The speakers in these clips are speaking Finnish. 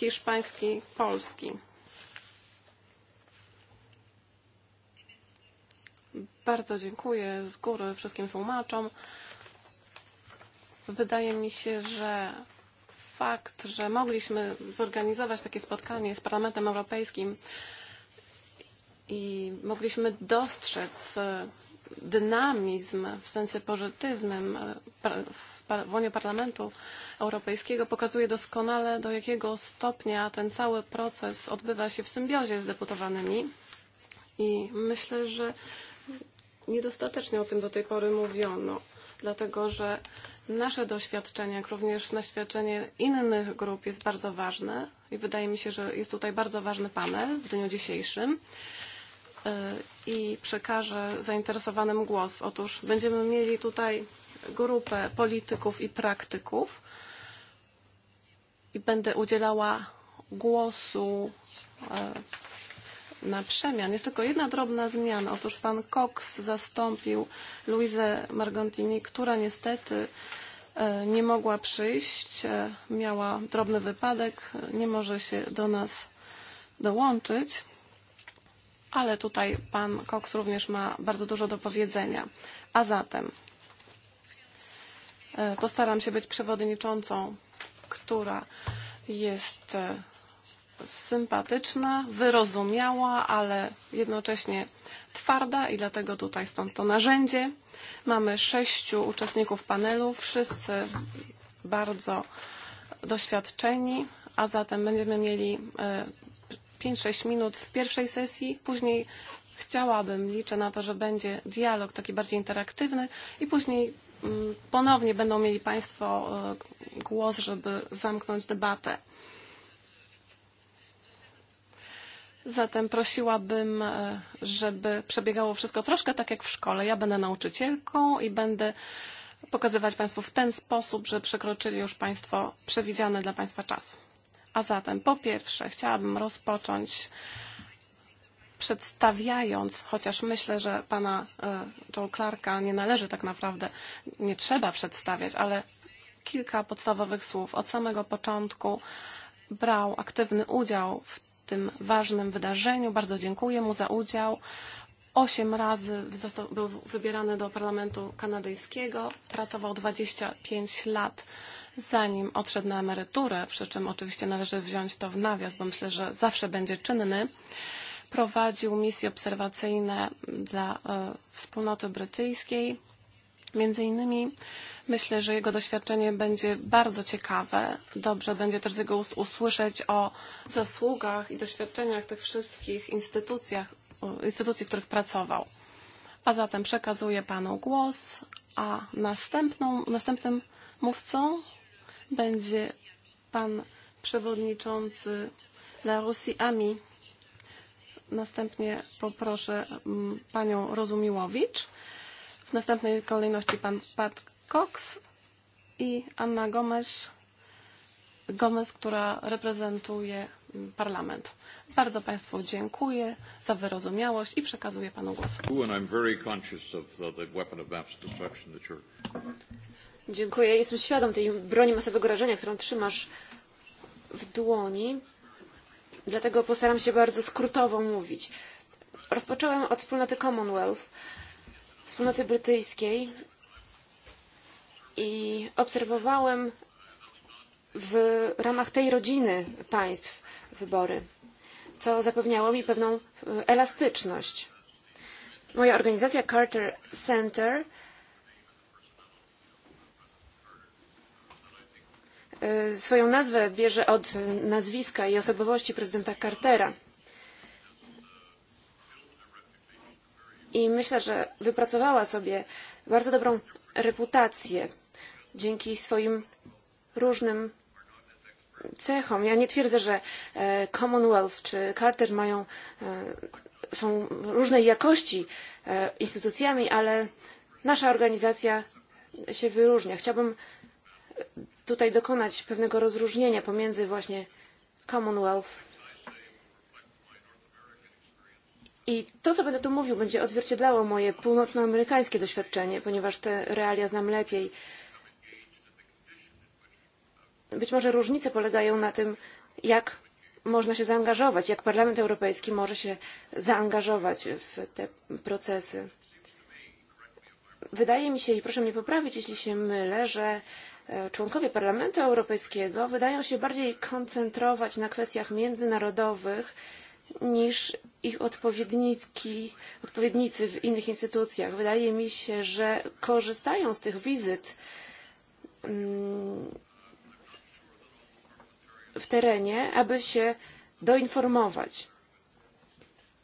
hiszpański, polski. Bardzo dziękuję z góry wszystkim tłumaczom. Wydaje mi się, że fakt, że mogliśmy zorganizować takie spotkanie z Parlamentem Europejskim i mogliśmy dostrzec dynamizm w sensie pozytywnym e, w łonie Parlamentu Europejskiego pokazuje doskonale, do jakiego stopnia ten cały proces odbywa się w symbiozie z deputowanymi. I myślę, że niedostatecznie o tym do tej pory mówiono, dlatego że nasze doświadczenie, jak również doświadczenie innych grup jest bardzo ważne i wydaje mi się, że jest tutaj bardzo ważny panel w dniu dzisiejszym. E, i przekażę zainteresowanym głos. Otóż będziemy mieli tutaj grupę polityków i praktyków i będę udzielała głosu e, na przemian. Jest tylko jedna drobna zmiana. Otóż pan Cox zastąpił Luizę Margontini, która niestety e, nie mogła przyjść, miała drobny wypadek, nie może się do nas dołączyć ale tutaj pan Cox również ma bardzo dużo do powiedzenia. A zatem e, postaram się być przewodniczącą, która jest e, sympatyczna, wyrozumiała, ale jednocześnie twarda i dlatego tutaj stąd to narzędzie. Mamy sześciu uczestników panelu, wszyscy bardzo doświadczeni, a zatem będziemy mieli e, 5-6 minut w pierwszej sesji, później chciałabym, liczę na to, że będzie dialog taki bardziej interaktywny i później mm, ponownie będą mieli Państwo e, głos, żeby zamknąć debatę. Zatem prosiłabym, e, żeby przebiegało wszystko troszkę tak jak w szkole. Ja będę nauczycielką i będę pokazywać Państwu w ten sposób, że przekroczyli już Państwo przewidziany dla Państwa czas. A zatem po pierwsze chciałabym rozpocząć przedstawiając, chociaż myślę, że pana e, Joe Clarka nie należy tak naprawdę, nie trzeba przedstawiać, ale kilka podstawowych słów. Od samego początku brał aktywny udział w tym ważnym wydarzeniu. Bardzo dziękuję mu za udział. Osiem razy został, był wybierany do Parlamentu Kanadyjskiego. Pracował 25 lat zanim odszedł na emeryturę, przy czym oczywiście należy wziąć to w nawias, bo myślę, że zawsze będzie czynny, prowadził misje obserwacyjne dla e, wspólnoty brytyjskiej. Między innymi myślę, że jego doświadczenie będzie bardzo ciekawe. Dobrze będzie też z jego ust usłyszeć o zasługach i doświadczeniach tych wszystkich instytucjach, instytucji, w których pracował. A zatem przekazuję panu głos, a następną, następnym mówcą będzie pan przewodniczący dla Rosji AMI. Następnie poproszę mm, panią Rozumiłowicz. W następnej kolejności pan Pat Cox i Anna Gomes, Gomes, która reprezentuje mm, parlament. Bardzo Państwu dziękuję za wyrozumiałość i przekazuję Panu głos. Dziękuję. Jestem świadom tej broni masowego rażenia, którą trzymasz w dłoni. Dlatego postaram się bardzo skrótowo mówić. Rozpocząłem od wspólnoty Commonwealth, wspólnoty brytyjskiej i obserwowałem w ramach tej rodziny państw wybory, co zapewniało mi pewną e, elastyczność. Moja organizacja Carter Center swoją nazwę bierze od nazwiska i osobowości prezydenta Cartera. I myślę, że wypracowała sobie bardzo dobrą reputację dzięki swoim różnym cechom. Ja nie twierdzę, że e, Commonwealth czy Carter mają, e, są różnej jakości e, instytucjami, ale nasza organizacja się wyróżnia. Chciałbym tutaj dokonać pewnego rozróżnienia pomiędzy właśnie Commonwealth i to, co będę tu mówił, będzie odzwierciedlało moje północnoamerykańskie doświadczenie, ponieważ te realia znam lepiej. Być może różnice polegają na tym, jak można się zaangażować, jak Parlament Europejski może się zaangażować w te procesy. Wydaje mi się, i proszę mnie poprawić, jeśli się mylę, że E, członkowie Parlamentu Europejskiego wydają się bardziej koncentrować na kwestiach międzynarodowych niż ich odpowiedniki, odpowiednicy w innych instytucjach. Wydaje mi się, że korzystają z tych wizyt mm, w terenie, aby się doinformować.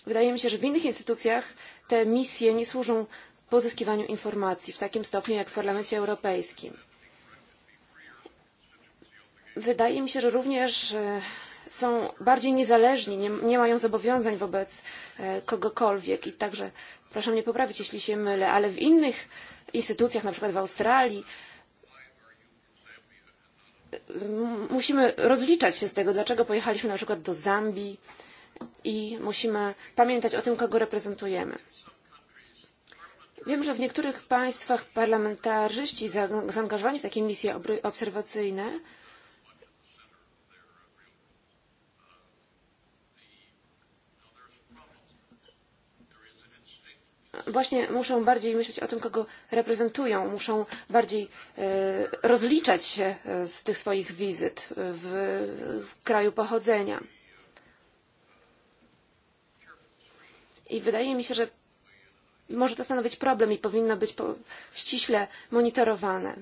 Wydaje mi się, że w innych instytucjach te misje nie służą pozyskiwaniu informacji w takim stopniu jak w Parlamencie Europejskim. Wydaje mi się, że również e, są bardziej niezależni, nie, nie mają zobowiązań wobec e, kogokolwiek i także proszę mnie poprawić, jeśli się mylę, ale w innych instytucjach, na przykład w Australii, musimy rozliczać się z tego, dlaczego pojechaliśmy na przykład do Zambii i musimy pamiętać o tym, kogo reprezentujemy. Wiem, że w niektórych państwach parlamentarzyści zaangażowani w takie misje obserwacyjne właśnie muszą bardziej myśleć o tym, kogo reprezentują, muszą bardziej e, rozliczać się e, z tych swoich wizyt w kraju pochodzenia. I wydaje mi się, że może to stanowić problem i powinno być ściśle monitorowane.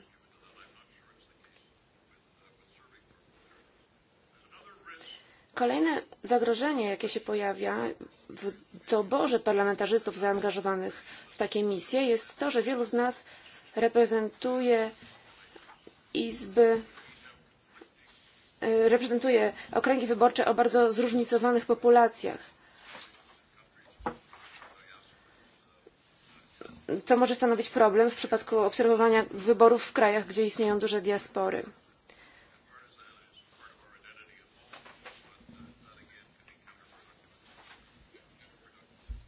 Kolejne zagrożenie, jakie się pojawia w doborze parlamentarzystów zaangażowanych w takie misje, jest to, że wielu z nas reprezentuje izby reprezentuje okręgi wyborcze o bardzo zróżnicowanych populacjach. To może stanowić problem w przypadku obserwowania wyborów w krajach, gdzie istnieją duże diaspory.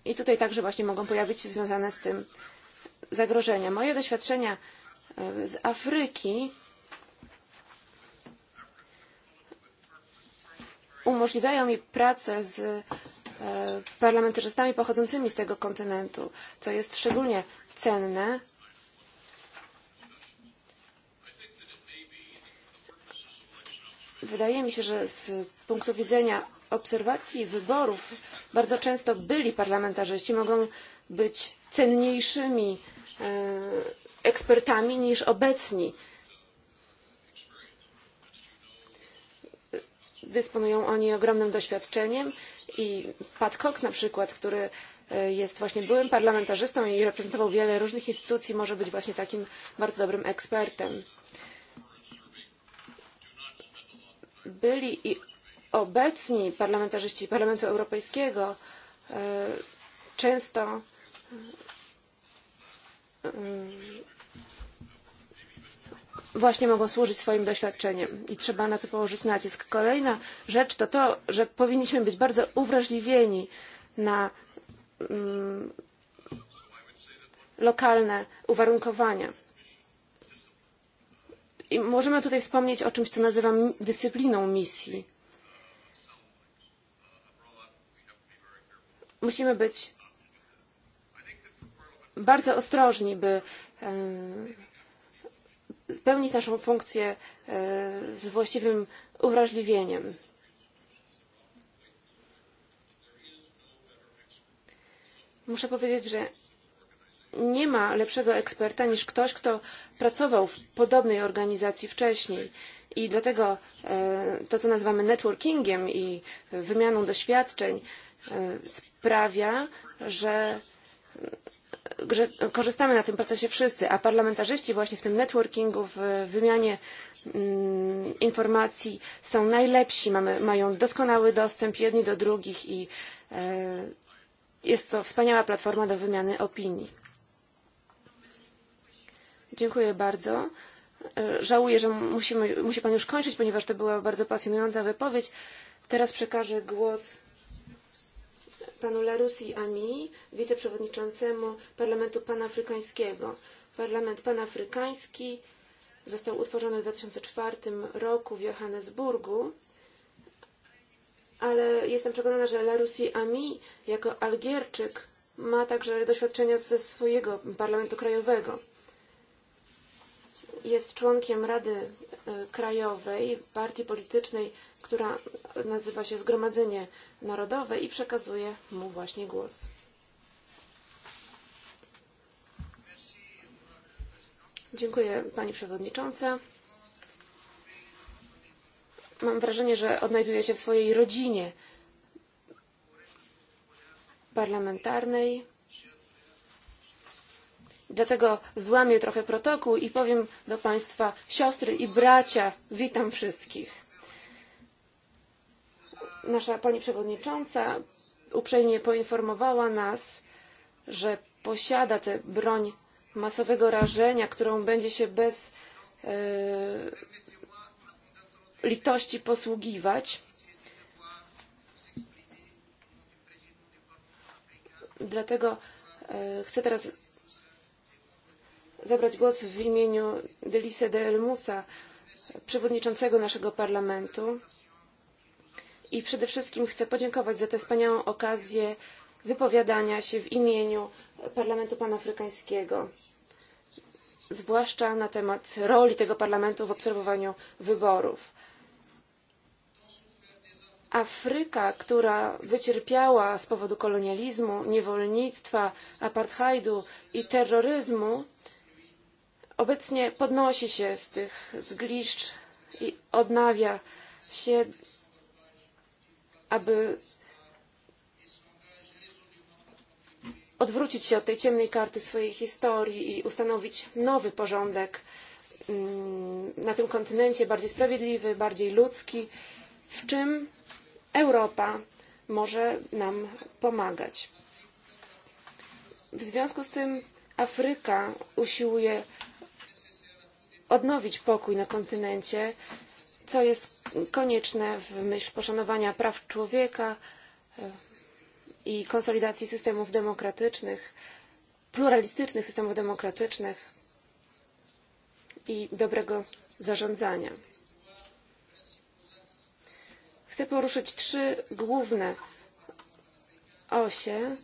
I tutaj także właśnie mogą pojawić się związane z tym zagrożenia. Moje doświadczenia e, z Afryki umożliwiają mi pracę z e, parlamentarzystami pochodzącymi z tego kontynentu, co jest szczególnie cenne Wydaje mi się, że z punktu widzenia obserwacji wyborów bardzo często byli parlamentarzyści mogą być cenniejszymi e, ekspertami niż obecni. Dysponują oni ogromnym doświadczeniem i Pat Cox na przykład, który e, jest właśnie byłym parlamentarzystą i reprezentował wiele różnych instytucji, może być właśnie takim bardzo dobrym ekspertem. byli i obecni parlamentarzyści Parlamentu Europejskiego e, często e, mm, właśnie mogą służyć swoim doświadczeniem i trzeba na to położyć nacisk. Kolejna rzecz to to, że powinniśmy być bardzo uwrażliwieni na mm, lokalne uwarunkowania I możemy tutaj wspomnieć o czymś, co nazywam dyscypliną misji. Musimy być bardzo ostrożni, by e, spełnić naszą funkcję e, z właściwym uwrażliwieniem. Muszę powiedzieć, że nie ma lepszego eksperta niż ktoś, kto pracował w podobnej organizacji wcześniej. I dlatego e, to, co nazywamy networkingiem i wymianą doświadczeń, e, sprawia, że, że korzystamy na tym procesie wszyscy, a parlamentarzyści właśnie w tym networkingu, w wymianie mm, informacji są najlepsi, mamy, mają doskonały dostęp jedni do drugich i e, jest to wspaniała platforma do wymiany opinii. Dziękuję bardzo. E, żałuję, że musimy, musi Pan już kończyć, ponieważ to była bardzo pasjonująca wypowiedź. Teraz przekażę głos panu Larusi Ami, wiceprzewodniczącemu Parlamentu Panafrykańskiego. Parlament Panafrykański został utworzony w 2004 roku w Johannesburgu, ale jestem przekonana, że Larusi Ami jako Algierczyk ma także doświadczenia ze swojego parlamentu krajowego jest członkiem Rady e, Krajowej partii politycznej, która nazywa się Zgromadzenie Narodowe i przekazuje mu właśnie głos. Dziękuję Pani Przewodnicząca. Mam wrażenie, że odnajduję się w swojej rodzinie parlamentarnej. Dlatego złamię trochę protokół i powiem do Państwa siostry i bracia, witam wszystkich. Nasza Pani Przewodnicząca uprzejmie poinformowała nas, że posiada tę broń masowego rażenia, którą będzie się bez yy, e, litości posługiwać. Dlatego yy, e, chcę teraz zabrać głos w imieniu Delise de Elmusa, przewodniczącego naszego parlamentu. I przede wszystkim chcę podziękować za tę wspaniałą okazję wypowiadania się w imieniu Parlamentu Panafrykańskiego, zwłaszcza na temat roli tego parlamentu w obserwowaniu wyborów. Afryka, która wycierpiała z powodu kolonializmu, niewolnictwa, apartheidu i terroryzmu, obecnie podnosi się z tych zgliszcz i odnawia się, aby odwrócić się od tej ciemnej karty swojej historii i ustanowić nowy porządek mm, na tym kontynencie, bardziej sprawiedliwy, bardziej ludzki, w czym Europa może nam pomagać. W związku z tym Afryka usiłuje odnowić pokój na kontynencie, co jest konieczne w myśl poszanowania praw człowieka e, i konsolidacji systemów demokratycznych, pluralistycznych systemów demokratycznych i dobrego zarządzania. Chcę poruszyć trzy główne osie.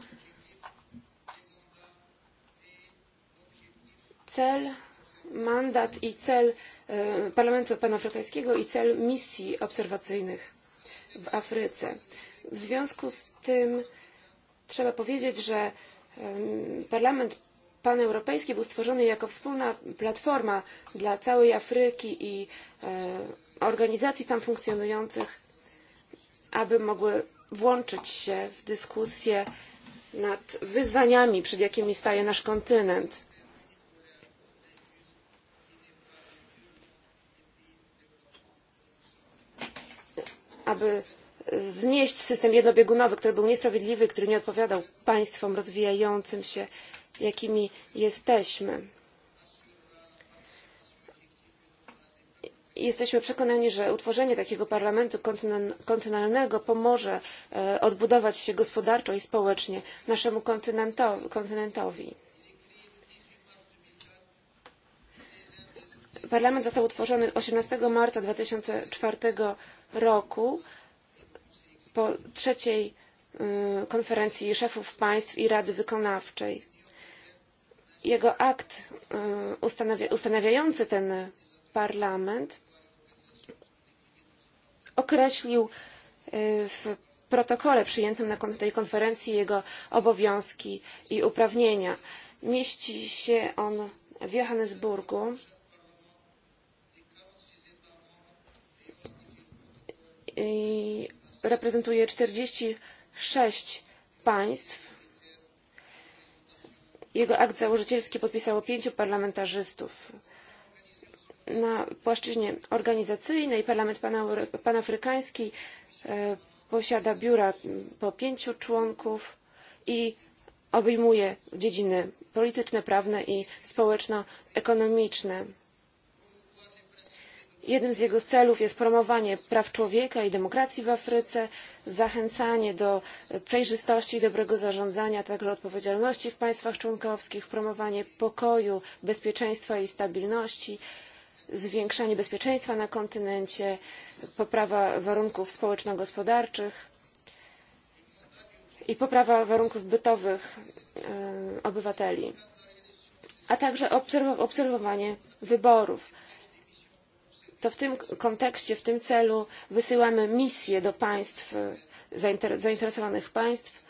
Cel mandat i cel e, Parlamentu Panafrykańskiego i cel misji obserwacyjnych w Afryce. W związku z tym trzeba powiedzieć, że Parlament Paneuropejski był stworzony jako wspólna platforma dla całej Afryki i e, organizacji tam funkcjonujących, aby mogły włączyć się w dyskusję nad wyzwaniami, przed jakimi staje nasz kontynent aby znieść system jednobiegunowy, który był niesprawiedliwy, który nie odpowiadał państwom rozwijającym się, jakimi jesteśmy. Jesteśmy przekonani, że utworzenie takiego parlamentu kontynentalnego pomoże e, odbudować się gospodarczo i społecznie naszemu kontynentowi. Parlament został utworzony 18 marca 2004 roku po trzeciej konferencji szefów państw i Rady Wykonawczej. Jego akt ustanawiający ten parlament określił w protokole przyjętym na tej konferencji jego obowiązki i uprawnienia. Mieści się on w Johannesburgu reprezentuje 46 państw. Jego akt założycielski podpisało pięciu parlamentarzystów. Na płaszczyźnie organizacyjnej Parlament Panafrykański e, posiada biura po pięciu członków i obejmuje dziedziny polityczne, prawne i społeczno-ekonomiczne. Jednym z jego celów jest promowanie praw człowieka i demokracji w Afryce, zachęcanie do przejrzystości i dobrego zarządzania, a także odpowiedzialności w państwach członkowskich, promowanie pokoju, bezpieczeństwa i stabilności, zwiększanie bezpieczeństwa na kontynencie, poprawa warunków społeczno-gospodarczych i poprawa warunków bytowych e, obywateli, a także obserwowanie wyborów to w tym kontekście, w tym celu wysyłamy misje do państw, zainteresowanych państw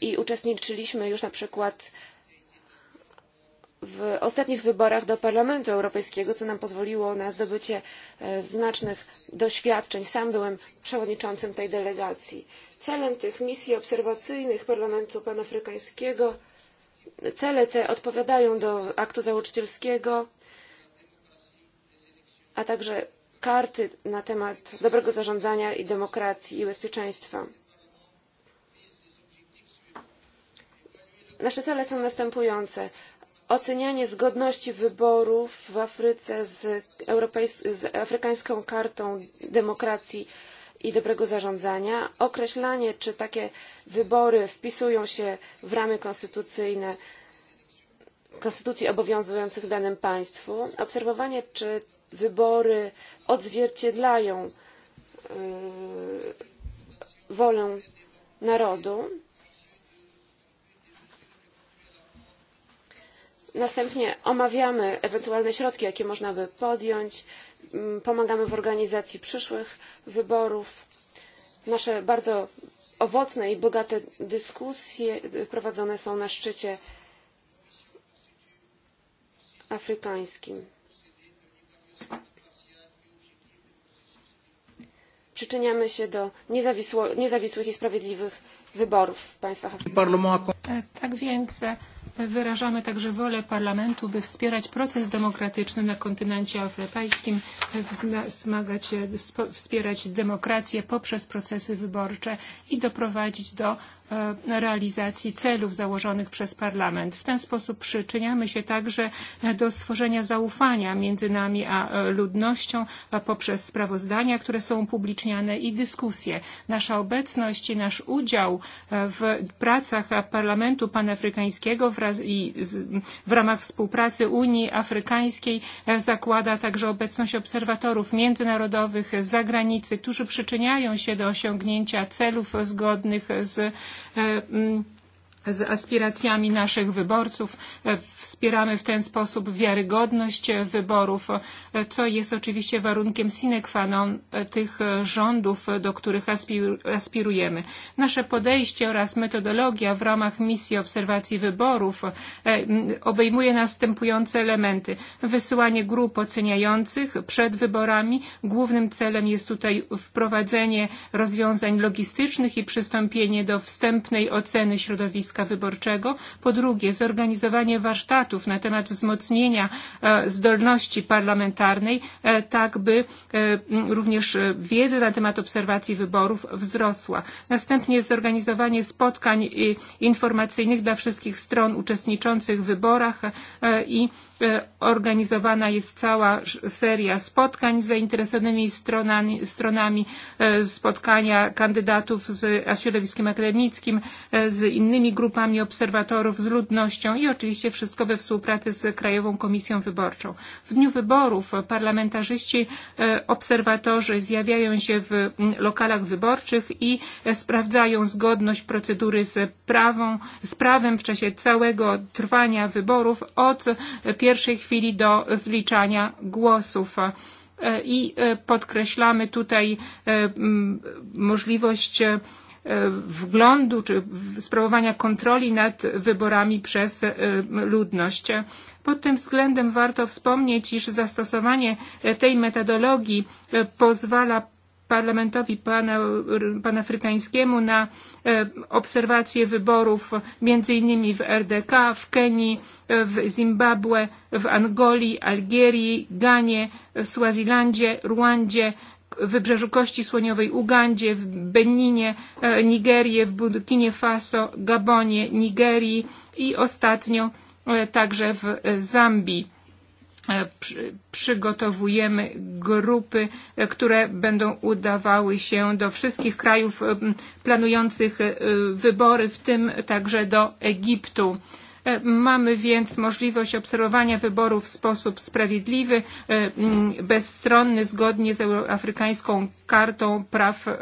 i uczestniczyliśmy już na przykład w ostatnich wyborach do Parlamentu Europejskiego, co nam pozwoliło na zdobycie e, znacznych doświadczeń. Sam byłem przewodniczącym tej delegacji. Celem tych misji obserwacyjnych Parlamentu Panafrykańskiego, cele te odpowiadają do aktu założycielskiego a także karty na temat dobrego zarządzania i demokracji i bezpieczeństwa. Nasze cele są następujące. Ocenianie zgodności wyborów w Afryce z, z afrykańską kartą demokracji i dobrego zarządzania, określanie, czy takie wybory wpisują się w ramy konstytucyjne konstytucji obowiązujących w danym państwu, obserwowanie, czy wybory odzwierciedlają wolę narodu. Następnie omawiamy ewentualne środki, jakie można by podjąć, mm, pomagamy w organizacji przyszłych wyborów. Nasze bardzo owocne i bogate dyskusje prowadzone są na szczycie afrykańskim przyczyniamy się do niezawisłych i sprawiedliwych wyborów w państwach Tak więc e, wyrażamy także wolę parlamentu, by wspierać proces demokratyczny na kontynencie afrykańskim, e, e, wspierać demokrację poprzez procesy wyborcze i doprowadzić do E, realizacji celów założonych przez Parlament. W ten sposób przyczyniamy się także do stworzenia zaufania między nami a e, ludnością poprzez sprawozdania, które są upubliczniane i dyskusje. Nasza obecność i nasz udział e, w pracach Parlamentu Panafrykańskiego w ramach współpracy Unii Afrykańskiej zakłada także obecność obserwatorów międzynarodowych z zagranicy, którzy przyczyniają się do osiągnięcia celów zgodnych z Eh, mm, z aspiracjami naszych wyborców. E, wspieramy w ten sposób wiarygodność wyborów, e, co jest oczywiście warunkiem sine qua non e, tych rządów, do których aspirujemy. Nasze podejście oraz metodologia w ramach misji obserwacji wyborów obejmuje następujące elementy. Wysyłanie grup oceniających przed wyborami. Głównym celem jest tutaj wprowadzenie rozwiązań logistycznych i przystąpienie do wstępnej oceny środowiska środowiska wyborczego, po drugie zorganizowanie warsztatów na temat wzmocnienia e, zdolności parlamentarnej, e, tak by e, również wiedza na temat obserwacji wyborów wzrosła. Następnie zorganizowanie spotkań informacyjnych dla wszystkich stron uczestniczących w wyborach i organizowana jest cała seria spotkań z zainteresowanymi stronami, stronami spotkania kandydatów z środowiskiem akademickim, z innymi grupami, grupami obserwatorów, z ludnością i oczywiście wszystko we współpracy z Krajową Komisją Wyborczą. W dniu wyborów parlamentarzyści, e, obserwatorzy zjawiają się w lokalach wyborczych i e, sprawdzają zgodność procedury z, prawą, z prawem w czasie całego trwania wyborów od e, pierwszej chwili do zliczania głosów i podkreślamy tutaj możliwość wglądu czy sprawowania kontroli nad wyborami przez e, ludność. Pod tym względem warto wspomnieć, iż zastosowanie tej metodologii e, pozwala parlamentowi pana, panafrykańskiemu na e, obserwację wyborów między innymi w RDK, w Kenii, w Zimbabwe, w Angolii, Algierii, Ganie, Swazilandzie, Rwandzie, wybrzeżu Kości Słoniowej, Ugandzie, w Beninie, Nigerii, w Burkinie Faso, Gabonie, Nigerii i ostatnio e, także w e, Zambii e, przygotowujemy grupy, które będą udawały się do wszystkich krajów planujących wybory, w tym także do Egiptu. E, mamy więc możliwość obserwowania wyborów w sposób sprawiedliwy, e, bezstronny, zgodnie z afrykańską kartą praw e,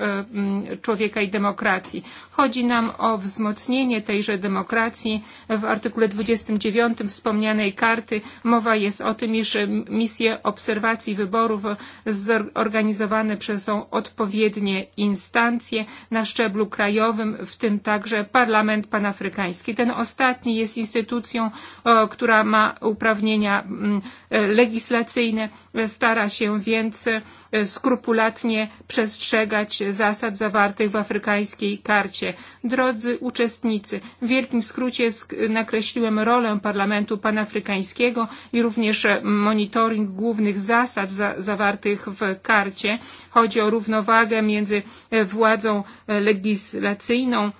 człowieka i demokracji. Chodzi nam o wzmocnienie tejże demokracji. W artykule 29 wspomnianej karty mowa jest o tym, iż misje obserwacji wyborów zorganizowane przez są odpowiednie instancje na szczeblu krajowym, w tym także Parlament Panafrykański. Ten ostatni jest instytucją instytucją, e, która ma uprawnienia mm, e, legislacyjne, stara się więc e, skrupulatnie przestrzegać zasad zawartych w afrykańskiej karcie. Drodzy uczestnicy, w wielkim skrócie nakreśliłem rolę Parlamentu Panafrykańskiego i również monitoring głównych zasad za zawartych w karcie. Chodzi o równowagę między władzą legislacyjną,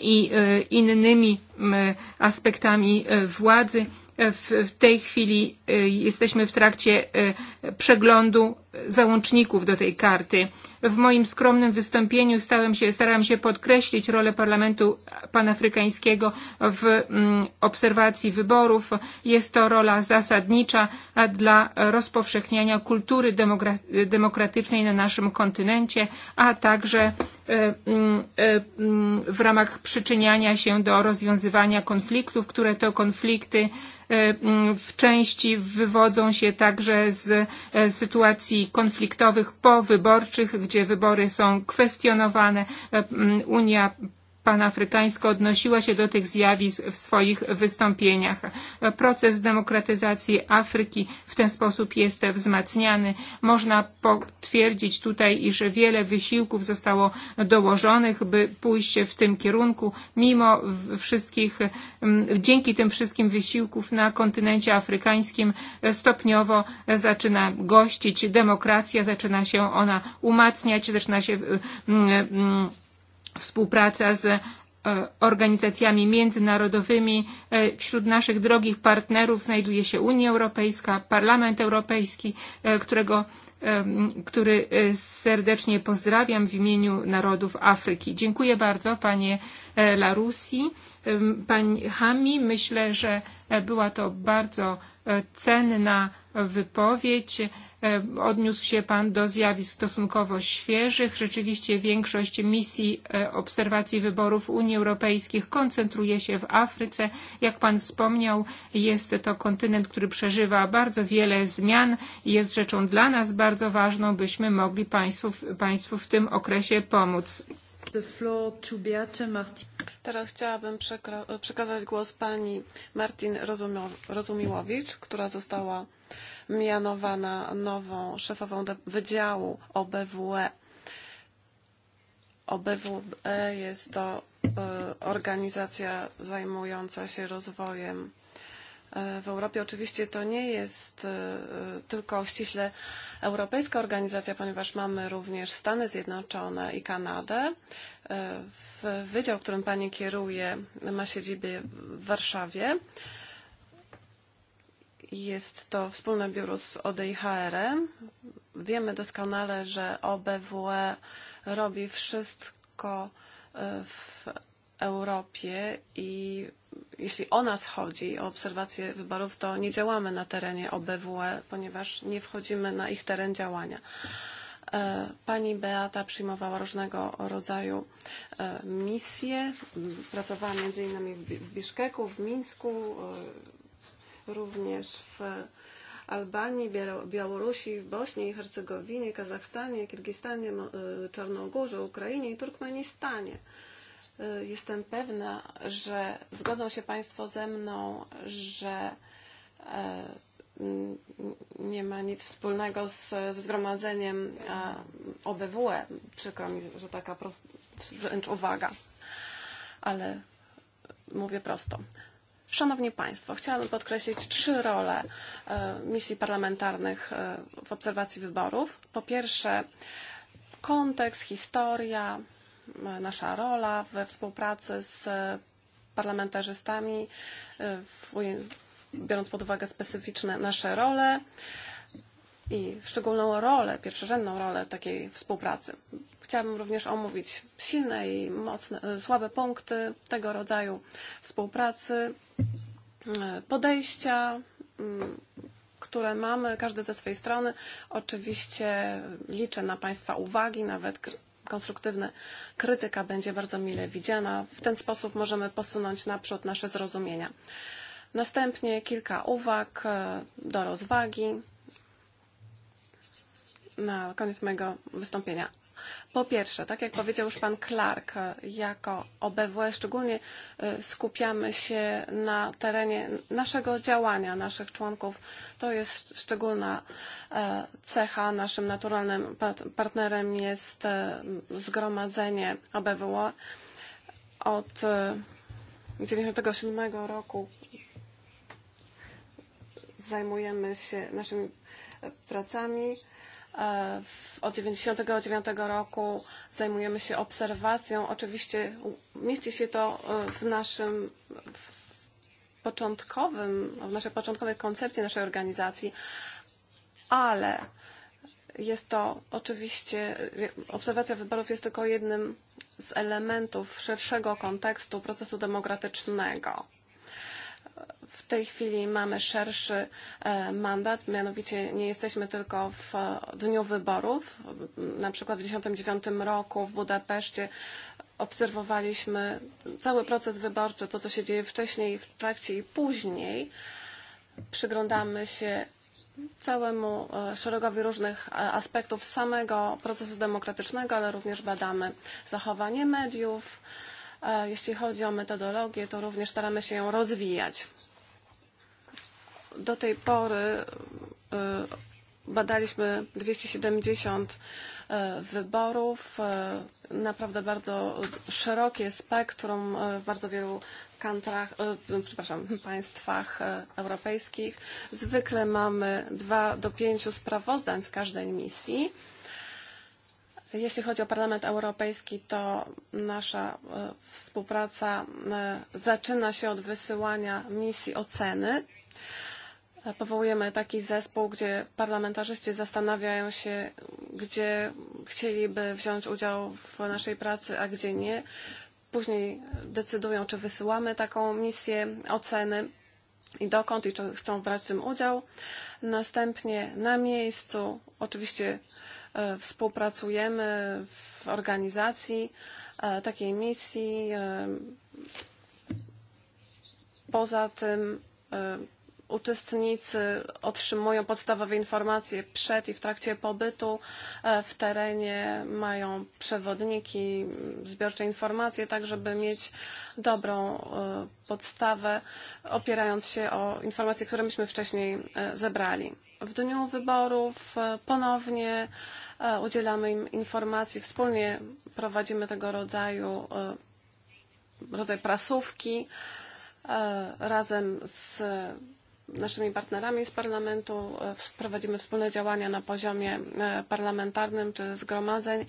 i e, innymi aspektami e, władzy. E, w tej chwili jesteśmy w trakcie przeglądu załączników do tej karty. W moim skromnym wystąpieniu stałem się, starałem się podkreślić rolę Parlamentu Panafrykańskiego w mm, obserwacji wyborów. Jest to rola zasadnicza dla rozpowszechniania kultury demokratycznej na naszym kontynencie, a także e, mm, e, mm, w ramach przyczyniania się do rozwiązywania konfliktów, które to konflikty e, w części wywodzą się także z sytuacji kwestii konfliktowych powyborczych, gdzie wybory są kwestionowane. E, Unia panafrykańska odnosiła się do tych zjawisk w swoich wystąpieniach. Proces demokratyzacji Afryki w ten sposób jest wzmacniany. Można potwierdzić tutaj, iż wiele wysiłków zostało dołożonych, by pójść w tym kierunku, mimo wszystkich, mm, dzięki tym wszystkim wysiłków na kontynencie afrykańskim stopniowo zaczyna gościć demokracja, zaczyna się ona umacniać, zaczyna się mm, mm, współpraca z e, organizacjami międzynarodowymi. E, wśród naszych drogich partnerów znajduje się Unia Europejska, Parlament Europejski, e, którego który serdecznie pozdrawiam w imieniu narodów Afryki. Dziękuję bardzo panie Larusi, pani Hami. Myślę, że była to bardzo cenna wypowiedź. E, odniósł się Pan do zjawisk stosunkowo świeżych. Rzeczywiście większość misji e, obserwacji wyborów Unii Europejskich koncentruje się w Afryce. Jak Pan wspomniał, jest to kontynent, który przeżywa bardzo wiele zmian i jest rzeczą dla nas bardzo ważną, byśmy mogli Państwu, państwu w tym okresie pomóc. Teraz chciałabym przekazać głos pani Martin Rozumiłowicz, która została mianowana nową szefową Wydziału OBWE. OBWE jest to e, organizacja zajmująca się rozwojem e, w Europie. Oczywiście to nie jest e, tylko ściśle europejska organizacja, ponieważ mamy również Stany Zjednoczone i Kanadę. Wydział, którym Pani kieruje, ma siedzibę w Warszawie. Jest to wspólne biuro z ODIHR-em. Wiemy doskonale, że OBWE robi wszystko e, w Europie i jeśli o nas chodzi, o obserwację wyborów, to nie działamy na terenie OBWE, ponieważ nie wchodzimy na ich teren działania. E, pani Beata przyjmowała różnego rodzaju e, misje. Pracowała między innymi w Biszkeku, w Mińsku, również w Albanii, Białorusi, w Bośni i Hercegowinie, Kazachstanie, Kirgistanie, Czarnogórze, Ukrainie i Turkmenistanie. Jestem pewna, że zgodzą się Państwo ze mną, że nie ma nic wspólnego z, z zgromadzeniem OBWE. Przykro mi, że taka prost, wręcz uwaga, ale mówię prosto. Szanowni Państwo, chciałabym podkreślić trzy role e, misji parlamentarnych e, w obserwacji wyborów. Po pierwsze, kontekst, historia, nasza rola we współpracy z parlamentarzystami, e, biorąc pod uwagę specyficzne nasze role i szczególną rolę, pierwszorzędną rolę takiej współpracy. Chciałabym również omówić silne i mocne, e, słabe punkty tego rodzaju współpracy, e, podejścia, mm, które mamy, każdy ze swojej strony. Oczywiście liczę na Państwa uwagi, nawet konstruktywna krytyka będzie bardzo mile widziana. W ten sposób możemy posunąć naprzód nasze zrozumienia. Następnie kilka uwag e, do rozwagi na koniec mojego wystąpienia. Po pierwsze, tak jak powiedział już pan Clark, jako OBWE szczególnie skupiamy się na terenie naszego działania, naszych członków. To jest szczególna cecha. Naszym naturalnym partnerem jest zgromadzenie OBWE. Od 1997 roku zajmujemy się naszymi pracami E, od 1999 roku zajmujemy się obserwacją. Oczywiście mieści się to e, w naszym w początkowym, w naszej początkowej koncepcji naszej organizacji, ale jest to oczywiście, obserwacja wyborów jest tylko jednym z elementów szerszego kontekstu procesu demokratycznego w tej chwili mamy szerszy e, mandat, mianowicie nie jesteśmy tylko w dniu wyborów. Na przykład w 1999 roku w Budapeszcie obserwowaliśmy cały proces wyborczy, to co się dzieje wcześniej, w trakcie i później. Przyglądamy się całemu e, szeregowi różnych e, aspektów samego procesu demokratycznego, ale również badamy zachowanie mediów, E, jeśli chodzi o metodologię, to również staramy się ją rozwijać. Do tej pory e, badaliśmy 270 e, wyborów, naprawdę bardzo szerokie spektrum w bardzo wielu kantrach, przepraszam, państwach europejskich. Zwykle mamy 2 do 5 sprawozdań z każdej misji. Jeśli chodzi o Parlament Europejski, to nasza e, współpraca e, zaczyna się od wysyłania misji oceny. E, powołujemy taki zespół, gdzie parlamentarzyści zastanawiają się, gdzie chcieliby wziąć udział w naszej pracy, a gdzie nie. Później decydują, czy wysyłamy taką misję oceny i dokąd i czy chcą brać w tym udział. Następnie na miejscu oczywiście E, współpracujemy w organizacji e, takiej misji. E, poza tym uczestnicy otrzymują podstawowe informacje przed i w trakcie pobytu e, w terenie, mają przewodniki, zbiorcze informacje, tak żeby mieć dobrą e, podstawę, opierając się o informacje, które myśmy wcześniej e, zebrali. W dniu wyborów ponownie udzielamy im informacji, wspólnie prowadzimy tego rodzaju rodzaj prasówki razem z naszymi partnerami z parlamentu, e, prowadzimy wspólne działania na poziomie e, parlamentarnym czy zgromadzeń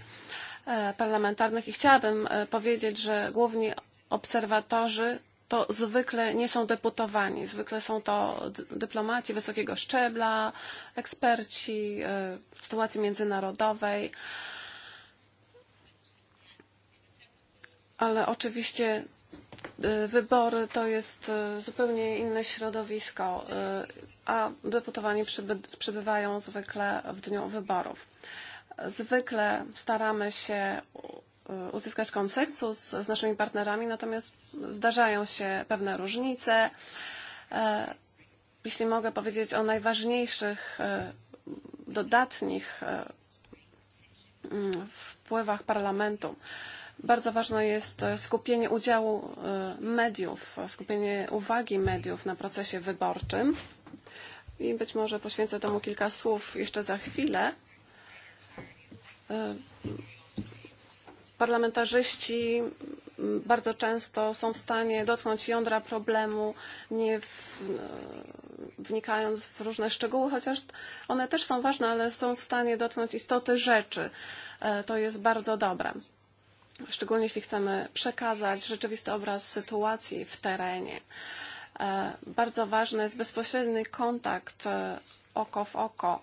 e, parlamentarnych i chciałabym powiedzieć, że główni obserwatorzy to zwykle nie są deputowani. Zwykle są to dyplomaci wysokiego szczebla, eksperci w sytuacji międzynarodowej. Ale oczywiście E, wybory to jest e, zupełnie inne środowisko, e, a deputowani przybywają zwykle w dniu wyborów. Zwykle staramy się uzyskać konsensus z naszymi partnerami, natomiast zdarzają się pewne różnice. Jeśli mogę powiedzieć o najważniejszych dodatnich wpływach parlamentu. Bardzo ważne jest e, skupienie udziału e, mediów, skupienie uwagi mediów na procesie wyborczym. I być może poświęcę temu kilka słów jeszcze za chwilę. E, parlamentarzyści bardzo często są w stanie dotknąć jądra problemu, nie w, wnikając w różne szczegóły, chociaż one też są ważne, ale są w stanie dotknąć istoty rzeczy. To jest bardzo dobre szczególnie jeśli chcemy przekazać rzeczywisty obraz sytuacji w terenie. E, bardzo ważny jest bezpośredni kontakt e, oko w oko.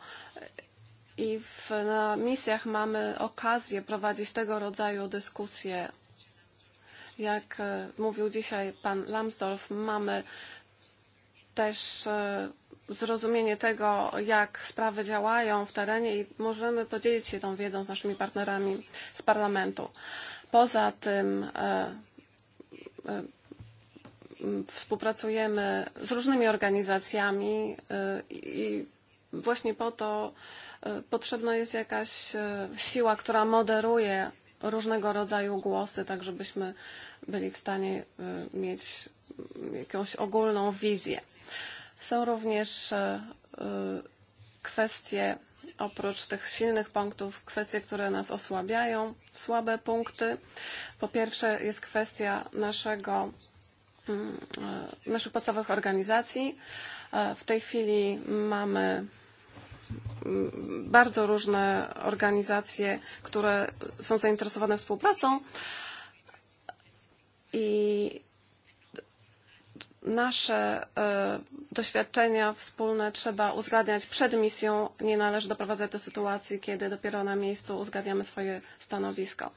I w, na misjach mamy okazję prowadzić tego rodzaju dyskusje. Jak e, mówił dzisiaj pan Lambsdorff, mamy też zrozumienie tego, jak sprawy działają w terenie i możemy podzielić się tą wiedzą z naszymi partnerami z parlamentu. Poza tym e, e, współpracujemy z różnymi organizacjami e, i właśnie po to potrzebna jest jakaś siła, która moderuje różnego rodzaju głosy, tak żebyśmy byli w stanie mieć jakąś ogólną wizję. Są również kwestie oprócz tych silnych punktów kwestie, które nas osłabiają, słabe punkty. Po pierwsze jest kwestia naszego, mm, e, naszych podstawowych organizacji. E, w tej chwili mamy mm, bardzo różne organizacje, które są zainteresowane współpracą i nasze y, e, doświadczenia wspólne trzeba uzgadniać przed misją. Nie należy doprowadzać do sytuacji, kiedy dopiero na miejscu uzgadniamy swoje stanowisko.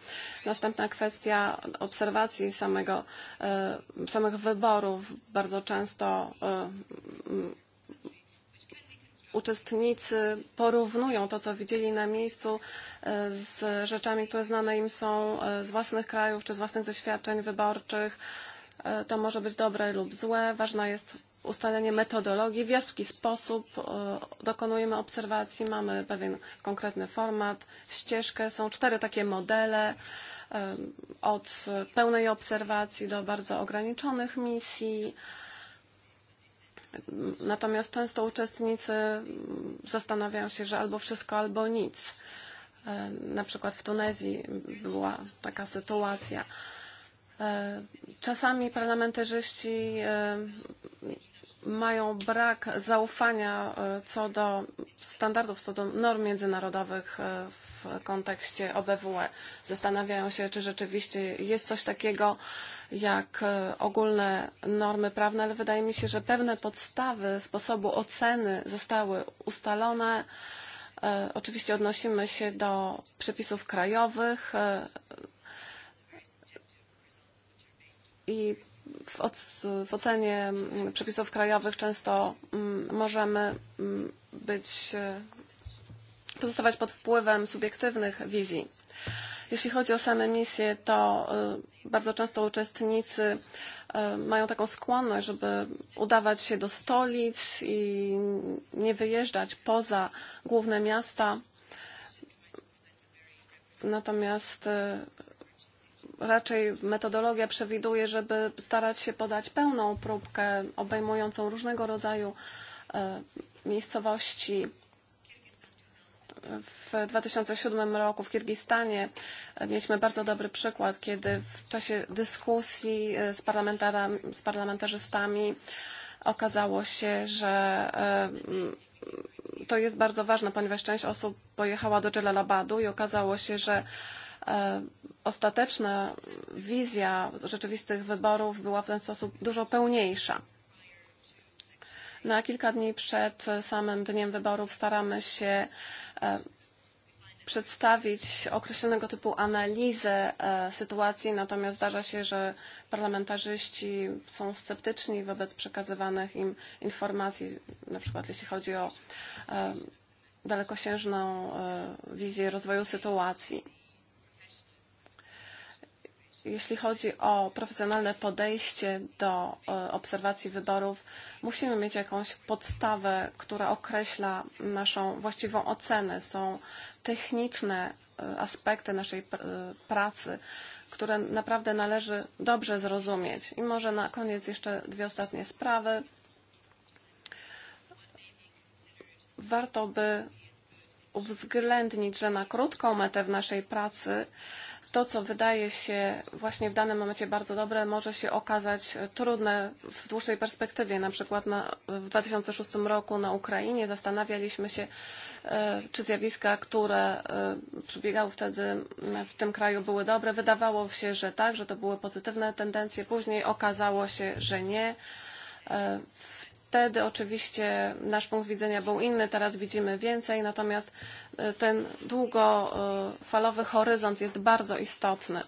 Następna kwestia obserwacji samego, y, e, samych wyborów. Bardzo często y, e, uczestnicy porównują to, co widzieli na miejscu z rzeczami, które znane im są z własnych krajów czy z własnych doświadczeń wyborczych E, to może być dobre lub złe. Ważne jest ustalenie metodologii, w jaki sposób e, dokonujemy obserwacji. Mamy pewien konkretny format, ścieżkę. Są cztery takie modele e, od pełnej obserwacji do bardzo ograniczonych misji. Natomiast często uczestnicy zastanawiają się, że albo wszystko, albo nic. Na przykład w Tunezji była taka sytuacja. E, czasami parlamentarzyści e, mają brak zaufania e, co do standardów, co do norm międzynarodowych w kontekście OBWE. Zastanawiają się, czy rzeczywiście jest coś takiego jak ogólne normy prawne, ale wydaje mi się, że pewne podstawy sposobu oceny zostały ustalone. Oczywiście odnosimy się do przepisów krajowych, i w, w ocenie mm, przepisów krajowych często mm, możemy mm, być, e, pozostawać pod wpływem subiektywnych wizji. Jeśli chodzi o same misje, to e, bardzo często uczestnicy e, mają taką skłonność, żeby udawać się do stolic i nie wyjeżdżać poza główne miasta. Natomiast raczej metodologia przewiduje, żeby starać się podać pełną próbkę obejmującą różnego rodzaju e, miejscowości. W 2007 roku w Kirgistanie e, mieliśmy bardzo dobry przykład, kiedy w czasie dyskusji e, z, z parlamentarzystami okazało się, że to jest bardzo ważne, ponieważ część osób pojechała do Jalalabadu i okazało się, że E, ostateczna wizja rzeczywistych wyborów była w ten sposób dużo pełniejsza. Na kilka dni przed samym dniem wyborów staramy się e, przedstawić określonego typu analizę e, sytuacji, natomiast zdarza się, że parlamentarzyści są sceptyczni wobec przekazywanych im informacji, na przykład jeśli chodzi o dalekosiężną wizję rozwoju sytuacji jeśli chodzi o profesjonalne podejście do e, obserwacji wyborów, musimy mieć jakąś podstawę, która określa naszą właściwą ocenę. Są techniczne e, aspekty naszej e, pracy, które naprawdę należy dobrze zrozumieć. I może na koniec jeszcze dwie ostatnie sprawy. Warto by uwzględnić, że na krótką metę w naszej pracy to, co wydaje się właśnie w danym momencie bardzo dobre, może się okazać trudne w dłuższej perspektywie. Na przykład na, w 2006 roku na Ukrainie zastanawialiśmy się, e, czy zjawiska, które e, przybiegały wtedy w tym kraju były dobre. Wydawało się, że tak, że to były pozytywne tendencje. Później okazało się, że nie. E, w Wtedy oczywiście nasz punkt widzenia był inny, teraz widzimy więcej, natomiast e, ten długofalowy horyzont jest bardzo istotny.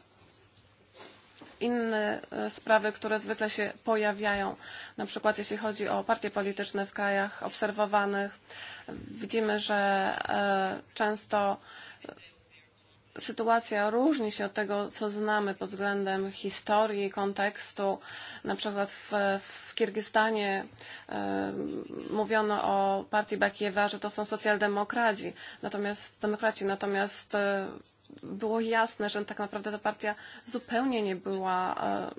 Inne e, sprawy, które zwykle się pojawiają, na przykład jeśli chodzi o partie polityczne w krajach obserwowanych, widzimy, że e, często sytuacja różni się od tego, co znamy pod względem historii, kontekstu. Na przykład w, w Kirgistanie e, mówiono o partii Bakiewa, że to są socjaldemokraci, natomiast demokraci, natomiast e, było jasne, że tak naprawdę ta partia zupełnie nie była e,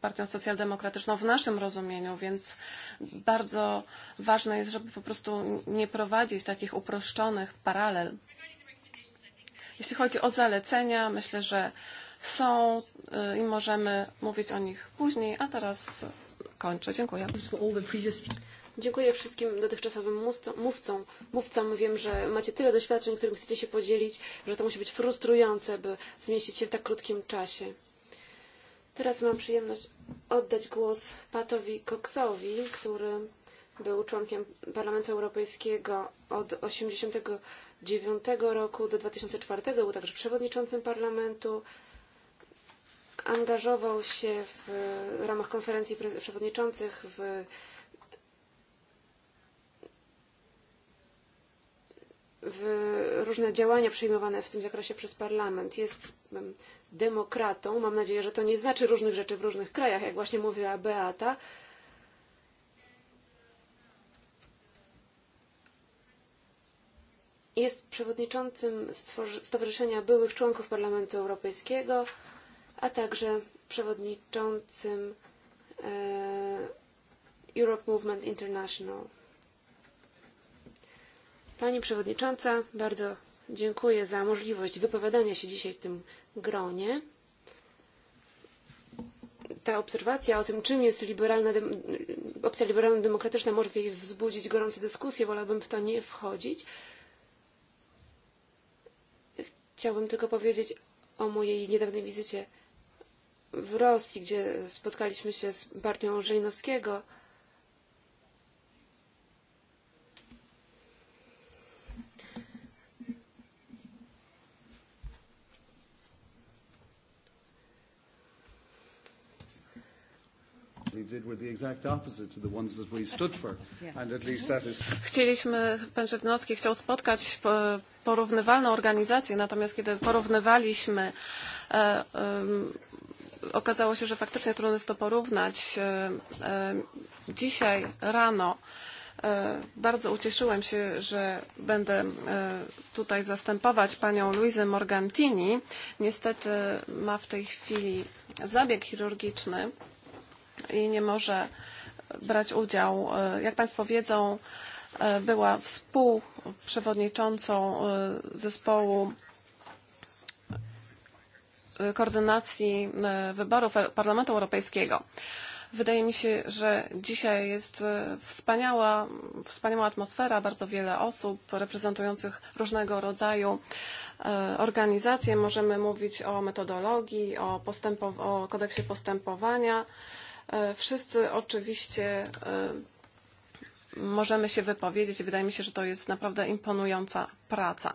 partią socjaldemokratyczną w naszym rozumieniu, więc bardzo ważne jest, żeby po prostu nie prowadzić takich uproszczonych paralel Jeśli chodzi o zalecenia, myślę, że są i możemy mówić o nich później, a teraz kończę. Dziękuję. Dziękuję wszystkim dotychczasowym mówcom. mówcom. Wiem, że macie tyle doświadczeń, którym chcecie się podzielić, że to musi być frustrujące, by zmieścić się w tak krótkim czasie. Teraz mam przyjemność oddać głos Patowi Coxowi, który był członkiem Parlamentu Europejskiego od 80 roku do 2004 był także przewodniczącym parlamentu. Angażował się w ramach konferencji przewodniczących w w różne działania przyjmowane w tym zakresie przez parlament. Jest demokratą. Mam nadzieję, że to nie znaczy różnych rzeczy w różnych krajach, jak właśnie mówiła Beata. Jest przewodniczącym Stowarzyszenia Byłych Członków Parlamentu Europejskiego, a także przewodniczącym e, Europe Movement International. Pani Przewodnicząca, bardzo dziękuję za możliwość wypowiadania się dzisiaj w tym gronie. Ta obserwacja o tym, czym jest liberalna, opcja liberalno-demokratyczna, może tutaj wzbudzić gorące dyskusje, wolałabym w to nie wchodzić. Chciałbym tylko powiedzieć o mojej niedawnej wizycie w Rosji, gdzie spotkaliśmy się z partią Żejnowskiego actually did were the exact opposite to the ones that we stood for. And at least that is... Chcieliśmy, pan Żydnowski chciał spotkać porównywalną organizację, natomiast kiedy porównywaliśmy e, e, okazało się, że faktycznie trudno jest to porównać. E, e dzisiaj rano e, bardzo ucieszyłem się, że będę e, tutaj zastępować panią Luizę Morgantini. Niestety ma w tej chwili zabieg chirurgiczny i nie może brać udziału. E, jak Państwo wiedzą, e, była współprzewodniczącą e, zespołu koordynacji wyborów Parlamentu Europejskiego. Wydaje mi się, że dzisiaj jest wspaniała, wspaniała atmosfera, bardzo wiele osób reprezentujących różnego rodzaju organizacje. Możemy mówić o metodologii, o, postępo, o kodeksie postępowania, E, wszyscy oczywiście e, możemy się wypowiedzieć. Wydaje mi się, że to jest naprawdę imponująca praca.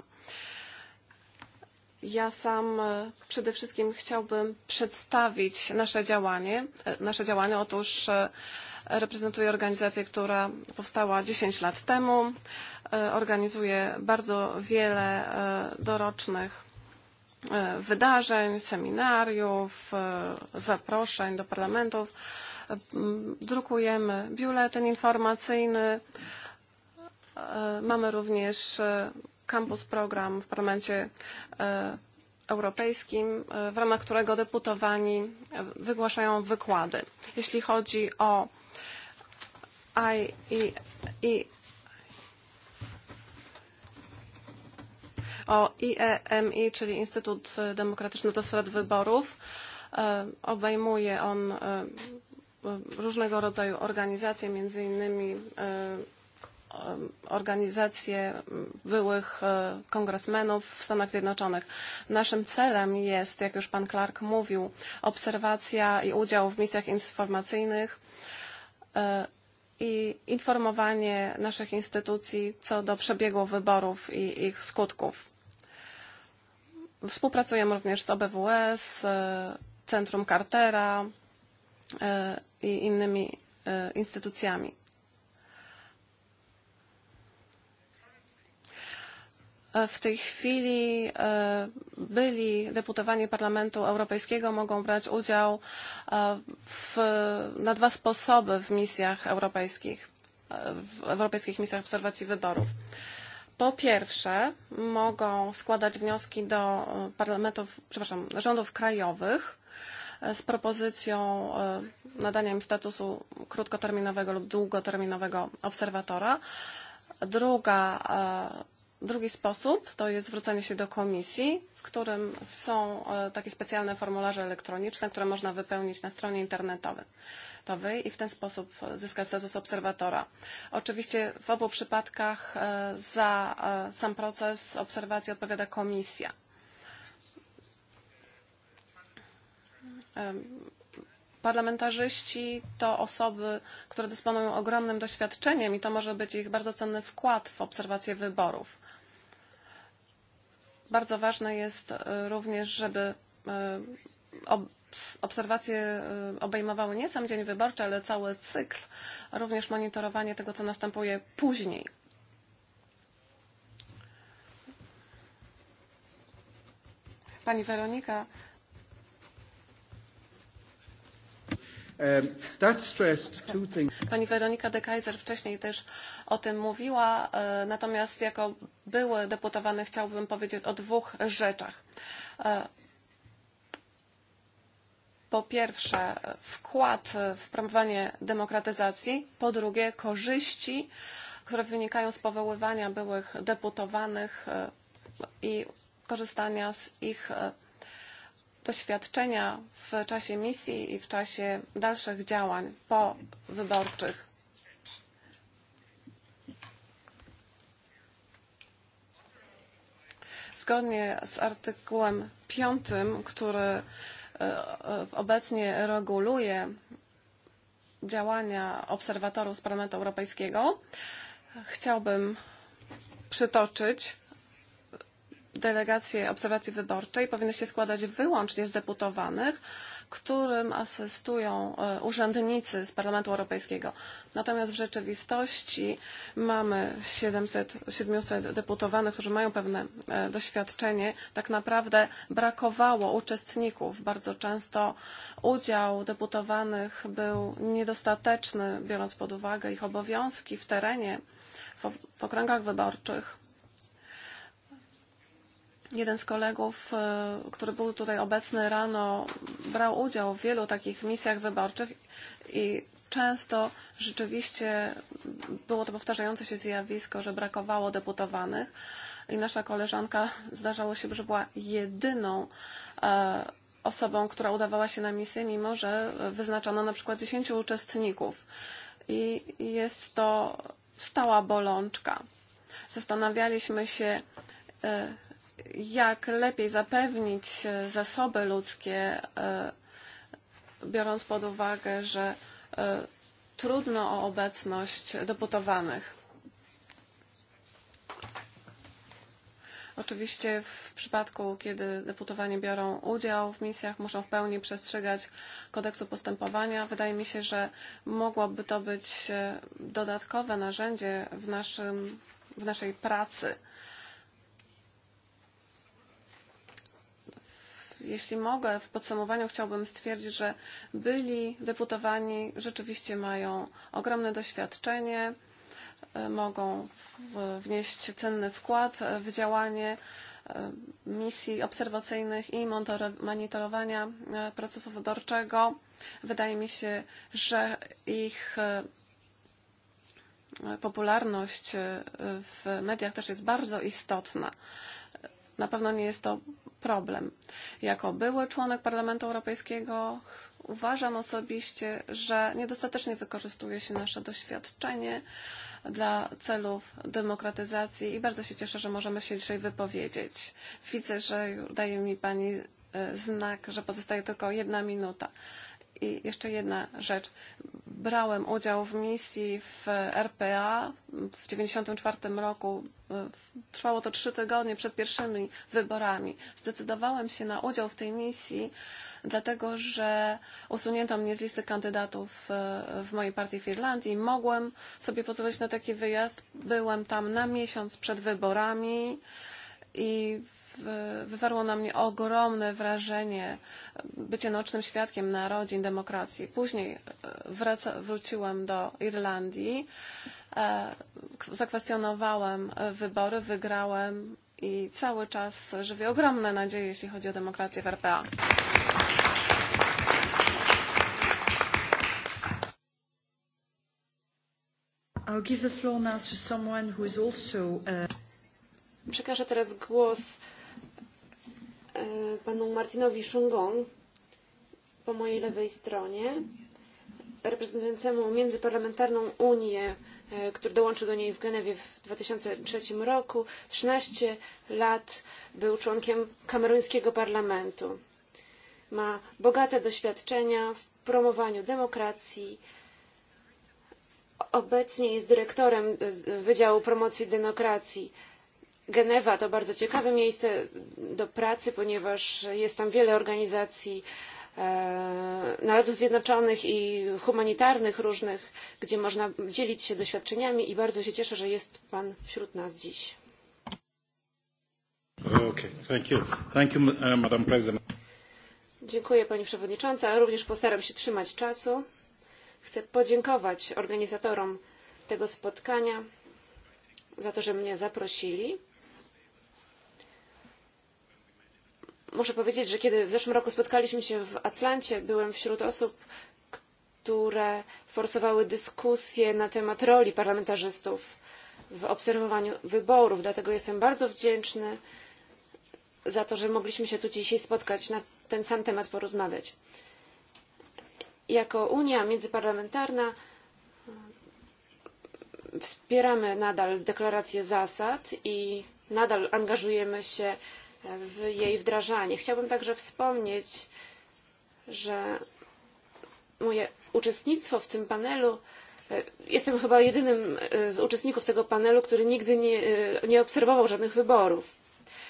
Ja sam e, przede wszystkim chciałbym przedstawić nasze działanie. Nasze działanie otóż reprezentuję organizację, która powstała 10 lat temu. Organizuje bardzo wiele dorocznych E, wydarzeń, seminariów, e, zaproszeń do parlamentów. E, drukujemy biuletyn informacyjny. Mamy również campus program w Parlamencie Europejskim, w ramach którego deputowani wygłaszają wykłady. Jeśli chodzi o IEEE o IEMI, e czyli Instytut Demokratyczny do Spraw Wyborów. E, obejmuje on e, różnego rodzaju organizacje, między innymi organizacje byłych kongresmenów w Stanach Zjednoczonych. Naszym celem jest, jak już pan Clark mówił, obserwacja i udział w misjach informacyjnych i informowanie naszych instytucji co do przebiegu wyborów i ich skutków. Współpracujemy również z OBWE, z Centrum Cartera e, i innymi e, instytucjami. E, w tej chwili byli deputowani Parlamentu Europejskiego mogą brać udział w, na dwa sposoby w misjach europejskich, w europejskich misjach obserwacji wyborów po pierwsze mogą składać wnioski do e, parlamentów, przepraszam, rządów krajowych e, z propozycją e, nadania im statusu krótkoterminowego lub długoterminowego obserwatora. Druga Drugi sposób to jest zwrócenie się do komisji, w którym są e, takie specjalne formularze elektroniczne, które można wypełnić na stronie internetowej i w ten sposób zyska status obserwatora. Oczywiście w obu przypadkach e, za e, sam proces obserwacji odpowiada komisja. Parlamentarzyści to osoby, które dysponują ogromnym doświadczeniem i to może być ich bardzo cenny wkład w obserwację wyborów. Bardzo ważne jest e, również, żeby e, obserwacje e, obejmowały nie sam dzień wyborczy, ale cały cykl, a również monitorowanie tego, co następuje później. Pani Weronika Um, Pani Weronika de Kaiser wcześniej też o tym mówiła, e, natomiast jako były deputowany chciałbym powiedzieć o dwóch rzeczach. E, po pierwsze, wkład w promowanie demokratyzacji, po drugie, korzyści, które wynikają z powoływania byłych deputowanych e, i korzystania z ich doświadczenia w czasie misji i w czasie dalszych działań po wyborczych. Zgodnie z artykułem 5, który e, e, obecnie reguluje działania obserwatorów z Parlamentu Europejskiego, chciałbym przytoczyć delegacje obserwacji wyborczej powinny się składać wyłącznie z deputowanych, którym asystują e, urzędnicy z Parlamentu Europejskiego. Natomiast w rzeczywistości mamy 700, 700 deputowanych, którzy mają pewne e, doświadczenie. Tak naprawdę brakowało uczestników. Bardzo często udział deputowanych był niedostateczny, biorąc pod uwagę ich obowiązki w terenie, w, w okręgach wyborczych. Jeden z kolegów, e, który był tutaj obecny rano, brał udział w wielu takich misjach wyborczych i często rzeczywiście było to powtarzające się zjawisko, że brakowało deputowanych i nasza koleżanka zdarzało się, że była jedyną e, osobą, która udawała się na misję, mimo że wyznaczono na przykład 10 uczestników. I jest to stała bolączka. Zastanawialiśmy się, e, jak lepiej zapewnić zasoby ludzkie, e, biorąc pod uwagę, że e, trudno o obecność deputowanych. Oczywiście w przypadku, kiedy deputowani biorą udział w misjach, muszą w pełni przestrzegać kodeksu postępowania. Wydaje mi się, że mogłoby to być e, dodatkowe narzędzie w, naszym, w naszej pracy. Jeśli mogę, w podsumowaniu chciałbym stwierdzić, że byli deputowani rzeczywiście mają ogromne doświadczenie, e, mogą wnieść cenny wkład e, w działanie e, misji obserwacyjnych i monitorowania procesu wyborczego. Wydaje mi się, że ich popularność w mediach też jest bardzo istotna. Na pewno nie jest to problem. Jako były członek Parlamentu Europejskiego uważam osobiście, że niedostatecznie wykorzystuje się nasze doświadczenie dla celów demokratyzacji i bardzo się cieszę, że możemy się dzisiaj wypowiedzieć. Widzę, że daje mi Pani e, znak, że pozostaje tylko jedna minuta. I jeszcze jedna rzecz. Brałem udział w misji w RPA w 1994 roku. Trwało to trzy tygodnie przed pierwszymi wyborami. Zdecydowałem się na udział w tej misji, dlatego że usunięto mnie z listy kandydatów e, w mojej partii w Irlandii. Mogłem sobie pozwolić na taki wyjazd. Byłem tam na miesiąc przed wyborami i wywarło na mnie ogromne wrażenie bycie nocnym świadkiem narodzin demokracji. Później e, wraca, wróciłem do Irlandii, e, zakwestionowałem e, wybory, wygrałem i cały czas żywię ogromne nadzieje, jeśli chodzi o demokrację w RPA. I'll give the floor now to someone who is also uh... Przekażę teraz głos e, panu Martinowi Szungon po mojej lewej stronie, reprezentującemu Międzyparlamentarną Unię, e, który dołączył do niej w Genewie w 2003 roku. 13 lat był członkiem kameruńskiego parlamentu. Ma bogate doświadczenia w promowaniu demokracji. Obecnie jest dyrektorem e, Wydziału Promocji Demokracji Genewa to bardzo ciekawe miejsce do pracy, ponieważ jest tam wiele organizacji e, Narodów Zjednoczonych i humanitarnych różnych, gdzie można dzielić się doświadczeniami i bardzo się cieszę, że jest Pan wśród nas dziś. Okay, thank you. Thank you, e, Madam President. Dziękuję Pani Przewodnicząca. Również postaram się trzymać czasu. Chcę podziękować organizatorom tego spotkania za to, że mnie zaprosili. muszę powiedzieć, że kiedy w zeszłym roku spotkaliśmy się w Atlancie, byłem wśród osób, które forsowały dyskusję na temat roli parlamentarzystów w obserwowaniu wyborów. Dlatego jestem bardzo wdzięczny za to, że mogliśmy się tu dzisiaj spotkać, na ten sam temat porozmawiać. Jako Unia Międzyparlamentarna e, wspieramy nadal deklarację zasad i nadal angażujemy się w w jej wdrażanie. Chciałabym także wspomnieć, że moje uczestnictwo w tym panelu e, jestem chyba jedynym e, z uczestników tego panelu, który nigdy nie, e, nie obserwował żadnych wyborów,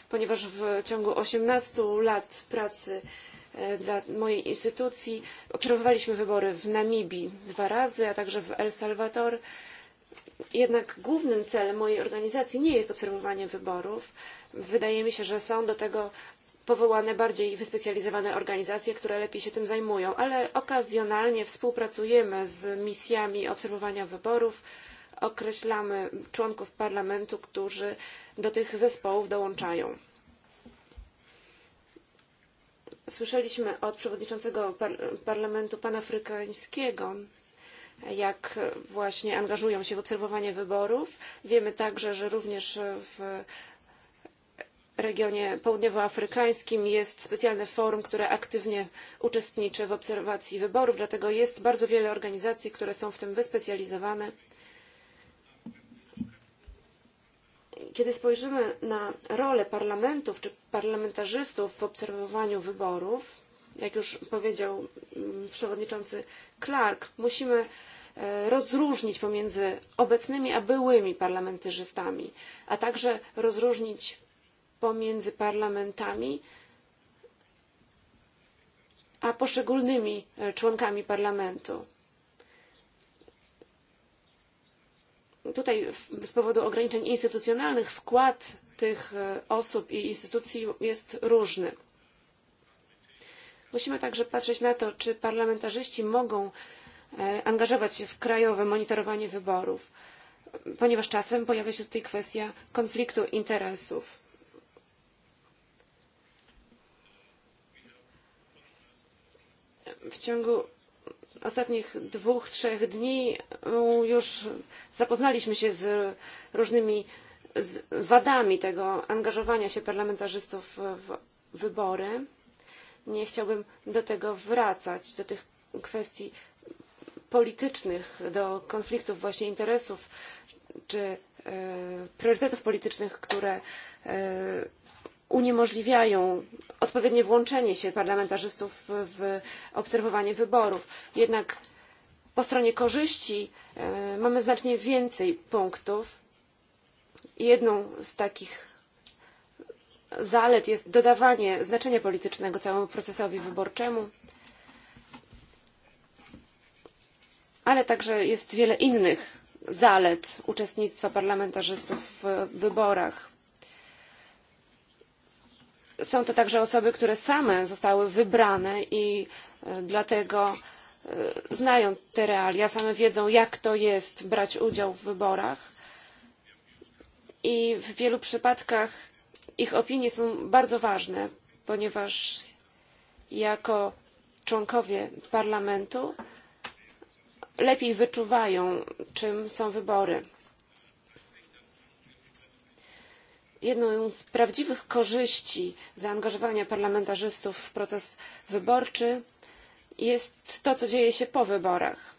ponieważ w ciągu 18 lat pracy dla mojej instytucji obserwowaliśmy wybory w Namibii dwa razy, a także w El Salvador Jednak głównym celem mojej organizacji nie jest obserwowanie wyborów. Wydaje mi się, że są do tego powołane bardziej wyspecjalizowane organizacje, które lepiej się tym zajmują, ale okazjonalnie współpracujemy z misjami obserwowania wyborów, określamy członków parlamentu, którzy do tych zespołów dołączają. Słyszeliśmy od przewodniczącego par parlamentu panafrykańskiego, jak właśnie angażują się w obserwowanie wyborów. Wiemy także, że również w regionie południowoafrykańskim jest specjalne forum, które aktywnie uczestniczy w obserwacji wyborów, dlatego jest bardzo wiele organizacji, które są w tym wyspecjalizowane. Kiedy spojrzymy na rolę parlamentów czy parlamentarzystów w obserwowaniu wyborów, jak już powiedział mm, przewodniczący Clark, musimy e, rozróżnić pomiędzy obecnymi a byłymi parlamentarzystami, a także rozróżnić pomiędzy parlamentami a poszczególnymi e, członkami parlamentu. Tutaj z powodu ograniczeń instytucjonalnych wkład tych e, osób i instytucji jest różny. Musimy także patrzeć na to, czy parlamentarzyści mogą e, angażować się w krajowe monitorowanie wyborów, ponieważ czasem pojawia się tutaj kwestia konfliktu interesów. W ciągu ostatnich dwóch, trzech dni mm, już zapoznaliśmy się z różnymi z wadami tego angażowania się parlamentarzystów w wybory nie chciałbym do tego wracać, do tych kwestii politycznych, do konfliktów właśnie interesów czy e, priorytetów politycznych, które e, uniemożliwiają odpowiednie włączenie się parlamentarzystów w obserwowanie wyborów. Jednak po stronie korzyści e, mamy znacznie więcej punktów. Jedną z takich zalet jest dodawanie znaczenia politycznego całemu procesowi wyborczemu, ale także jest wiele innych zalet uczestnictwa parlamentarzystów w wyborach. Są to także osoby, które same zostały wybrane i e, dlatego e, znają te realia, same wiedzą, jak to jest brać udział w wyborach. I w wielu przypadkach Ich opinie są bardzo ważne, ponieważ jako członkowie parlamentu lepiej wyczuwają, czym są wybory. Jedną z prawdziwych korzyści zaangażowania parlamentarzystów w proces wyborczy jest to, co dzieje się po wyborach.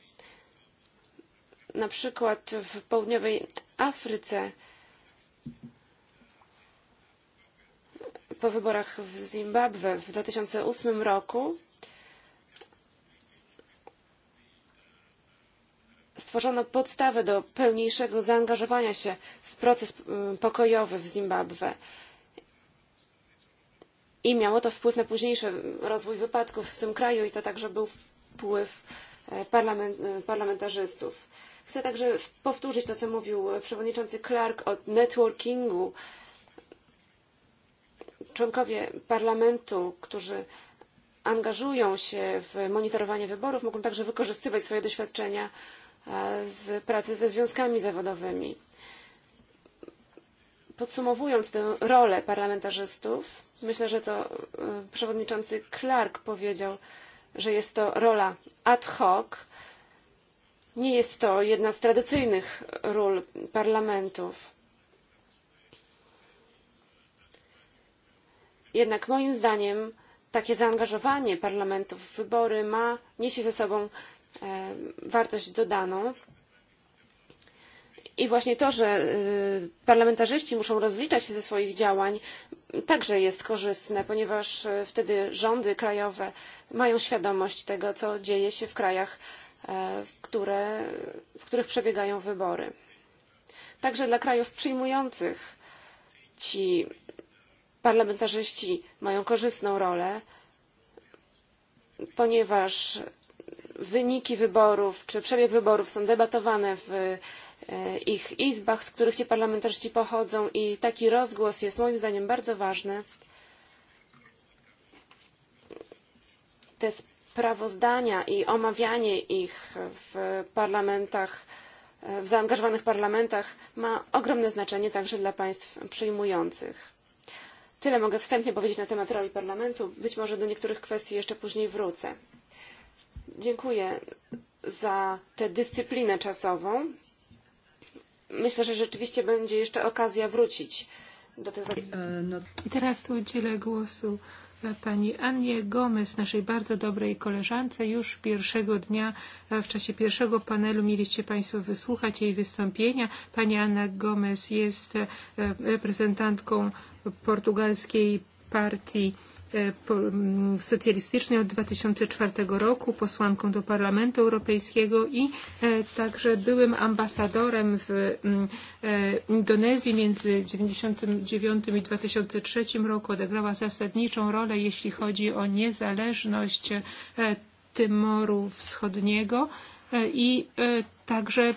Na przykład w południowej Afryce po wyborach w Zimbabwe w 2008 roku stworzono podstawę do pełniejszego zaangażowania się w proces pokojowy w Zimbabwe. I miało to wpływ na późniejszy rozwój wypadków w tym kraju i to także był wpływ e, parlament, e, parlamentarzystów. Chcę także powtórzyć to, co mówił przewodniczący Clark o networkingu, członkowie parlamentu, którzy angażują się w monitorowanie wyborów, mogą także wykorzystywać swoje doświadczenia e, z pracy ze związkami zawodowymi. Podsumowując tę rolę parlamentarzystów, myślę, że to e, przewodniczący Clark powiedział, że jest to rola ad hoc. Nie jest to jedna z tradycyjnych ról parlamentów Jednak moim zdaniem takie zaangażowanie parlamentu w wybory ma, niesie ze sobą e, wartość dodaną. I właśnie to, że e, parlamentarzyści muszą rozliczać się ze swoich działań, także jest korzystne, ponieważ e, wtedy rządy krajowe mają świadomość tego, co dzieje się w krajach, które, w których przebiegają wybory. Także dla krajów przyjmujących ci Parlamentarzyści mają korzystną rolę, ponieważ wyniki wyborów czy przebieg wyborów są debatowane w e, ich izbach, z których ci parlamentarzyści pochodzą i taki rozgłos jest moim zdaniem bardzo ważny. Te sprawozdania i omawianie ich w parlamentach, w zaangażowanych parlamentach ma ogromne znaczenie także dla państw przyjmujących. Tyle mogę wstępnie powiedzieć na temat roli parlamentu. Być może do niektórych kwestii jeszcze później wrócę. Dziękuję za tę dyscyplinę czasową. Myślę, że rzeczywiście będzie jeszcze okazja wrócić do tych zagadnień. E, no, I teraz udzielę głosu pani Annie Gomez, naszej bardzo dobrej koleżance. Już pierwszego dnia, e, w czasie pierwszego panelu mieliście Państwo wysłuchać jej wystąpienia. Pani Anna Gomez jest e, reprezentantką portugalskiej partii E, socjalistycznej od 2004 roku, posłanką do Parlamentu Europejskiego i e, także byłym ambasadorem w e, Indonezji między 1999 i 2003 roku. Odegrała zasadniczą rolę, jeśli chodzi o niezależność Tymoru Wschodniego i także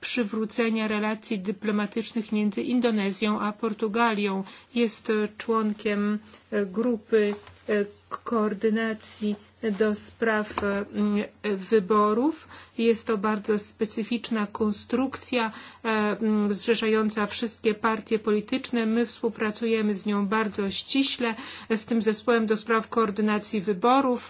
przywrócenia relacji dyplomatycznych między Indonezją a Portugalią. Jest członkiem e, grupy e, koordynacji do spraw mm, wyborów. Jest to bardzo specyficzna konstrukcja mm, zrzeszająca wszystkie partie polityczne. My współpracujemy z nią bardzo ściśle, z tym zespołem do spraw koordynacji wyborów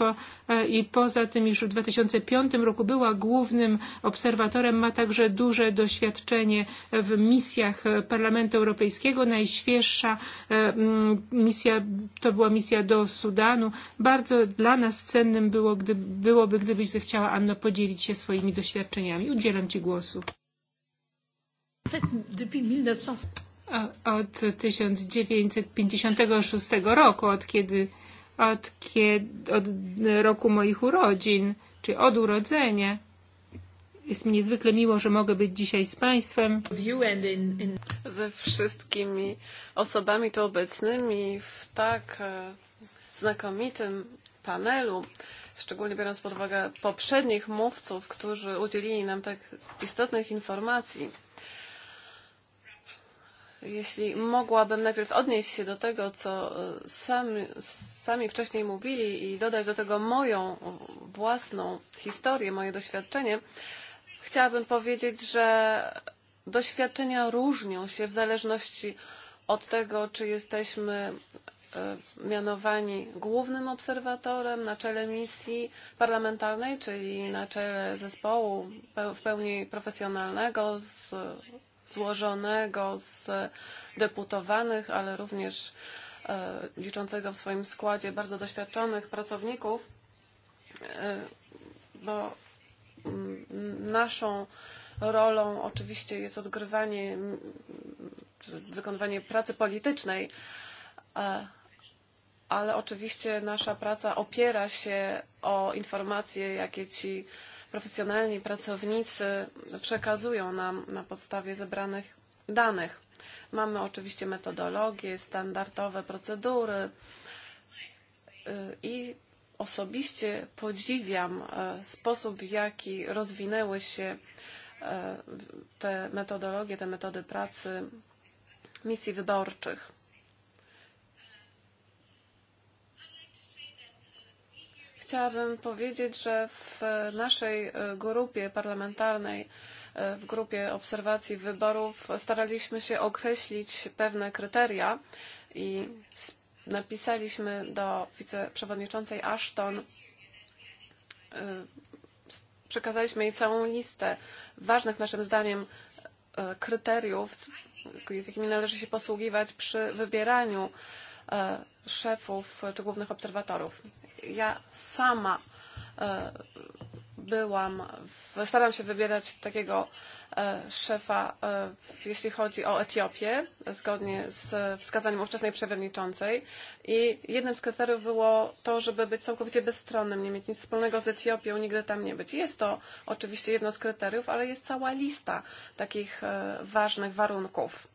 i poza tym już w 2005 roku była głównym obserwatorem, ma także duże doświadczenie w misjach Parlamentu Europejskiego. Najświeższa mm, misja to była misja do Sudanu, Bardzo dla nas cennym było, gdy, byłoby, gdybyś zechciała, Anno, podzielić się swoimi doświadczeniami. Udzielam Ci głosu. Od 1956 roku, od kiedy, od kiedy, od roku moich urodzin, czy od urodzenia. Jest mi niezwykle miło, że mogę być dzisiaj z Państwem. Ze wszystkimi osobami tu obecnymi w tak e, znakomitym panelu, szczególnie biorąc pod uwagę poprzednich mówców, którzy udzielili nam tak istotnych informacji. Jeśli mogłabym najpierw odnieść się do tego, co e, sami, sami wcześniej mówili i dodać do tego moją własną historię, moje doświadczenie, chciałabym powiedzieć, że doświadczenia różnią się w zależności od tego, czy jesteśmy E, mianowani głównym obserwatorem na czele misji parlamentarnej, czyli na czele zespołu w pełni profesjonalnego, z, złożonego z deputowanych, ale również e, liczącego w swoim składzie bardzo doświadczonych pracowników, e, bo m, mm, naszą rolą oczywiście jest odgrywanie, wykonywanie pracy politycznej, e, ale oczywiście nasza praca opiera się o informacje, jakie ci profesjonalni pracownicy przekazują nam na podstawie zebranych danych. Mamy oczywiście metodologię, standardowe procedury i osobiście podziwiam e, sposób, w jaki rozwinęły się e, te metodologie, te metody pracy misji wyborczych. chciałabym powiedzieć, że w naszej e, grupie parlamentarnej, e, w grupie obserwacji wyborów staraliśmy się określić pewne kryteria i napisaliśmy do wiceprzewodniczącej Ashton, e, przekazaliśmy jej całą listę ważnych naszym zdaniem kryteriów, jakimi należy się posługiwać przy wybieraniu szefów czy głównych obserwatorów ja sama e, byłam, w, staram się wybierać takiego e, szefa, e, jeśli chodzi o Etiopię, zgodnie z wskazaniem ówczesnej przewodniczącej. I jednym z kryteriów było to, żeby być całkowicie bezstronnym, nie mieć nic wspólnego z Etiopią, nigdy tam nie być. Jest to oczywiście jedno z kryteriów, ale jest cała lista takich ważnych warunków.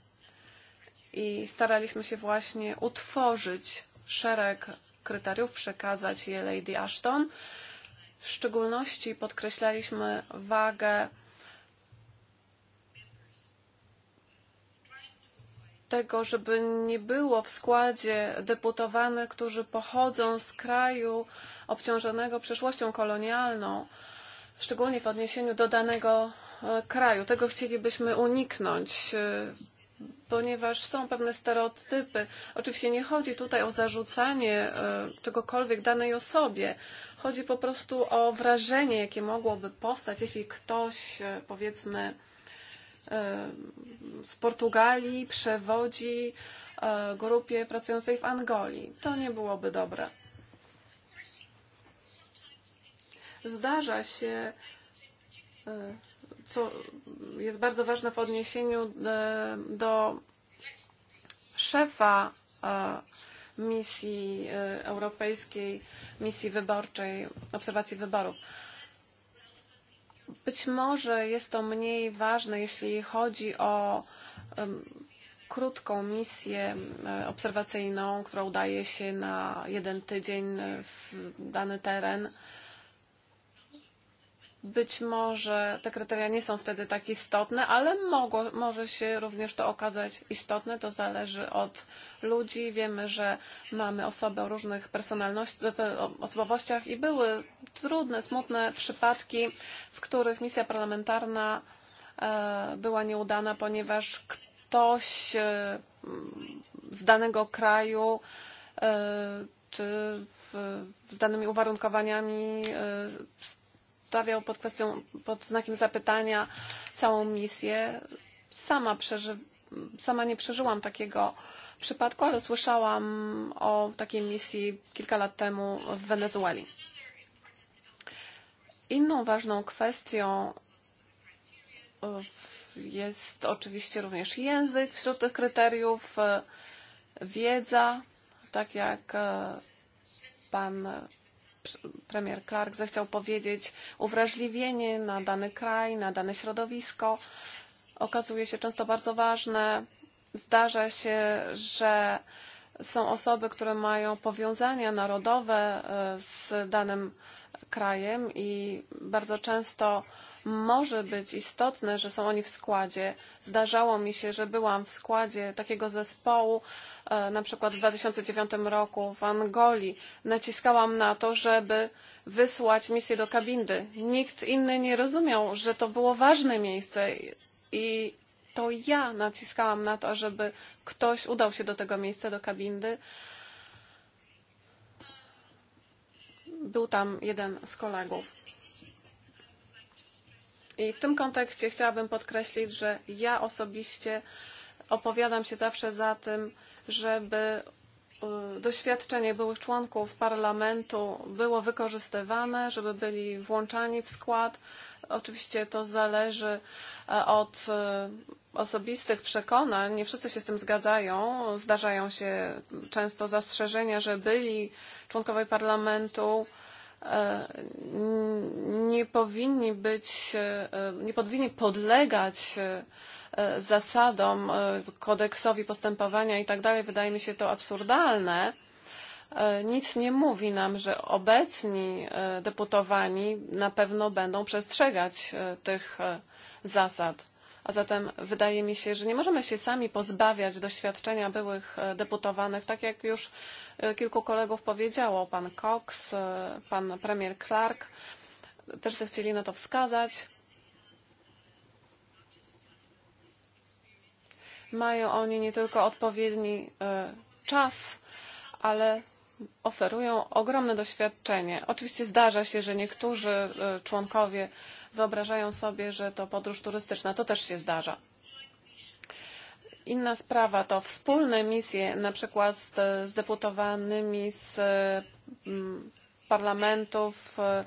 I staraliśmy się właśnie utworzyć szereg kryteriów przekazać je Lady Ashton. W szczególności podkreślaliśmy wagę tego, żeby nie było w składzie deputowanych, którzy pochodzą z kraju obciążonego przeszłością kolonialną, szczególnie w odniesieniu do danego e, kraju. Tego chcielibyśmy uniknąć. E, ponieważ są pewne stereotypy. Oczywiście nie chodzi tutaj o zarzucanie e, czegokolwiek danej osobie. Chodzi po prostu o wrażenie, jakie mogłoby powstać, jeśli ktoś, e, powiedzmy, e, z Portugalii przewodzi grupie pracującej w Angolii. To nie byłoby dobre. Zdarza się co jest bardzo ważne w odniesieniu e, do szefa e, misji e, europejskiej, misji wyborczej, obserwacji wyborów. Być może jest to mniej ważne, jeśli chodzi o krótką misję obserwacyjną, która udaje się na jeden tydzień w dany teren. Być może te kryteria nie są wtedy tak istotne, ale mogło, może się również to okazać istotne. To zależy od ludzi. Wiemy, że mamy osoby o różnych e, osobowościach i były trudne, smutne przypadki, w których misja parlamentarna e, była nieudana, ponieważ ktoś e, z danego kraju czy w, z danymi uwarunkowaniami stawiał pod kwestią, pod znakiem zapytania całą misję. Sama, przeży, sama nie przeżyłam takiego przypadku, ale słyszałam o takiej misji kilka lat temu w Wenezueli. Inną ważną kwestią jest oczywiście również język wśród tych kryteriów, e, wiedza, tak jak e, pan premier Clark zechciał powiedzieć, uwrażliwienie na dany kraj, na dane środowisko okazuje się często bardzo ważne. Zdarza się, że są osoby, które mają powiązania narodowe e, z danym krajem i bardzo często może być istotne, że są oni w składzie. Zdarzało mi się, że byłam w składzie takiego zespołu, e, na przykład w 2009 roku w Angolii. Naciskałam na to, żeby wysłać misję do Kabindy. Nikt inny nie rozumiał, że to było ważne miejsce i to ja naciskałam na to, żeby ktoś udał się do tego miejsca, do Kabindy. Był tam jeden z kolegów. I w tym kontekście chciałabym podkreślić, że ja osobiście opowiadam się zawsze za tym, żeby doświadczenie byłych członków parlamentu było wykorzystywane, żeby byli włączani w skład. Oczywiście to zależy e, od e, osobistych przekonań. Nie wszyscy się z tym zgadzają. Zdarzają się często zastrzeżenia, że byli członkowie parlamentu E, nie powinni być, e, nie powinni podlegać e, zasadom, kodeksowi postępowania i tak dalej. Wydaje mi się to absurdalne. Nic nie mówi nam, że obecni deputowani na pewno będą przestrzegać tych zasad. A zatem wydaje mi się, że nie możemy się sami pozbawiać doświadczenia byłych e, deputowanych, tak jak już e, kilku kolegów powiedziało, pan Cox, e, pan premier Clark, też zechcieli na to wskazać. Mają oni nie tylko odpowiedni czas, ale oferują ogromne doświadczenie. Oczywiście zdarza się, że niektórzy e, członkowie wyobrażają sobie, że to podróż turystyczna. To też się zdarza. Inna sprawa to wspólne misje, na przykład z, z deputowanymi z mm, parlamentów, e,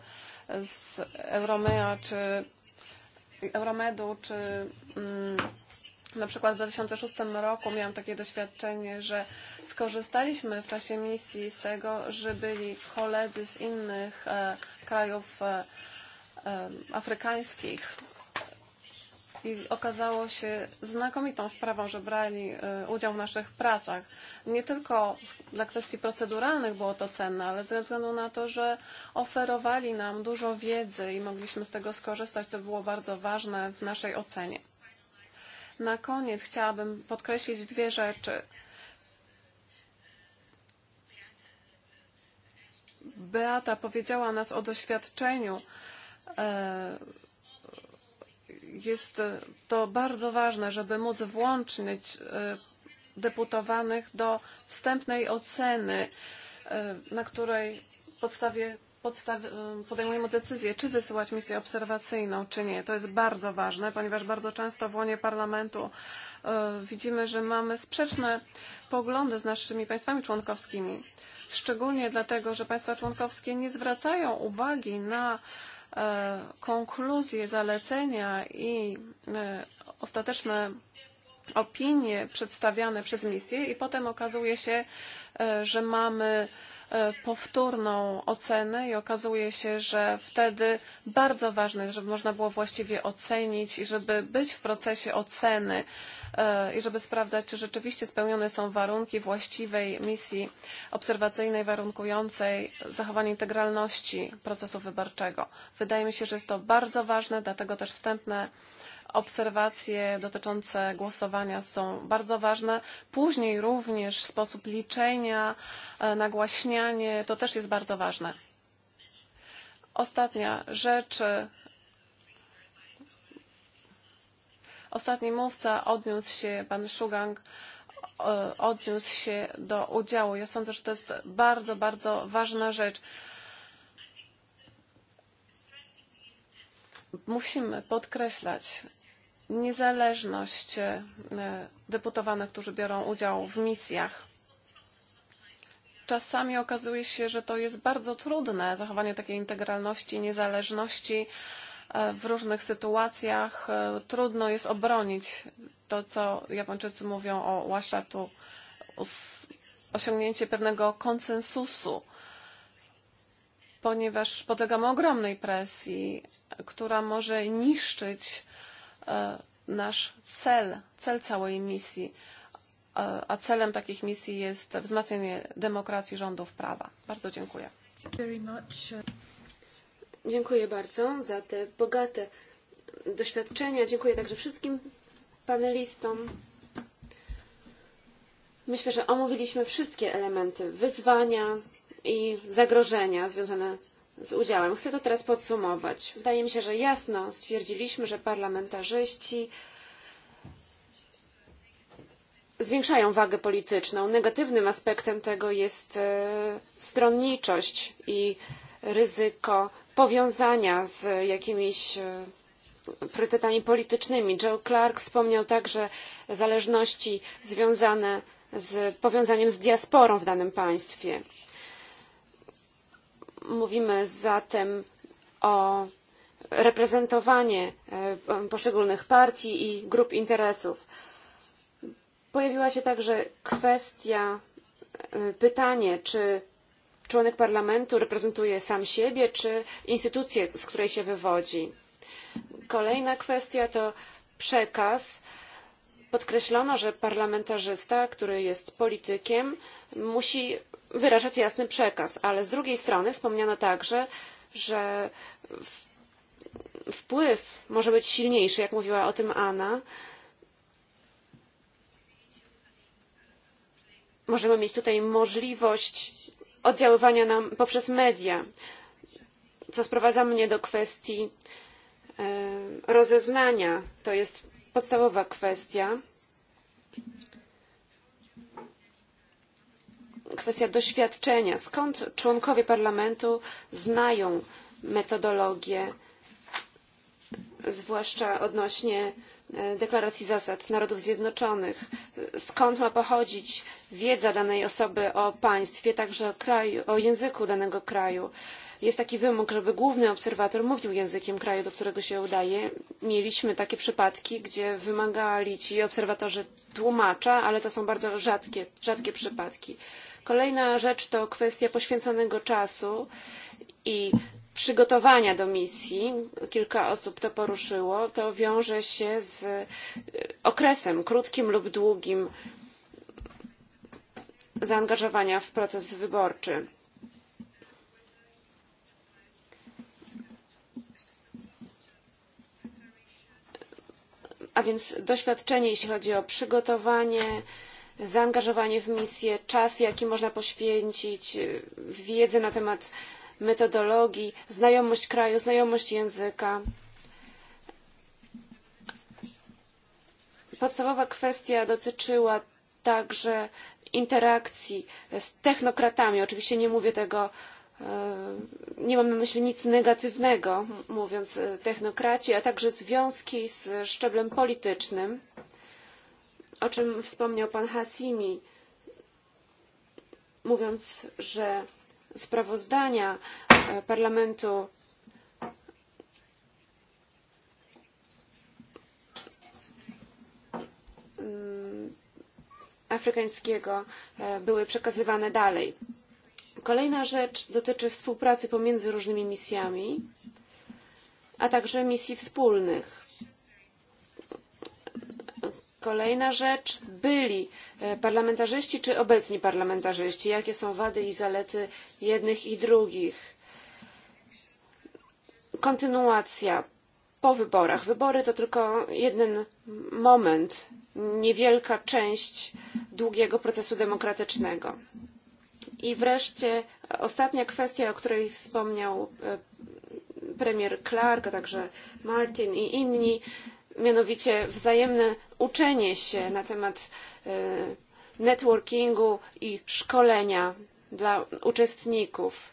z Euromea czy Euromedu, czy mm, Na przykład w 2006 roku miałam takie doświadczenie, że skorzystaliśmy w czasie misji z tego, że byli koledzy z innych e, krajów e, e, afrykańskich i okazało się znakomitą sprawą, że brali e, udział w naszych pracach. Nie tylko dla kwestii proceduralnych było to cenne, ale ze względu na to, że oferowali nam dużo wiedzy i mogliśmy z tego skorzystać, to było bardzo ważne w naszej ocenie. Na koniec chciałabym podkreślić dwie rzeczy. Beata powiedziała nas o doświadczeniu. E, jest to bardzo ważne, żeby móc włączyć e, deputowanych do wstępnej oceny, e, na której podstawie podstaw, podejmujemy decyzję, czy wysyłać misję obserwacyjną, czy nie. To jest bardzo ważne, ponieważ bardzo często w łonie parlamentu widzimy, że mamy sprzeczne poglądy z naszymi państwami członkowskimi. Szczególnie dlatego, że państwa członkowskie nie zwracają uwagi na e, konkluzje, zalecenia i e, ostateczne opinie przedstawiane przez misję i potem okazuje się, e, że mamy E, powtórną ocenę i okazuje się, że wtedy bardzo ważne jest, żeby można było właściwie ocenić i żeby być w procesie oceny e, i żeby sprawdzać, czy rzeczywiście spełnione są warunki właściwej misji obserwacyjnej warunkującej zachowanie integralności procesu wyborczego. Wydaje mi się, że jest to bardzo ważne, dlatego też wstępne obserwacje dotyczące głosowania są bardzo ważne. Później również sposób liczenia, e, nagłaśnianie to też jest bardzo ważne. Ostatnia rzecz. Ostatni mówca odniósł się, pan Szugang, e, odniósł się do udziału. Ja sądzę, że to jest bardzo, bardzo ważna rzecz. Musimy podkreślać niezależność e, deputowanych, którzy biorą udział w misjach. Czasami okazuje się, że to jest bardzo trudne, zachowanie takiej integralności, niezależności e, w różnych sytuacjach. E, trudno jest obronić to, co Japończycy mówią o łaszatu, osiągnięcie pewnego konsensusu, ponieważ podlegamy ogromnej presji, która może niszczyć E, nasz cel, cel całej misji, e, a celem takich misji jest wzmacnianie demokracji rządów prawa. Bardzo dziękuję. Dziękuję bardzo za te bogate doświadczenia. Dziękuję także wszystkim panelistom. Myślę, że omówiliśmy wszystkie elementy wyzwania i zagrożenia związane z z udziałem. Chcę to teraz podsumować. Wydaje mi się, że jasno stwierdziliśmy, że parlamentarzyści zwiększają wagę polityczną. Negatywnym aspektem tego jest e, stronniczość i ryzyko powiązania z jakimiś e, priorytetami politycznymi. Joe Clark wspomniał także zależności związane z powiązaniem z diasporą w danym państwie. Mówimy zatem o reprezentowanie e, poszczególnych partii i grup interesów. Pojawiła się także kwestia, e, pytanie, czy członek parlamentu reprezentuje sam siebie, czy instytucję, z której się wywodzi. Kolejna kwestia to przekaz. Podkreślono, że parlamentarzysta, który jest politykiem, musi wyrażać jasny przekaz. Ale z drugiej strony wspomniano także, że wpływ może być silniejszy, jak mówiła o tym Anna. Możemy mieć tutaj możliwość oddziaływania nam poprzez media, co sprowadza mnie do kwestii e, rozeznania. To jest podstawowa kwestia. kwestia doświadczenia. Skąd członkowie parlamentu znają metodologię, zwłaszcza odnośnie e, deklaracji zasad Narodów Zjednoczonych? Skąd ma pochodzić wiedza danej osoby o państwie, także o, kraju, o języku danego kraju? Jest taki wymóg, żeby główny obserwator mówił językiem kraju, do którego się udaje. Mieliśmy takie przypadki, gdzie wymagali ci obserwatorzy tłumacza, ale to są bardzo rzadkie, rzadkie przypadki. Yy, Kolejna rzecz to kwestia poświęconego czasu i przygotowania do misji. Kilka osób to poruszyło. To wiąże się z e, okresem krótkim lub długim zaangażowania w proces wyborczy. A więc doświadczenie, jeśli chodzi o przygotowanie, zaangażowanie w misję, czas, jaki można poświęcić, wiedzę na temat metodologii, znajomość kraju, znajomość języka. Podstawowa kwestia dotyczyła także interakcji z technokratami. Oczywiście nie mówię tego, nie mam na myśli nic negatywnego, mówiąc technokraci, a także związki z szczeblem politycznym o czym wspomniał pan Hassimi, mówiąc, że sprawozdania e, parlamentu mm, afrykańskiego e, były przekazywane dalej. Kolejna rzecz dotyczy współpracy pomiędzy różnymi misjami, a także misji wspólnych. Kolejna rzecz, byli e, parlamentarzyści czy obecni parlamentarzyści? Jakie są wady i zalety jednych i drugich? Kontynuacja po wyborach. Wybory to tylko jeden moment, niewielka część długiego procesu demokratycznego. I wreszcie ostatnia kwestia, o której wspomniał e, premier Clark, a także Martin i inni mianowicie wzajemne uczenie się na temat e, networkingu i szkolenia dla uczestników.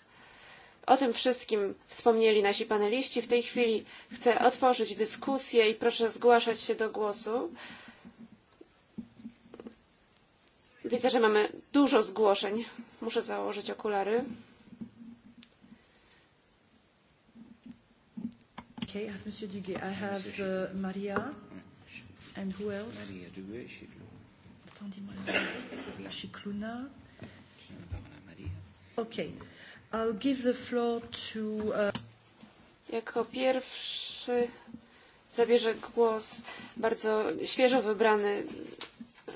O tym wszystkim wspomnieli nasi paneliści. W tej chwili chcę otworzyć dyskusję i proszę zgłaszać się do głosu. Widzę, że mamy dużo zgłoszeń. Muszę założyć okulary. Okay, I have Monsieur Duguay. I have uh, Maria. And who else? Maria Duguay, Chicluna. Okay. I'll give the floor to... Uh... Jako pierwszy zabierze głos bardzo świeżo wybrany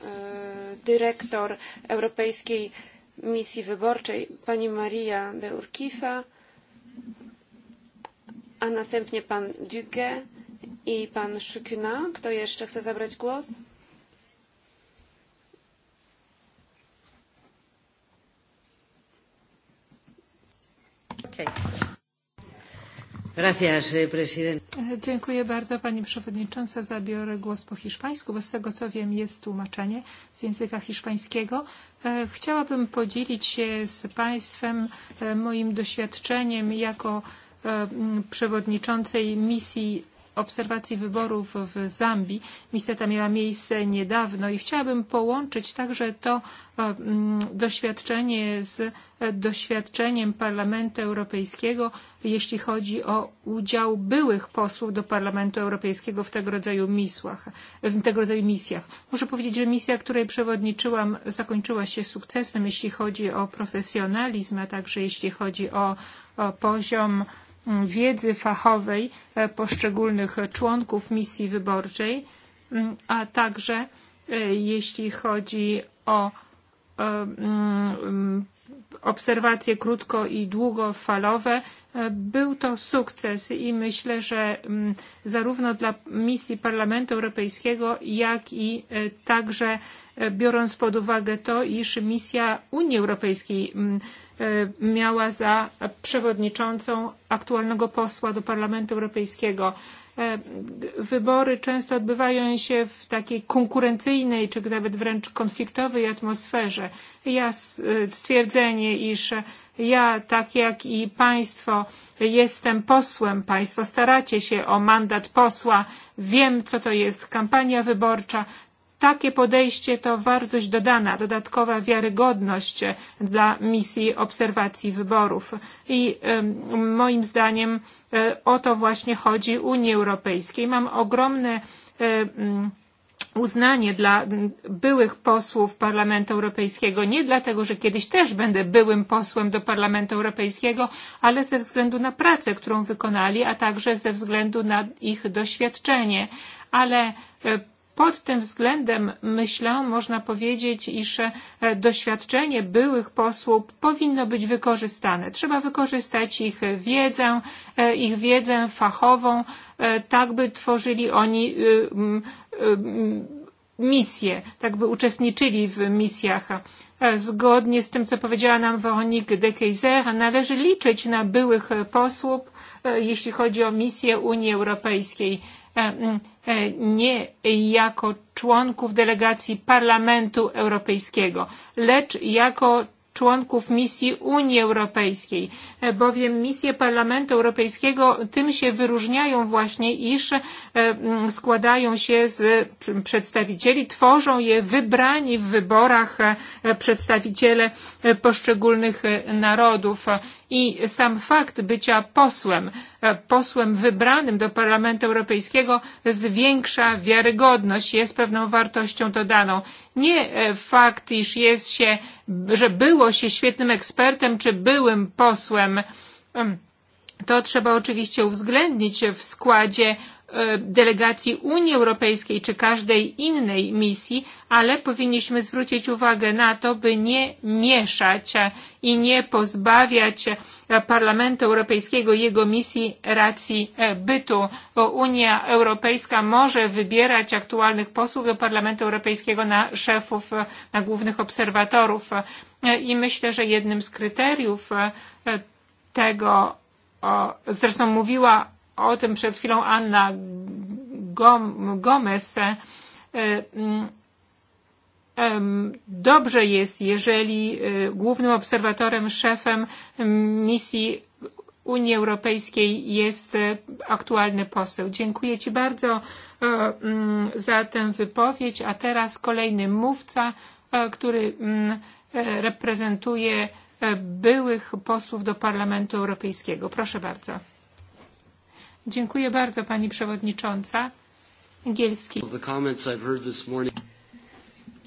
e, dyrektor Europejskiej Misji Wyborczej, pani Maria de Urquiza a następnie pan Duque i pan Szukuna. Kto jeszcze chce zabrać głos? Gracias, eh, Dziękuję bardzo Pani Przewodnicząca. Zabiorę głos po hiszpańsku, bo z tego co wiem jest tłumaczenie z języka hiszpańskiego. E, chciałabym podzielić się z Państwem e, moim doświadczeniem jako E, przewodniczącej misji obserwacji wyborów w Zambii. Misja ta miała miejsce niedawno i chciałabym połączyć także to e, doświadczenie z e, doświadczeniem Parlamentu Europejskiego, jeśli chodzi o udział byłych posłów do Parlamentu Europejskiego w tego rodzaju, misłach, w tego rodzaju misjach. Muszę powiedzieć, że misja, której przewodniczyłam, zakończyła się sukcesem, jeśli chodzi o profesjonalizm, a także jeśli chodzi o, o poziom Mm, wiedzy fachowej e, poszczególnych członków misji wyborczej, mm, a także e, jeśli chodzi o e, mm, obserwacje krótko i długofalowe. Był to sukces i myślę, że zarówno dla misji Parlamentu Europejskiego, jak i także biorąc pod uwagę to, iż misja Unii Europejskiej E, miała za przewodniczącą aktualnego posła do Parlamentu Europejskiego. E, wybory często odbywają się w takiej konkurencyjnej, czy nawet wręcz konfliktowej atmosferze. Ja e, stwierdzenie, iż ja, tak jak i państwo, jestem posłem, państwo staracie się o mandat posła, wiem, co to jest kampania wyborcza, Takie podejście to wartość dodana, dodatkowa wiarygodność dla misji obserwacji wyborów. I moim zdaniem e, o to właśnie chodzi Unii Europejskiej. Mam ogromne e, uznanie dla byłych posłów Parlamentu Europejskiego, nie dlatego, że kiedyś też będę byłym posłem do Parlamentu Europejskiego, ale ze względu na pracę, którą wykonali, a także ze względu na ich doświadczenie. Ale e, Pod tym względem myślę, można powiedzieć, iż e, doświadczenie byłych posłów powinno być wykorzystane. Trzeba wykorzystać ich wiedzę, e, ich wiedzę fachową, e, tak by tworzyli oni misje, tak by uczestniczyli w misjach. Zgodnie z tym, co powiedziała nam Veronique de Keyser, należy liczyć na byłych posłów, jeśli chodzi o misję Unii Europejskiej E, e, nie jako członków delegacji Parlamentu Europejskiego, lecz jako członków misji Unii Europejskiej, e, bowiem misje Parlamentu Europejskiego tym się wyróżniają właśnie, iż składają się z przedstawicieli, tworzą je wybrani w wyborach przedstawiciele poszczególnych narodów i sam fakt bycia posłem, e, posłem wybranym do Parlamentu Europejskiego zwiększa wiarygodność, jest pewną wartością dodaną. Nie e, fakt, iż jest się, że było się świetnym ekspertem czy byłym posłem, to trzeba oczywiście uwzględnić w składzie delegacji Unii Europejskiej czy każdej innej misji, ale powinniśmy zwrócić uwagę na to, by nie mieszać i nie pozbawiać Parlamentu Europejskiego jego misji racji bytu, bo Unia Europejska może wybierać aktualnych posłów do Parlamentu Europejskiego na szefów, na głównych obserwatorów. I myślę, że jednym z kryteriów tego, zresztą mówiła o tym przed chwilą Anna Gomez, e, mm, dobrze jest, jeżeli e, głównym obserwatorem, szefem misji Unii Europejskiej jest e, aktualny poseł. Dziękuję Ci bardzo mm, za tę wypowiedź, a teraz kolejny mówca, który mm, reprezentuje byłych posłów do Parlamentu Europejskiego. Proszę bardzo. Dziękuję bardzo Pani Przewodnicząca. Angielski.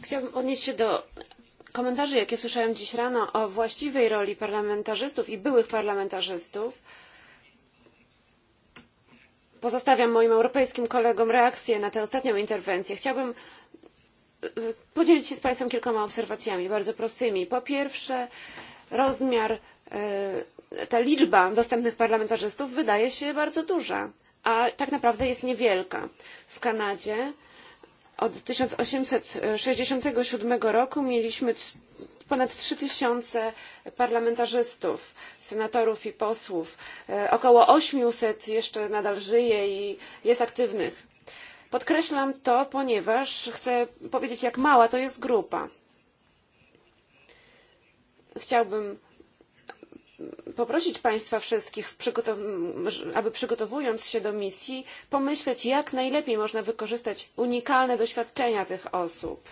Chciałbym odnieść się do komentarzy, jakie słyszałem dziś rano o właściwej roli parlamentarzystów i byłych parlamentarzystów. Pozostawiam moim europejskim kolegom reakcję na tę ostatnią interwencję. Chciałbym e, podzielić się z Państwem kilkoma obserwacjami, bardzo prostymi. Po pierwsze, rozmiar E, ta liczba dostępnych parlamentarzystów wydaje się bardzo duża, a tak naprawdę jest niewielka. W Kanadzie od 1867 roku mieliśmy ponad 3000 parlamentarzystów, senatorów i posłów. E, około 800 jeszcze nadal żyje i jest aktywnych. Podkreślam to, ponieważ chcę powiedzieć, jak mała to jest grupa. Chciałbym poprosić Państwa wszystkich, aby przygotowując się do misji, pomyśleć, jak najlepiej można wykorzystać unikalne doświadczenia tych osób.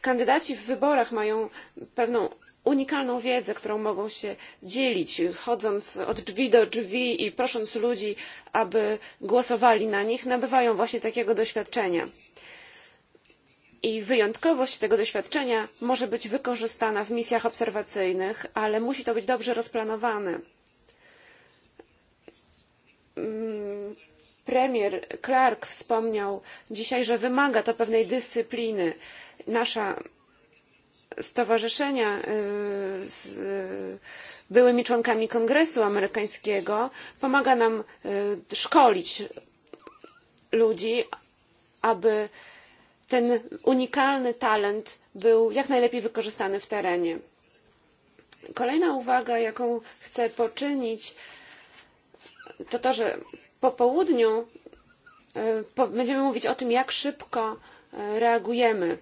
Kandydaci w wyborach mają pewną unikalną wiedzę, którą mogą się dzielić, chodząc od drzwi do drzwi i prosząc ludzi, aby głosowali na nich, nabywają właśnie takiego doświadczenia. I wyjątkowość tego doświadczenia może być wykorzystana w misjach obserwacyjnych, ale musi to być dobrze rozplanowane. Mm, premier Clark wspomniał dzisiaj, że wymaga to pewnej dyscypliny. Nasza stowarzyszenia z byłymi członkami Kongresu Amerykańskiego pomaga nam szkolić ludzi, aby ten unikalny talent był jak najlepiej wykorzystany w terenie. Kolejna uwaga, jaką chcę poczynić, to to, że po południu e, będziemy mówić o tym, jak szybko e, reagujemy.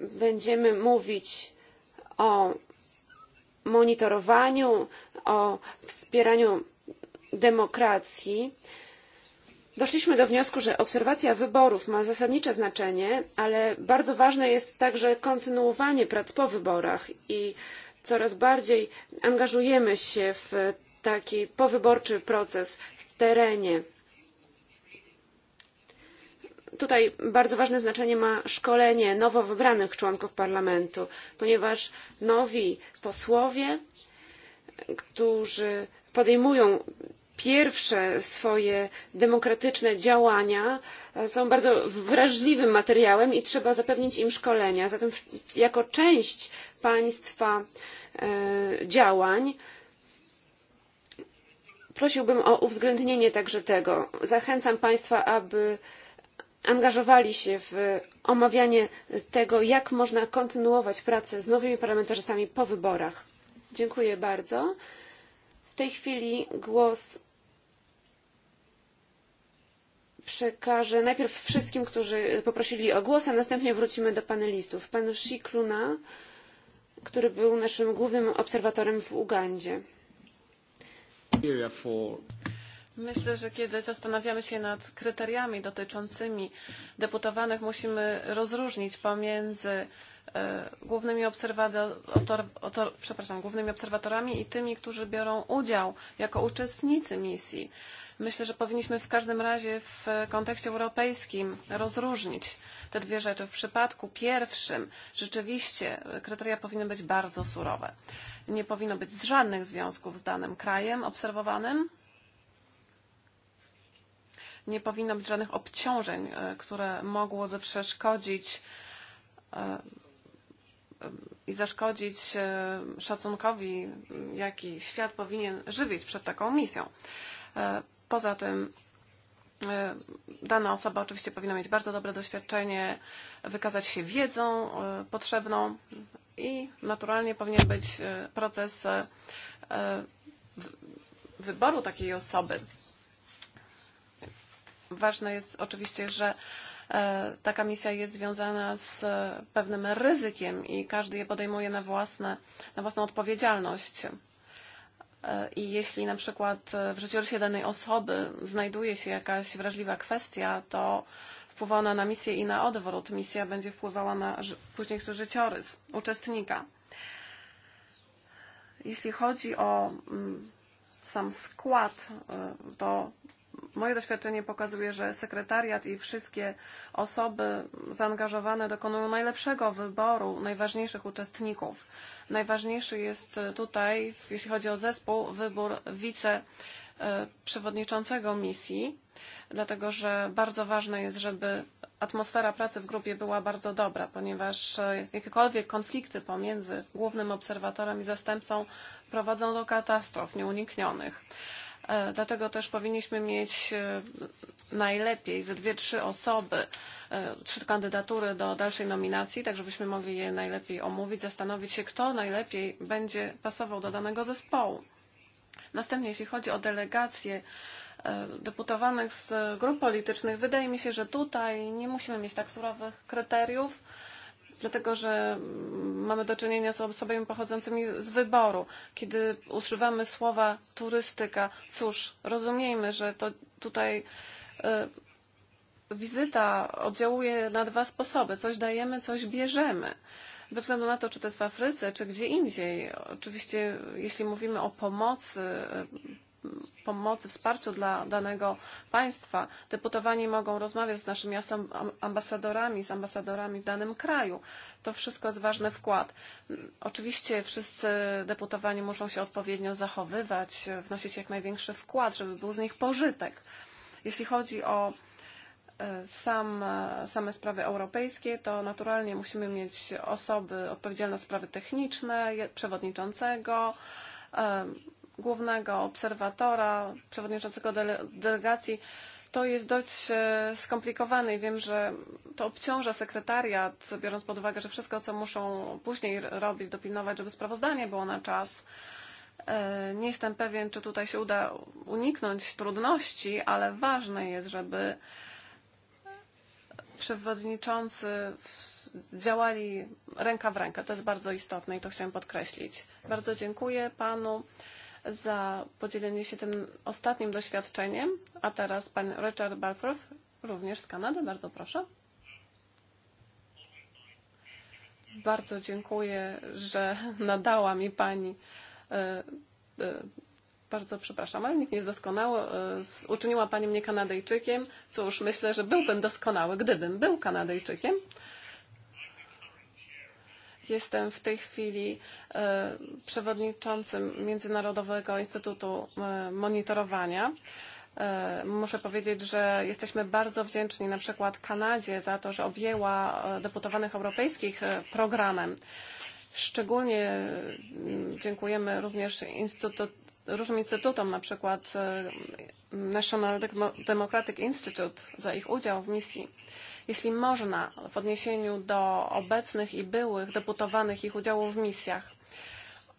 Będziemy mówić o monitorowaniu, o wspieraniu demokracji, Doszliśmy do wniosku, że obserwacja wyborów ma zasadnicze znaczenie, ale bardzo ważne jest także kontynuowanie prac po wyborach i coraz bardziej angażujemy się w taki powyborczy proces w terenie. Tutaj bardzo ważne znaczenie ma szkolenie nowo wybranych członków parlamentu, ponieważ nowi posłowie, którzy podejmują pierwsze swoje demokratyczne działania e, są bardzo wrażliwym materiałem i trzeba zapewnić im szkolenia. Zatem jako część państwa e, działań prosiłbym o uwzględnienie także tego. Zachęcam państwa, aby angażowali się w omawianie tego, jak można kontynuować pracę z nowymi parlamentarzystami po wyborach. Dziękuję bardzo tej chwili głos przekażę najpierw wszystkim, którzy poprosili o głos, a następnie wrócimy do panelistów. Pan Shikluna, który był naszym głównym obserwatorem w Ugandzie. Myślę, że kiedy zastanawiamy się nad kryteriami dotyczącymi deputowanych, musimy rozróżnić pomiędzy E, głównymi, obserwator, otor, przepraszam, głównymi obserwatorami i tymi, którzy biorą udział jako uczestnicy misji. Myślę, że powinniśmy w każdym razie w kontekście europejskim rozróżnić te dwie rzeczy. W przypadku pierwszym rzeczywiście kryteria powinny być bardzo surowe. Nie powinno być żadnych związków z danym krajem obserwowanym, nie powinno być żadnych obciążeń, e, które mogłyby przeszkodzić e, i zaszkodzić e, szacunkowi, jaki świat powinien żywić przed taką misją. E, poza tym e, dana osoba oczywiście powinna mieć bardzo dobre doświadczenie, wykazać się wiedzą potrzebną i naturalnie powinien być proces wyboru takiej osoby. Ważne jest oczywiście, że E, taka misja jest związana z pewnym ryzykiem i każdy je podejmuje na, własne, na własną odpowiedzialność. E, I jeśli na przykład w życiorysie danej osoby znajduje się jakaś wrażliwa kwestia, to wpływa ona na misję i na odwrót. Misja będzie wpływała na późniejszy życiorys uczestnika. Jeśli chodzi o mm, sam skład, e, to moje doświadczenie pokazuje, że sekretariat i wszystkie osoby zaangażowane dokonują najlepszego wyboru najważniejszych uczestników. Najważniejszy jest tutaj, jeśli chodzi o zespół, wybór wiceprzewodniczącego e, misji, dlatego że bardzo ważne jest, żeby atmosfera pracy w grupie była bardzo dobra, ponieważ e, jakiekolwiek konflikty pomiędzy głównym obserwatorem i zastępcą prowadzą do katastrof nieuniknionych. E, dlatego też powinniśmy mieć e, najlepiej ze dwie, trzy osoby, e, trzy kandydatury do dalszej nominacji, tak żebyśmy mogli je najlepiej omówić, zastanowić się, kto najlepiej będzie pasował do danego zespołu. Następnie, jeśli chodzi o delegacje deputowanych z grup politycznych, wydaje mi się, że tutaj nie musimy mieć tak surowych kryteriów dlatego że mamy do czynienia z osobami pochodzącymi z wyboru. Kiedy używamy słowa turystyka, cóż, rozumiejmy, że to tutaj y, e, wizyta oddziałuje na dwa sposoby. Coś dajemy, coś bierzemy. Bez względu na to, czy to jest w Afryce, czy gdzie indziej. Oczywiście, jeśli mówimy o pomocy pomocy, wsparciu dla danego państwa. Deputowani mogą rozmawiać z naszymi ambasadorami, z ambasadorami w danym kraju. To wszystko jest ważny wkład. Oczywiście wszyscy deputowani muszą się odpowiednio zachowywać, wnosić jak największy wkład, żeby był z nich pożytek. Jeśli chodzi o e, sam, e, same sprawy europejskie, to naturalnie musimy mieć osoby odpowiedzialne za sprawy techniczne, przewodniczącego, e, głównego obserwatora, przewodniczącego delegacji, to jest dość e, skomplikowane i wiem, że to obciąża sekretariat, biorąc pod uwagę, że wszystko, co muszą później robić, dopilnować, żeby sprawozdanie było na czas. E, nie jestem pewien, czy tutaj się uda uniknąć trudności, ale ważne jest, żeby przewodniczący działali ręka w rękę. To jest bardzo istotne i to chciałem podkreślić. Bardzo dziękuję panu za podzielenie się tym ostatnim doświadczeniem. A teraz pan Richard Balfroff, również z Kanady. Bardzo proszę. Bardzo dziękuję, że nadała mi pani. E, e, bardzo przepraszam, ale nikt nie jest doskonały. E, uczyniła pani mnie Kanadyjczykiem. Cóż, myślę, że byłbym doskonały, gdybym był Kanadyjczykiem. Jestem w tej chwili e, przewodniczącym Międzynarodowego Instytutu e, Monitorowania. E, muszę powiedzieć, że jesteśmy bardzo wdzięczni na przykład Kanadzie za to, że objęła deputowanych europejskich programem. Szczególnie mm, dziękujemy również Instytutowi różnym Instytutom, na przykład e, National Democratic Institute, za ich udział w misji. Jeśli można, w odniesieniu do obecnych i byłych deputowanych ich udziału w misjach,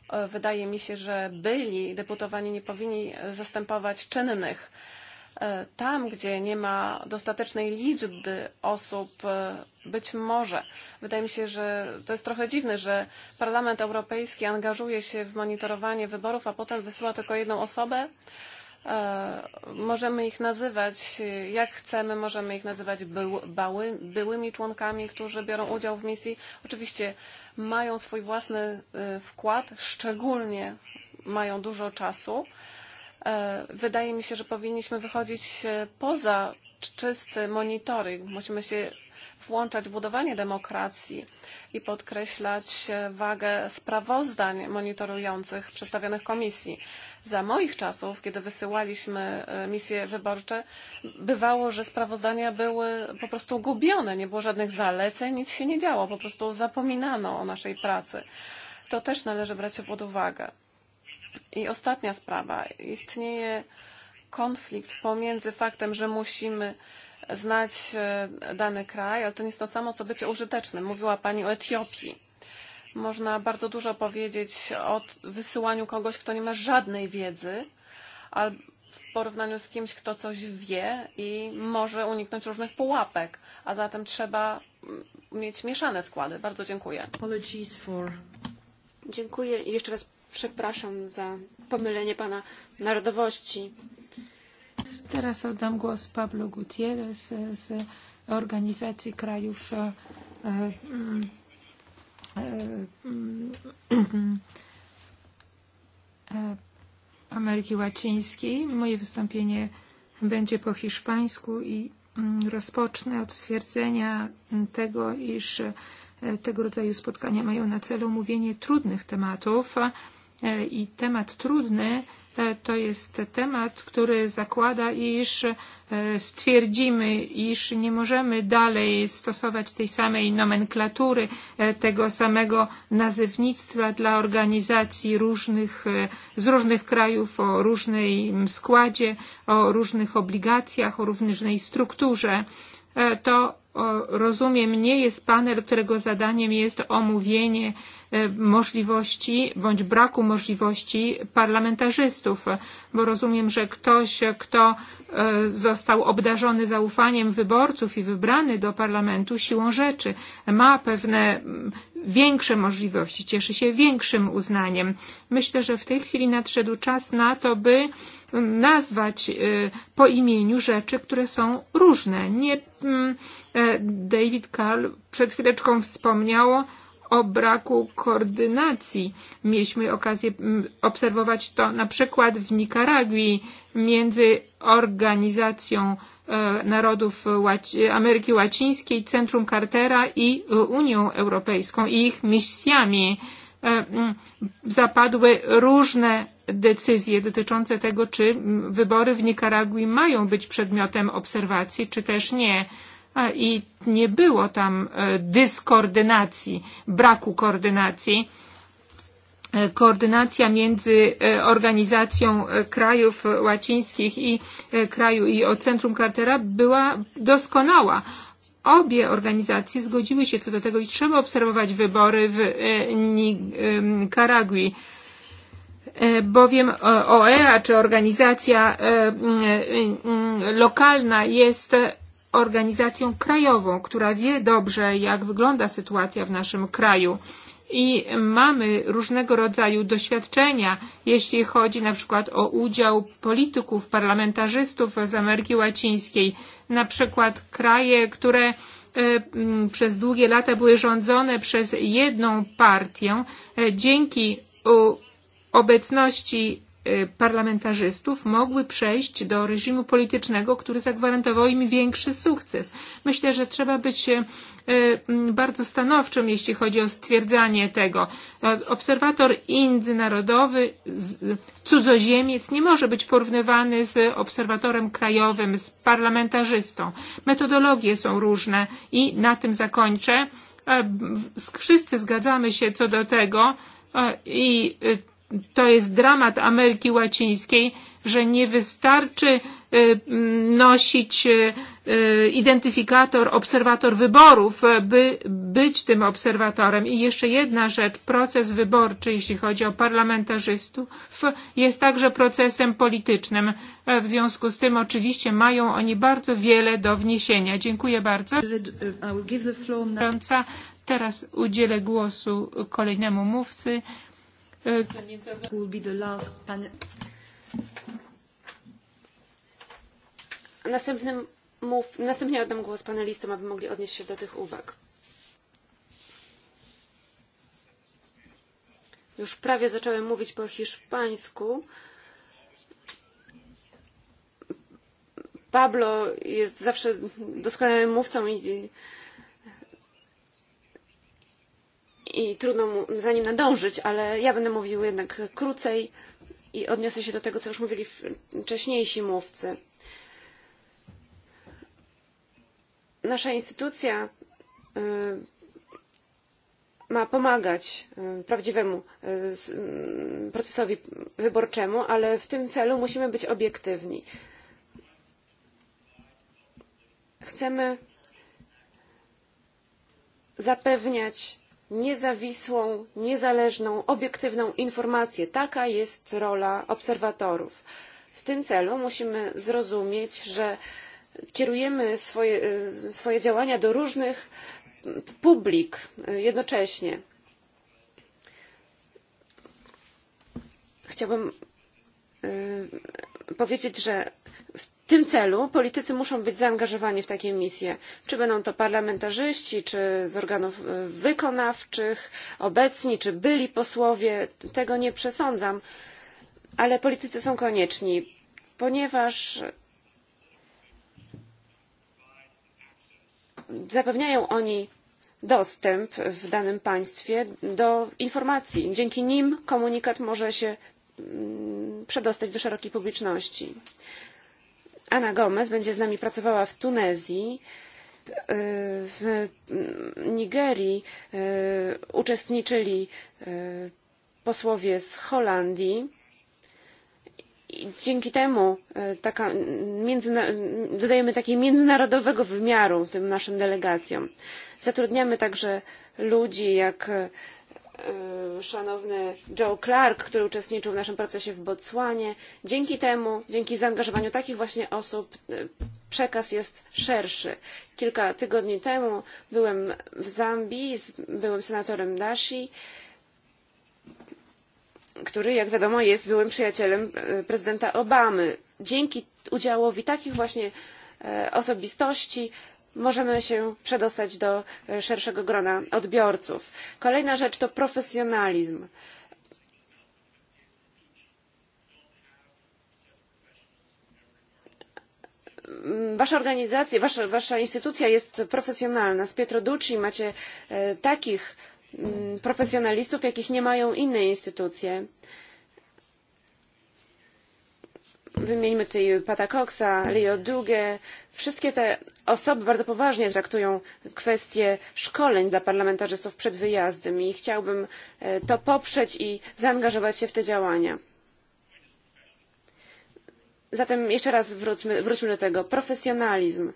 e, wydaje mi się, że byli deputowani nie powinni zastępować czynnych E, tam, gdzie nie ma dostatecznej liczby osób, e, być może. Wydaje mi się, że to jest trochę dziwne, że Parlament Europejski angażuje się w monitorowanie wyborów, a potem wysyła tylko jedną osobę. E, możemy ich nazywać jak chcemy, możemy ich nazywać był, bały, byłymi członkami, którzy biorą udział w misji. Oczywiście mają swój własny wkład, szczególnie mają dużo czasu. E, wydaje mi się, że powinniśmy wychodzić e, poza czysty monitoring. Musimy się włączać w budowanie demokracji i podkreślać e, wagę sprawozdań monitorujących przedstawionych komisji. Za moich czasów, kiedy wysyłaliśmy misje wyborcze, bywało, że sprawozdania były po prostu gubione, nie było żadnych zaleceń, nic się nie działo, po prostu zapominano o naszej pracy. To też należy brać pod uwagę. I ostatnia sprawa. Istnieje konflikt pomiędzy faktem, że musimy znać e, dany kraj, ale to nie jest to samo, co bycie użytecznym. Mówiła Pani o Etiopii. Można bardzo dużo powiedzieć o wysyłaniu kogoś, kto nie ma żadnej wiedzy, ale w porównaniu z kimś, kto coś wie i może uniknąć różnych pułapek, a zatem trzeba mm, mieć mieszane składy. Bardzo dziękuję. Dziękuję i jeszcze raz Przepraszam za pomylenie pana narodowości. Teraz oddam głos Pablo Gutierrez z Organizacji Krajów e, e, e, Ameryki Łacińskiej. Moje wystąpienie będzie po hiszpańsku i mm, rozpocznę od stwierdzenia tego, iż tego rodzaju spotkania mają na celu omówienie trudnych tematów, E, i temat trudny e, to jest temat, który zakłada, iż e, stwierdzimy, iż nie możemy dalej stosować tej samej nomenklatury, tego samego nazewnictwa dla organizacji różnych, z różnych krajów o różnym składzie, o różnych obligacjach, o różnej strukturze. To rozumiem, nie jest panel, którego zadaniem jest omówienie E, możliwości bądź braku możliwości parlamentarzystów, bo rozumiem, że ktoś, kto e, został obdarzony zaufaniem wyborców i wybrany do parlamentu siłą rzeczy, ma pewne mm, większe możliwości, cieszy się większym uznaniem. Myślę, że w tej chwili nadszedł czas na to, by mm, nazwać e, po imieniu rzeczy, które są różne. Nie, mm, David Carl przed chwileczką wspomniał o braku koordynacji. Mieliśmy okazję obserwować to na przykład w Nikaragui między organizacją e, narodów Ameryki Łacińskiej, Centrum Cartera i e, Unią Europejską i ich misjami e, zapadły różne decyzje dotyczące tego, czy wybory w Nikaragui mają być przedmiotem obserwacji, czy też nie i nie było tam e, dyskoordynacji, braku koordynacji. E, koordynacja między e, organizacją krajów łacińskich i kraju i o Centrum Cartera była doskonała. Obie organizacje zgodziły się co do tego i trzeba obserwować wybory w Nikaragui bowiem OEA czy organizacja lokalna jest organizacją krajową, która wie dobrze, jak wygląda sytuacja w naszym kraju. I mamy różnego rodzaju doświadczenia, jeśli chodzi na przykład o udział polityków, parlamentarzystów z Ameryki Łacińskiej, na przykład kraje, które e, przez długie lata były rządzone przez jedną partię, e, dzięki obecności parlamentarzystów mogły przejść do reżimu politycznego, który zagwarantował im większy sukces. Myślę, że trzeba być bardzo stanowczym, jeśli chodzi o stwierdzanie tego. Obserwator międzynarodowy, cudzoziemiec nie może być porównywany z obserwatorem krajowym, z parlamentarzystą. Metodologie są różne i na tym zakończę. E, wszyscy zgadzamy się co do tego e, i to jest dramat Ameryki Łacińskiej, że nie wystarczy mm, nosić identyfikator, obserwator wyborów, e, by być tym obserwatorem. I jeszcze jedna rzecz, proces wyborczy, jeśli chodzi o parlamentarzystów, jest także procesem politycznym. E, w związku z tym oczywiście mają oni bardzo wiele do wniesienia. Dziękuję bardzo. Teraz udzielę głosu kolejnemu mówcy. Will be the last panel. Następnym mów, następnie oddam głos panelistom, aby mogli odnieść się do tych uwag. Już prawie zacząłem mówić po hiszpańsku. Pablo jest zawsze doskonałym mówcą i i trudno mu za nim nadążyć, ale ja będę mówił jednak krócej i odniosę się do tego, co już mówili wcześniejsi mówcy. Nasza instytucja ma pomagać prawdziwemu mm, procesowi wyborczemu, ale w tym celu musimy być obiektywni. Chcemy zapewniać niezawisłą, niezależną, obiektywną informację. Taka jest rola obserwatorów. W tym celu musimy zrozumieć, że kierujemy swoje, swoje działania do różnych publik jednocześnie. Chciałbym powiedzieć, że W tym celu politycy muszą być zaangażowani w takie misje. Czy będą to parlamentarzyści, czy z organów e, wykonawczych, obecni, czy byli posłowie, tego nie przesądzam, ale politycy są konieczni, ponieważ zapewniają oni dostęp w danym państwie do informacji. Dzięki nim komunikat może się mm, przedostać do szerokiej publiczności. Ana Gomez będzie z nami pracowała w Tunezji w Nigerii e, uczestniczyli e, posłowie z Holandii. I dzięki temu e, taka dodajemy takiego międzynarodowego wymiaru tym naszym delegacjom. Zatrudniamy także ludzi jak szanowny Joe Clark, który uczestniczył w naszym procesie w Botswanie. Dzięki temu, dzięki zaangażowaniu takich właśnie osób przekaz jest szerszy. Kilka tygodni temu byłem w Zambii z byłym senatorem Dashi, który jak wiadomo jest byłym przyjacielem prezydenta Obamy. Dzięki udziałowi takich właśnie osobistości możemy się przedostać do e, szerszego grona odbiorców. Kolejna rzecz to profesjonalizm. Mm, wasza organizacja, wasza, wasza instytucja jest profesjonalna. Z Pietro Ducci macie e, takich mm, profesjonalistów, jakich nie mają inne instytucje. Wymieńmy tutaj Pata Coxa, Leo Duge. Wszystkie te osoby bardzo poważnie traktują kwestię szkoleń dla parlamentarzystów przed wyjazdem i chciałbym e, to poprzeć i zaangażować się w te działania. Zatem jeszcze raz wróćmy, wróćmy do tego. Profesjonalizm.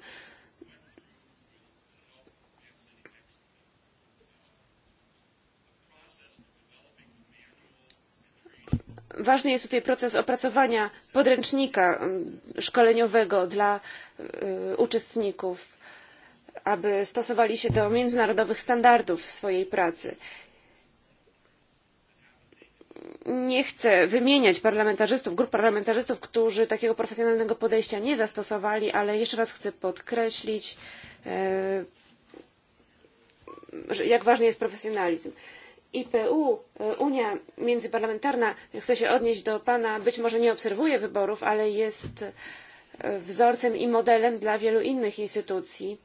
Ważny jest tutaj proces opracowania podręcznika mm, szkoleniowego dla uczestników, aby stosowali się do międzynarodowych standardów w swojej pracy nie chcę wymieniać parlamentarzystów, grup parlamentarzystów, którzy takiego profesjonalnego podejścia nie zastosowali, ale jeszcze raz chcę podkreślić, e, jak ważny jest profesjonalizm. IPU, e, Unia Międzyparlamentarna, chcę się odnieść do Pana, być może nie obserwuje wyborów, ale jest e, wzorcem i modelem dla wielu innych instytucji.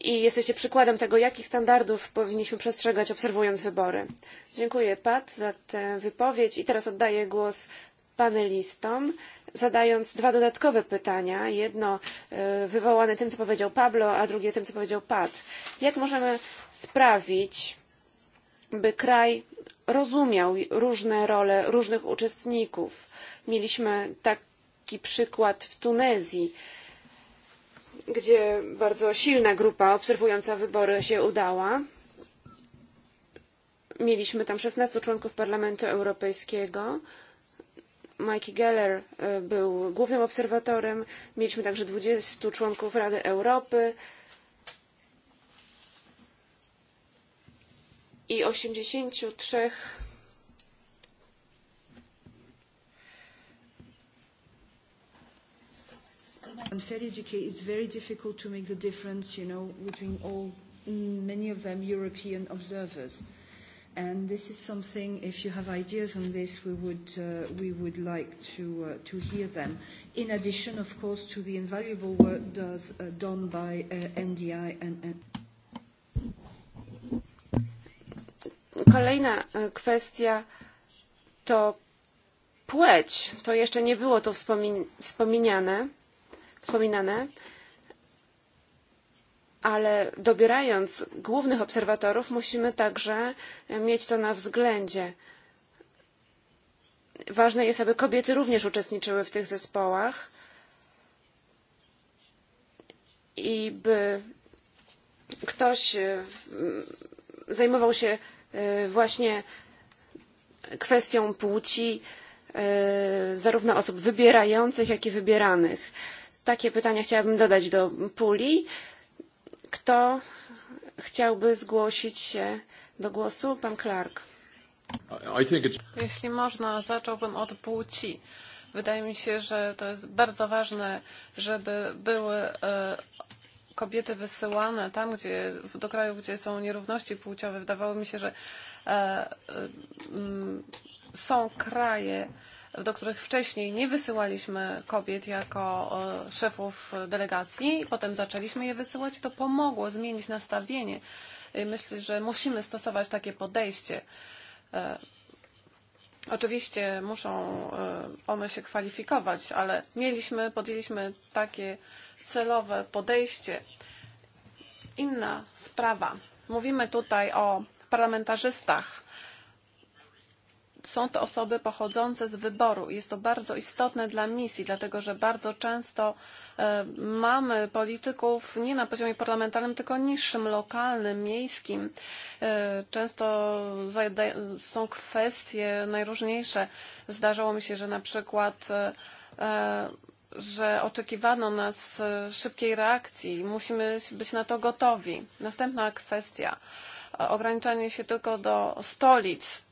I jesteście przykładem tego, jakich standardów powinniśmy przestrzegać, obserwując wybory. Dziękuję Pat za tę wypowiedź i teraz oddaję głos panelistom zadając dwa dodatkowe pytania. Jedno e, wywołane tym, co powiedział Pablo, a drugie tym, co powiedział Pat. Jak możemy sprawić, by kraj rozumiał różne role różnych uczestników? Mieliśmy taki przykład w Tunezji, gdzie bardzo silna grupa obserwująca wybory się udała. Mieliśmy tam 16 członków Parlamentu Europejskiego, Mike Geller e, był głównym obserwatorem. Mieliśmy także 20 członków Rady Europy i 83 And fair educate, it's very difficult to make the difference, you know, between all, mm, many of them European observers. And this is something, if you have ideas on this, we would, uh, we would like to, uh, to hear them. In addition, of course, to the invaluable work does, uh, done by uh, NDI and... and Kolejna e, kwestia to płeć. To jeszcze nie było to wspomin wspomniane, wspominane ale dobierając głównych obserwatorów musimy także mieć to na względzie. Ważne jest, aby kobiety również uczestniczyły w tych zespołach i by ktoś zajmował się właśnie kwestią płci zarówno osób wybierających, jak i wybieranych. Takie pytania chciałabym dodać do puli. Kto chciałby zgłosić się do głosu? Pan Clark. Jeśli można, zacząłbym od płci. Wydaje mi się, że to jest bardzo ważne, żeby były e, kobiety wysyłane tam, gdzie, do krajów, gdzie są nierówności płciowe. Wydawało mi się, że e, e, są kraje, do których wcześniej nie wysyłaliśmy kobiet jako e, szefów delegacji, potem zaczęliśmy je wysyłać, to pomogło zmienić nastawienie. Myślę, że musimy stosować takie podejście. E, oczywiście muszą e, one się kwalifikować, ale mieliśmy, podjęliśmy takie celowe podejście. Inna sprawa. Mówimy tutaj o parlamentarzystach są to osoby pochodzące z wyboru. Jest to bardzo istotne dla misji, dlatego że bardzo często e, mamy polityków nie na poziomie parlamentarnym, tylko niższym, lokalnym, miejskim. E, często są kwestie najróżniejsze. Zdarzało mi się, że na przykład e, że oczekiwano nas szybkiej reakcji. Musimy być na to gotowi. Następna kwestia. Ograniczanie się tylko do stolic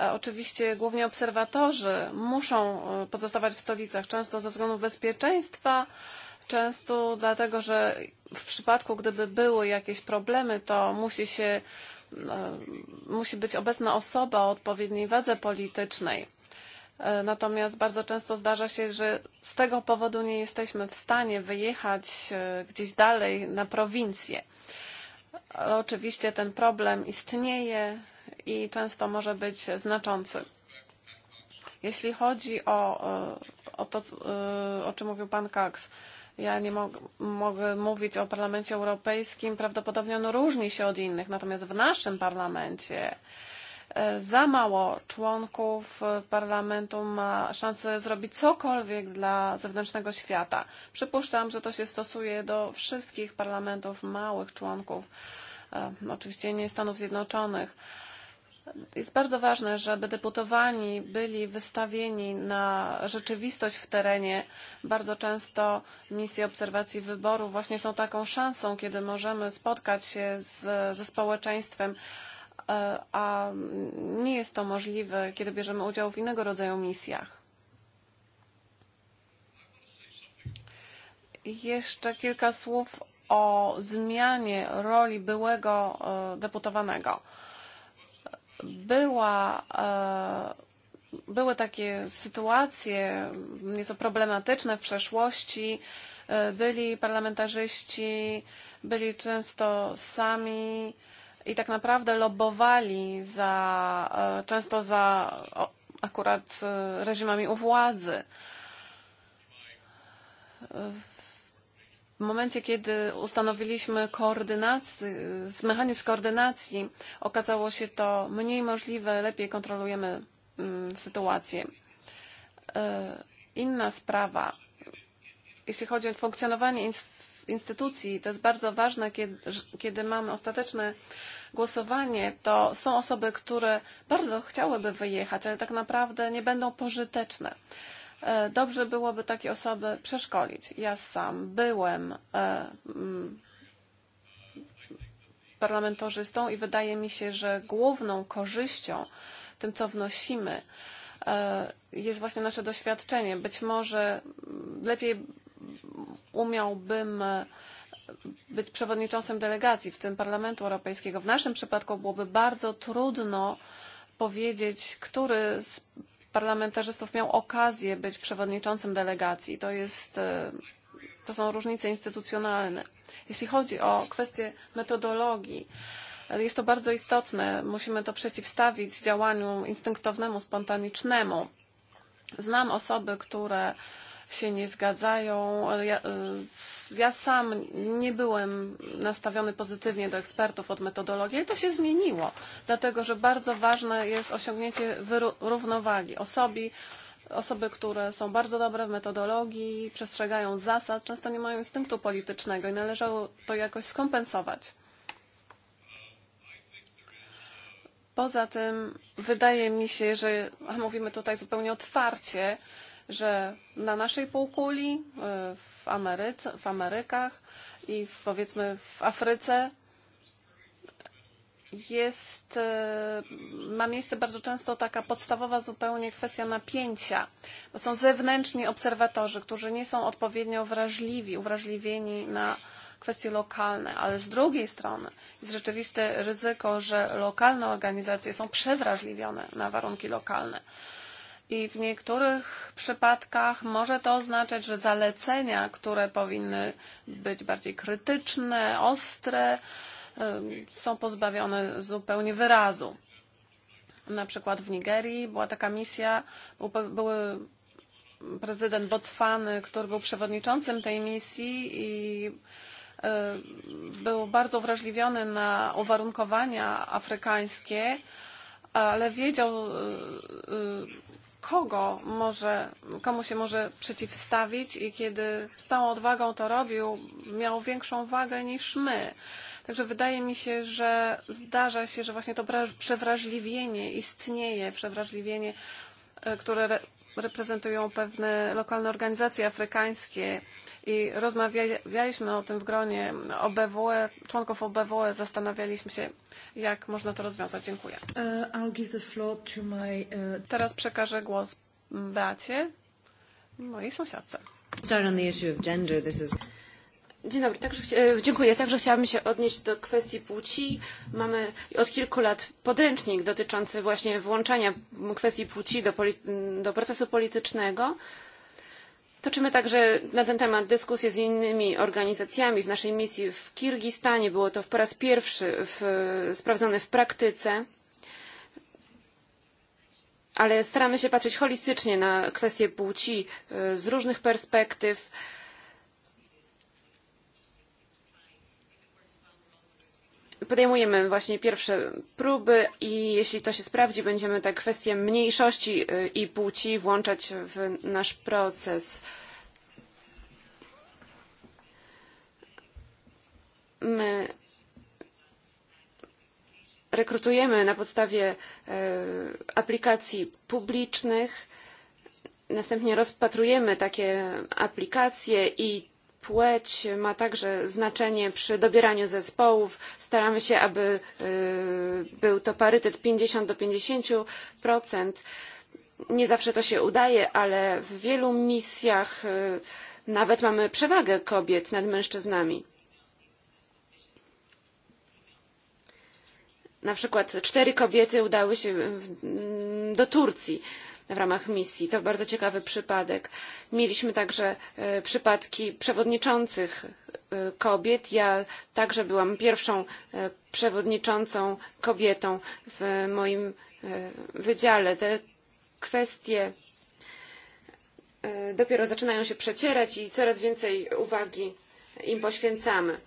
E, oczywiście głównie obserwatorzy muszą e, pozostawać w stolicach, często ze względów bezpieczeństwa, często dlatego, że w przypadku, gdyby były jakieś problemy, to musi się e, musi być obecna osoba o odpowiedniej wadze politycznej. Natomiast bardzo często zdarza się, że z tego powodu nie jesteśmy w stanie wyjechać gdzieś dalej na prowincję. Ale oczywiście ten problem istnieje, i często może być znaczący. Jeśli chodzi o, e, o to, e, o czym mówił pan Cox, ja nie mog, mogę mówić o Parlamencie Europejskim, prawdopodobnie on różni się od innych, natomiast w naszym parlamencie e, za mało członków parlamentu ma szansę zrobić cokolwiek dla zewnętrznego świata. Przypuszczam, że to się stosuje do wszystkich parlamentów małych członków, oczywiście nie Stanów Zjednoczonych Jest bardzo ważne, żeby deputowani byli wystawieni na rzeczywistość w terenie. Bardzo często misje obserwacji wyborów właśnie są taką szansą, kiedy możemy spotkać się z, ze społeczeństwem, e, a nie jest to możliwe, kiedy bierzemy udział w innego rodzaju misjach. Jeszcze kilka słów o zmianie roli byłego e, deputowanego była, e, były takie sytuacje nieco problematyczne w przeszłości. E, byli parlamentarzyści, byli często sami i tak naprawdę lobowali za, e, często za akurat reżimami u władzy w momencie, kiedy ustanowiliśmy mechanizm koordynacji, okazało się to mniej możliwe, lepiej kontrolujemy mm, sytuację. E, inna sprawa, jeśli chodzi o funkcjonowanie instytucji, to jest bardzo ważne, kiedy, kiedy mamy ostateczne głosowanie, to są osoby, które bardzo chciałyby wyjechać, ale tak naprawdę nie będą pożyteczne. E, dobrze byłoby takie osoby przeszkolić. Ja sam byłem e, mm, parlamentarzystą i wydaje mi się, że główną korzyścią, tym co wnosimy, e, jest właśnie nasze doświadczenie. Być może lepiej umiałbym być przewodniczącym delegacji, w tym Parlamentu Europejskiego. W naszym przypadku byłoby bardzo trudno powiedzieć, który z parlamentarzystów miał okazję być przewodniczącym delegacji. To, jest, e, to są różnice instytucjonalne. Jeśli chodzi o kwestie metodologii, e, jest to bardzo istotne. Musimy to przeciwstawić działaniu instynktownemu, spontanicznemu. Znam osoby, które się nie zgadzają. Ja, e, ja sam nie byłem nastawiony pozytywnie do ekspertów od metodologii ale to się zmieniło, dlatego że bardzo ważne jest osiągnięcie równowagi. Osobi, osoby, które są bardzo dobre w metodologii, przestrzegają zasad, często nie mają instynktu politycznego i należało to jakoś skompensować. Poza tym wydaje mi się, że a mówimy tutaj zupełnie otwarcie, że na naszej półkuli, e, w, Ameryce, w Amerykach i w, powiedzmy w Afryce jest, e, ma miejsce bardzo często taka podstawowa zupełnie kwestia napięcia, bo są zewnętrzni obserwatorzy, którzy nie są odpowiednio wrażliwi, uwrażliwieni na kwestie lokalne, ale z drugiej strony jest rzeczywiste ryzyko, że lokalne organizacje są przewrażliwione na warunki lokalne i w niektórych przypadkach może to oznaczać, że zalecenia, które powinny być bardziej krytyczne, ostre, są pozbawione zupełnie wyrazu. Na przykład w Nigerii była taka misja, był prezydent Botswany, który był przewodniczącym tej misji i e, był bardzo wrażliwiony na uwarunkowania afrykańskie, ale wiedział e, e, kogo może, komu się może przeciwstawić i kiedy z całą odwagą to robił, miał większą wagę niż my. Także wydaje mi się, że zdarza się, że właśnie to przewrażliwienie istnieje, przewrażliwienie, e, które reprezentują pewne lokalne organizacje afrykańskie i rozmawialiśmy o tym w gronie OBWE, członków OBWE, zastanawialiśmy się, jak można to rozwiązać. Dziękuję. Uh, my, uh... Teraz przekażę głos Beacie, mojej sąsiadce. Start on the issue of gender. This is... Dzień dobry. Także e, dziękuję. Także chciałabym się odnieść do kwestii płci. Mamy od kilku lat podręcznik dotyczący właśnie włączania kwestii płci do, do procesu politycznego. Toczymy także na ten temat dyskusje z innymi organizacjami. W naszej misji w Kirgistanie było to po raz pierwszy w, sprawdzone w praktyce ale staramy się patrzeć holistycznie na kwestie płci e, z różnych perspektyw. podejmujemy właśnie pierwsze próby i jeśli to się sprawdzi, będziemy te kwestie mniejszości i płci włączać w nasz proces. My rekrutujemy na podstawie aplikacji publicznych, następnie rozpatrujemy takie aplikacje i płeć ma także znaczenie przy dobieraniu zespołów. Staramy się, aby był to parytet 50 do 50%. Nie zawsze to się udaje, ale w wielu misjach nawet mamy przewagę kobiet nad mężczyznami. Na przykład cztery kobiety udały się do Turcji w ramach misji. To bardzo ciekawy przypadek. Mieliśmy także e, przypadki przewodniczących e, kobiet. Ja także byłam pierwszą e, przewodniczącą kobietą w moim wydziale. Te kwestie dopiero zaczynają się przecierać i coraz więcej uwagi im poświęcamy.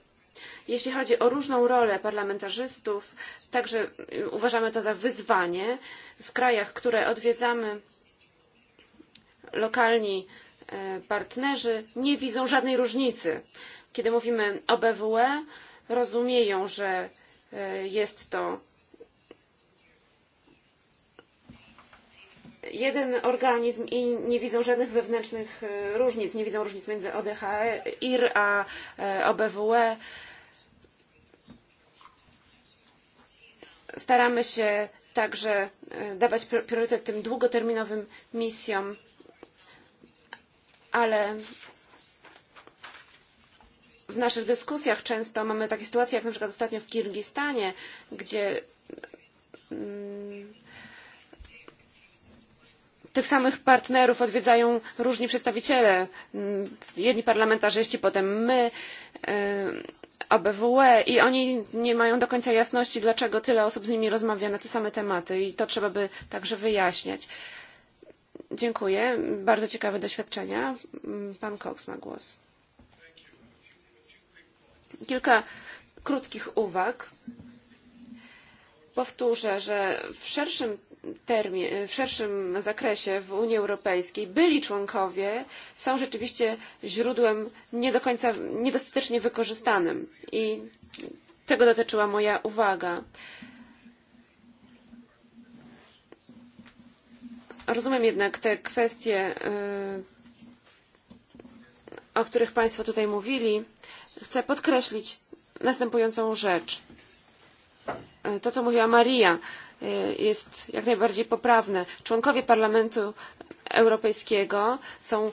Jeśli chodzi o różną rolę parlamentarzystów, także uważamy to za wyzwanie. W krajach, które odwiedzamy, lokalni e, partnerzy nie widzą żadnej różnicy. Kiedy mówimy o BWE, rozumieją, że e, jest to jeden organizm i nie widzą żadnych wewnętrznych e, różnic. Nie widzą różnic między ODHR, IR a OBWE. staramy się także e, dawać priorytet tym długoterminowym misjom, ale w naszych dyskusjach często mamy takie sytuacje, jak na przykład ostatnio w Kirgistanie, gdzie mm, tych samych partnerów odwiedzają różni przedstawiciele, mm, jedni parlamentarzyści, potem my. E, ABWE i oni nie mają do końca jasności, dlaczego tyle osób z nimi rozmawia na te same tematy i to trzeba by także wyjaśniać. Dziękuję. Bardzo ciekawe doświadczenia. Pan Cox ma głos. Kilka krótkich uwag. Powtórzę, że w szerszym termie, w szerszym zakresie w Unii Europejskiej byli członkowie są rzeczywiście źródłem nie do końca, niedostatecznie wykorzystanym. I tego dotyczyła moja uwaga. Rozumiem jednak te kwestie, o których Państwo tutaj mówili. Chcę podkreślić następującą rzecz. To, co mówiła Maria jest jak najbardziej poprawne. Członkowie Parlamentu Europejskiego są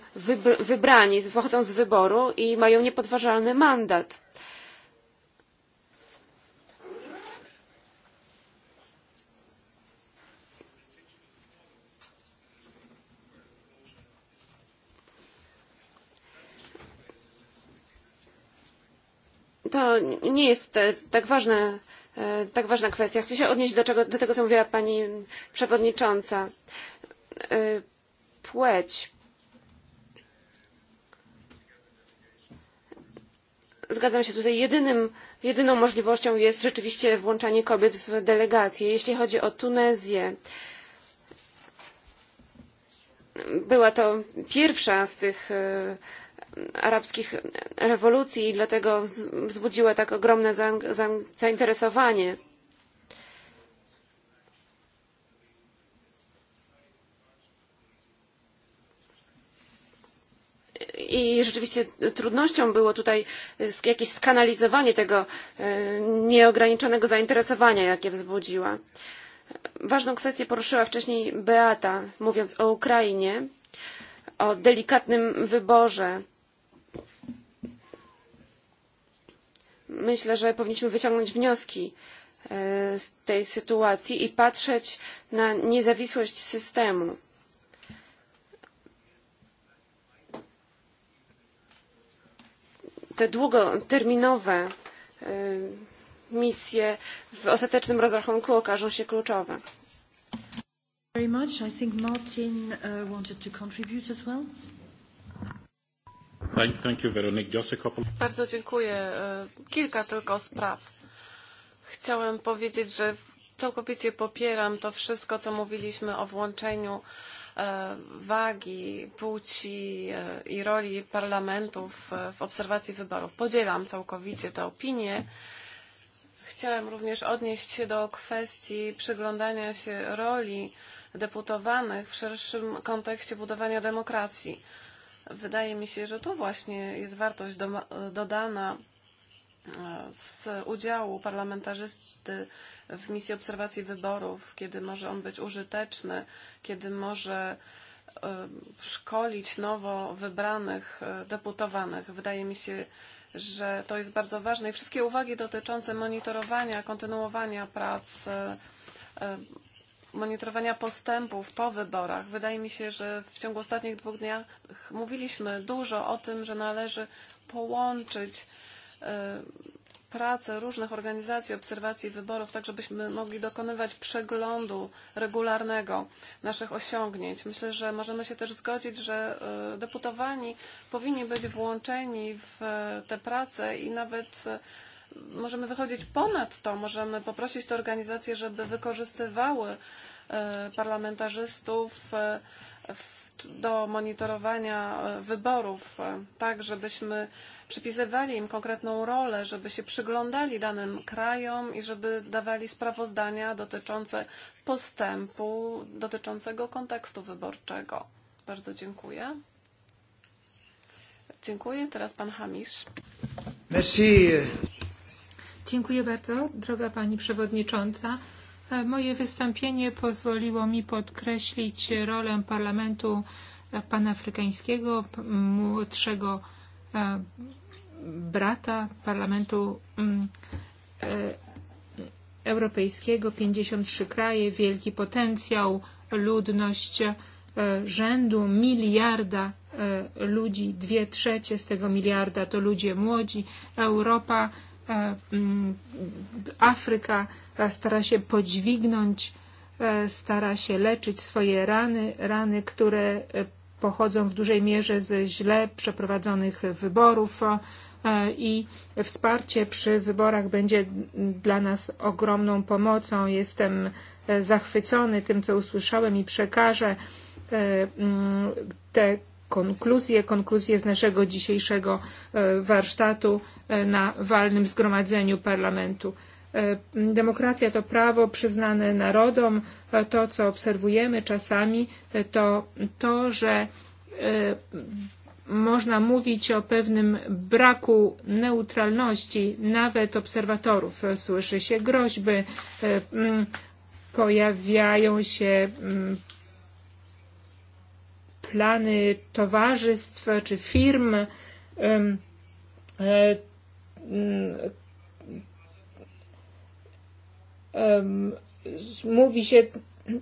wybrani, pochodzą z wyboru i mają niepodważalny mandat. To nie jest e, tak ważne E, tak ważna kwestia. Chcę się odnieść do, czego, do tego, co mówiła pani przewodnicząca. E, płeć. Zgadzam się tutaj. Jedynym, jedyną możliwością jest rzeczywiście włączanie kobiet w delegację. Jeśli chodzi o Tunezję, była to pierwsza z tych e, arabskich rewolucji i dlatego wzbudziły tak ogromne zainteresowanie. I rzeczywiście trudnością było tutaj jakieś skanalizowanie tego e, nieograniczonego zainteresowania, jakie wzbudziła. Ważną kwestię poruszyła wcześniej Beata, mówiąc o Ukrainie, o delikatnym wyborze myślę, że powinniśmy wyciągnąć wnioski e, z tej sytuacji i patrzeć na niezawisłość systemu. Te długoterminowe e, misje w ostatecznym rozrachunku okażą się kluczowe. Very much. I think Martin uh, wanted to contribute as well. Thank, thank you, Veronique. Just a couple... Bardzo dziękuję. E, kilka tylko spraw. Chciałem powiedzieć, że całkowicie popieram to wszystko, co mówiliśmy o włączeniu e, wagi, płci e, i roli parlamentów w obserwacji wyborów. Podzielam całkowicie tę opinię. Chciałem również odnieść się do kwestii przyglądania się roli deputowanych w szerszym kontekście budowania demokracji. Wydaje mi się, że to właśnie jest wartość do, dodana e, z udziału parlamentarzysty w misji obserwacji wyborów, kiedy może on być użyteczny, kiedy może e, szkolić nowo wybranych e, deputowanych. Wydaje mi się, że to jest bardzo ważne i wszystkie uwagi dotyczące monitorowania, kontynuowania prac monitorowania postępów po wyborach. Wydaje mi się, że w ciągu ostatnich dwóch dni mówiliśmy dużo o tym, że należy połączyć pracę różnych organizacji obserwacji wyborów, tak żebyśmy mogli dokonywać przeglądu regularnego naszych osiągnięć. Myślę, że możemy się też zgodzić, że deputowani powinni być włączeni w te prace i nawet możemy wychodzić ponad to, możemy poprosić te organizacje, żeby wykorzystywały e, parlamentarzystów e, do monitorowania e, wyborów, tak żebyśmy przypisywali im konkretną rolę, żeby się przyglądali danym krajom i żeby dawali sprawozdania dotyczące postępu, dotyczącego kontekstu wyborczego. Bardzo dziękuję. Dziękuję. Teraz pan Hamisz. Merci. Dziękuję bardzo, droga Pani Przewodnicząca. E, moje wystąpienie pozwoliło mi podkreślić rolę Parlamentu e, Panafrykańskiego, młodszego e, brata Parlamentu Europejskiego, 53 kraje, wielki potencjał, ludność rzędu miliarda ludzi, dwie trzecie z tego miliarda to ludzie młodzi. Europa E, Afryka stara się podźwignąć, e, stara się leczyć swoje rany, rany, które e, pochodzą w dużej mierze ze źle przeprowadzonych wyborów i wsparcie przy wyborach będzie dla nas ogromną pomocą. Jestem zachwycony tym, co usłyszałem i przekażę te konkluzje, konkluzje z naszego dzisiejszego e, warsztatu e, na walnym zgromadzeniu parlamentu. E, demokracja to prawo przyznane narodom. To, co obserwujemy czasami, to to, że można mówić o pewnym braku neutralności nawet obserwatorów. Słyszy się groźby, pojawiają się plany towarzystw czy firm, e, mówi się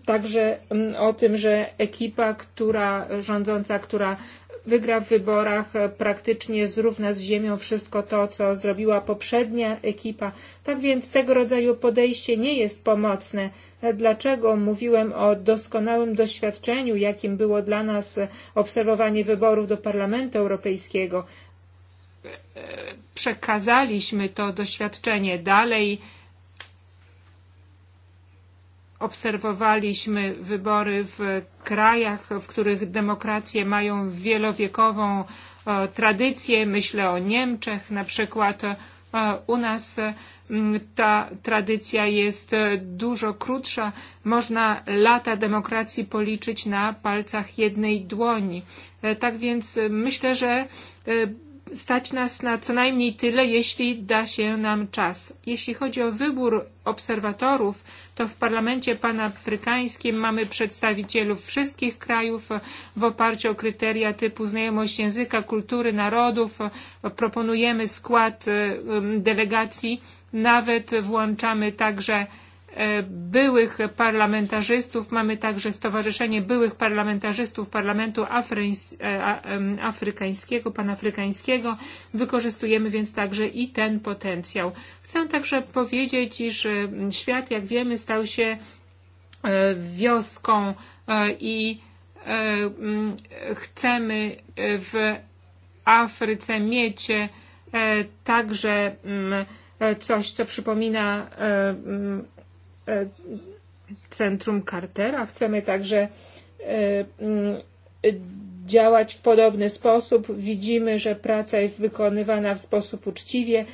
także o tym, że ekipa, która rządząca, która wygra w wyborach, e, praktycznie zrówna z ziemią wszystko to, co zrobiła poprzednia ekipa. Tak więc tego rodzaju podejście nie jest pomocne dlaczego mówiłem o doskonałym doświadczeniu, jakim było dla nas obserwowanie wyborów do Parlamentu Europejskiego. Przekazaliśmy to doświadczenie dalej. Obserwowaliśmy wybory w krajach, w których demokracje mają wielowiekową e, tradycję. Myślę o Niemczech na przykład. E, u nas Mm, ta tradycja jest e, dużo krótsza. Można lata demokracji policzyć na palcach jednej dłoni. E, tak więc e, myślę, że stać nas na co najmniej tyle, jeśli da się nam czas. Jeśli chodzi o wybór obserwatorów, to w parlamencie panafrykańskim mamy przedstawicielów wszystkich krajów w oparciu o kryteria typu znajomość języka, kultury, narodów. Proponujemy skład delegacji Nawet włączamy także e, byłych parlamentarzystów, mamy także Stowarzyszenie Byłych Parlamentarzystów Parlamentu Afryńs e, Afrykańskiego, Panafrykańskiego. Wykorzystujemy więc także i ten potencjał. Chcę także powiedzieć, iż e, świat, jak wiemy, stał się wioską i chcemy w Afryce mieć także E, coś, co przypomina e, mm, e, centrum Cartera. Chcemy także mm, działać w podobny sposób. Widzimy, że praca jest wykonywana w sposób uczciwie,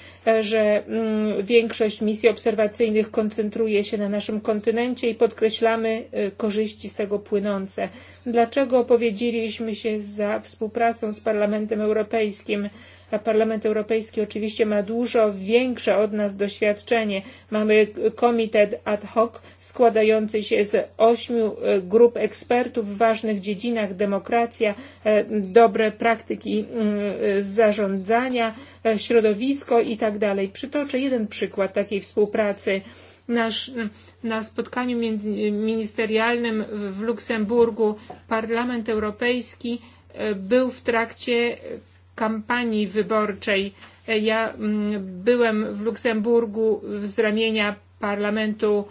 że mm, większość misji obserwacyjnych koncentruje się na naszym kontynencie i podkreślamy korzyści z tego płynące. Dlaczego opowiedzieliśmy się za współpracą z Parlamentem Europejskim? a Parlament Europejski oczywiście ma dużo większe od nas doświadczenie. Mamy komitet ad hoc składający się z ośmiu e, grup ekspertów w ważnych dziedzinach demokracja, e, dobre praktyki mm, e, zarządzania, środowisko itd. Przytoczę jeden przykład takiej współpracy nasz, na spotkaniu ministerialnym w Luksemburgu Parlament Europejski był w trakcie kampanii wyborczej. Ja mm, byłem w Luksemburgu z ramienia parlamentu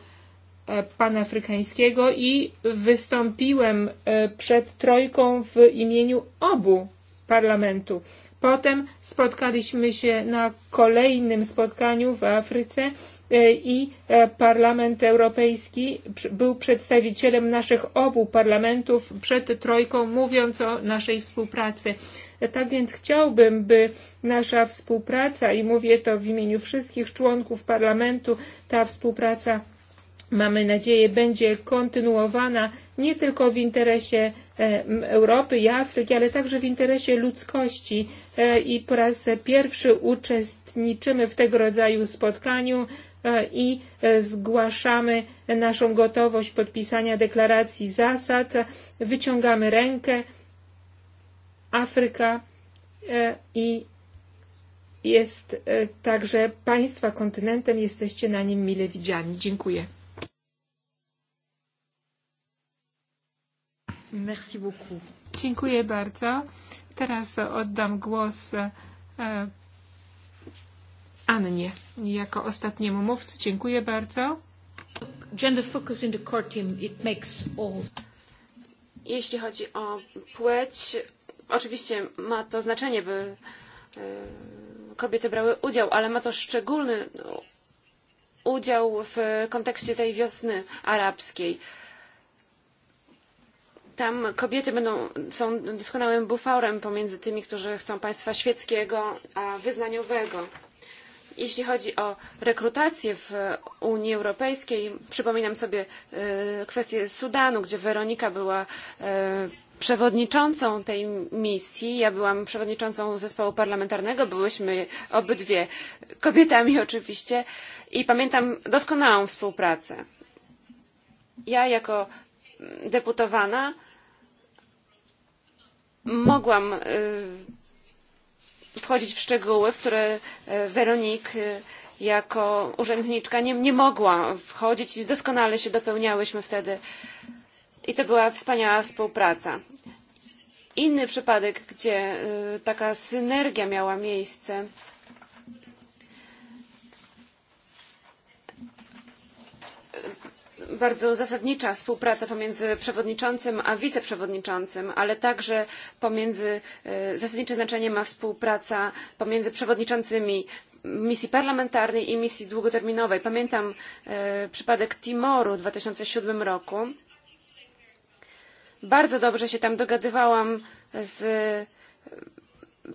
e, panafrykańskiego i wystąpiłem e, przed trojką w imieniu obu parlamentu. Potem spotkaliśmy się na kolejnym spotkaniu w Afryce E, i e, Parlament Europejski był przedstawicielem naszych obu parlamentów przed Trojką, mówiąc o naszej współpracy. E, tak więc chciałbym, by nasza współpraca, i mówię to w imieniu wszystkich członków parlamentu, ta współpraca mamy nadzieję, będzie kontynuowana nie tylko w interesie Europy i Afryki, ale także w interesie ludzkości. I po raz pierwszy uczestniczymy w tego rodzaju spotkaniu E, i e, zgłaszamy naszą gotowość podpisania deklaracji zasad, wyciągamy rękę Afryka e, i jest także państwa kontynentem, jesteście na nim mile widziani. Dziękuję. Merci beaucoup. Dziękuję bardzo. Teraz oddam głos Annie, jako ostatniemu mówcy. Dziękuję bardzo. Gender focus in the core team, it makes all. Jeśli chodzi o płeć, oczywiście ma to znaczenie, by e, kobiety brały udział, ale ma to szczególny udział w kontekście tej wiosny arabskiej. Tam kobiety będą, są doskonałym buforem pomiędzy tymi, którzy chcą państwa świeckiego a wyznaniowego Jeśli chodzi o rekrutację w Unii Europejskiej, przypominam sobie e, kwestię Sudanu, gdzie Weronika była e, przewodniczącą tej misji. Ja byłam przewodniczącą zespołu parlamentarnego. Byłyśmy obydwie kobietami oczywiście i pamiętam doskonałą współpracę. Ja jako deputowana mogłam e, wchodzić w szczegóły, w które e, Weronik e, jako urzędniczka nie, nie mogła wchodzić i doskonale się dopełniałyśmy wtedy. I to była wspaniała współpraca. Inny przypadek, gdzie e, taka synergia miała miejsce, bardzo zasadnicza współpraca pomiędzy przewodniczącym a wiceprzewodniczącym, ale także pomiędzy e, zasadnicze znaczenie ma współpraca pomiędzy przewodniczącymi misji parlamentarnej i misji długoterminowej. Pamiętam e, przypadek Timoru w 2007 roku. Bardzo dobrze się tam dogadywałam z e,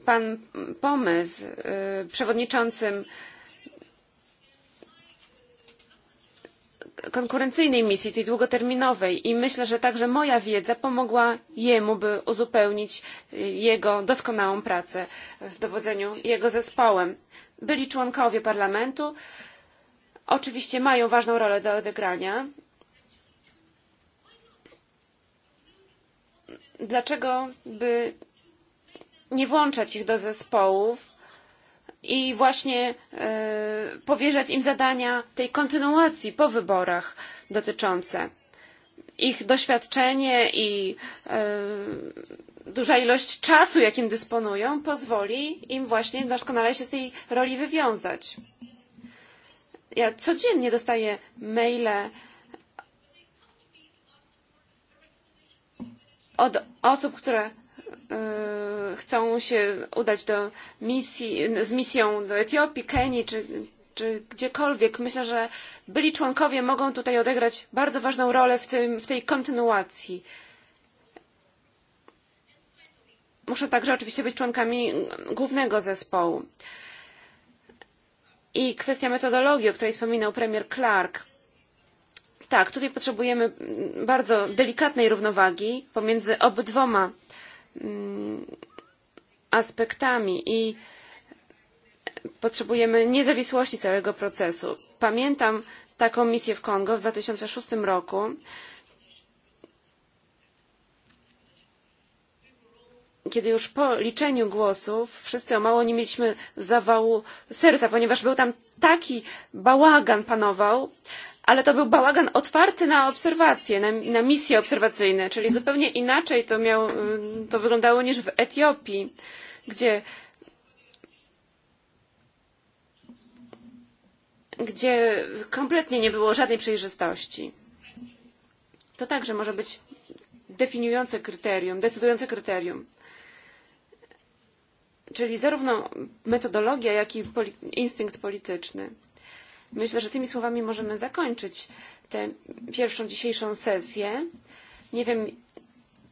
pan Pomys, przewodniczącym konkurencyjnej misji, tej długoterminowej i myślę, że także moja wiedza pomogła jemu, by uzupełnić jego doskonałą pracę w dowodzeniu jego zespołem. Byli członkowie parlamentu, oczywiście mają ważną rolę do odegrania. Dlaczego by nie włączać ich do zespołów i właśnie e, powierzać im zadania tej kontynuacji po wyborach dotyczące ich doświadczenie i e, duża ilość czasu, jakim dysponują, pozwoli im właśnie doskonale się z tej roli wywiązać. Ja codziennie dostaję maile od osób, które chcą się udać do misji, z misją do Etiopii, Kenii czy, czy gdziekolwiek. Myślę, że byli członkowie mogą tutaj odegrać bardzo ważną rolę w, tym, w tej kontynuacji. Muszą także oczywiście być członkami głównego zespołu. I kwestia metodologii, o której wspominał premier Clark. Tak, tutaj potrzebujemy bardzo delikatnej równowagi pomiędzy obydwoma Mm, aspektami i potrzebujemy niezawisłości całego procesu. Pamiętam taką misję w Kongo w 2006 roku. Kiedy już po liczeniu głosów wszyscy o mało nie mieliśmy zawału serca, ponieważ był tam taki bałagan panował, ale to był bałagan otwarty na obserwacje, na, na misje obserwacyjne, czyli zupełnie inaczej to, miał, to wyglądało niż w Etiopii, gdzie gdzie kompletnie nie było żadnej przejrzystości. To także może być definiujące kryterium, decydujące kryterium. Czyli zarówno metodologia, jak i poli instynkt polityczny. Myślę, że tymi słowami możemy zakończyć tę pierwszą dzisiejszą sesję. Nie wiem,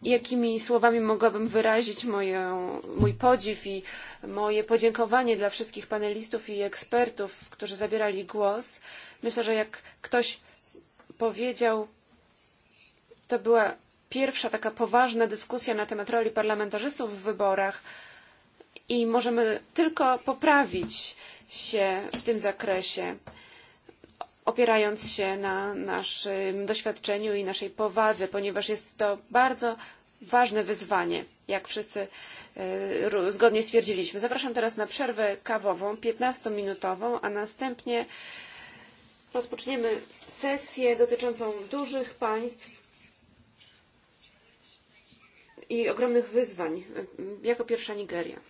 jakimi słowami mogłabym wyrazić moją, mój podziw i moje podziękowanie dla wszystkich panelistów i ekspertów, którzy zabierali głos. Myślę, że jak ktoś powiedział, to była pierwsza taka poważna dyskusja na temat roli parlamentarzystów w wyborach i możemy tylko poprawić się w tym zakresie opierając się na naszym doświadczeniu i naszej powadze, ponieważ jest to bardzo ważne wyzwanie, jak wszyscy e, zgodnie stwierdziliśmy. Zapraszam teraz na przerwę kawową, 15-minutową, a następnie rozpoczniemy sesję dotyczącą dużych państw i ogromnych wyzwań. E, jako pierwsza Nigeria.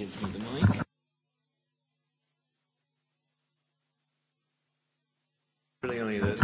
gives me the mic. Really only this.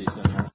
precis.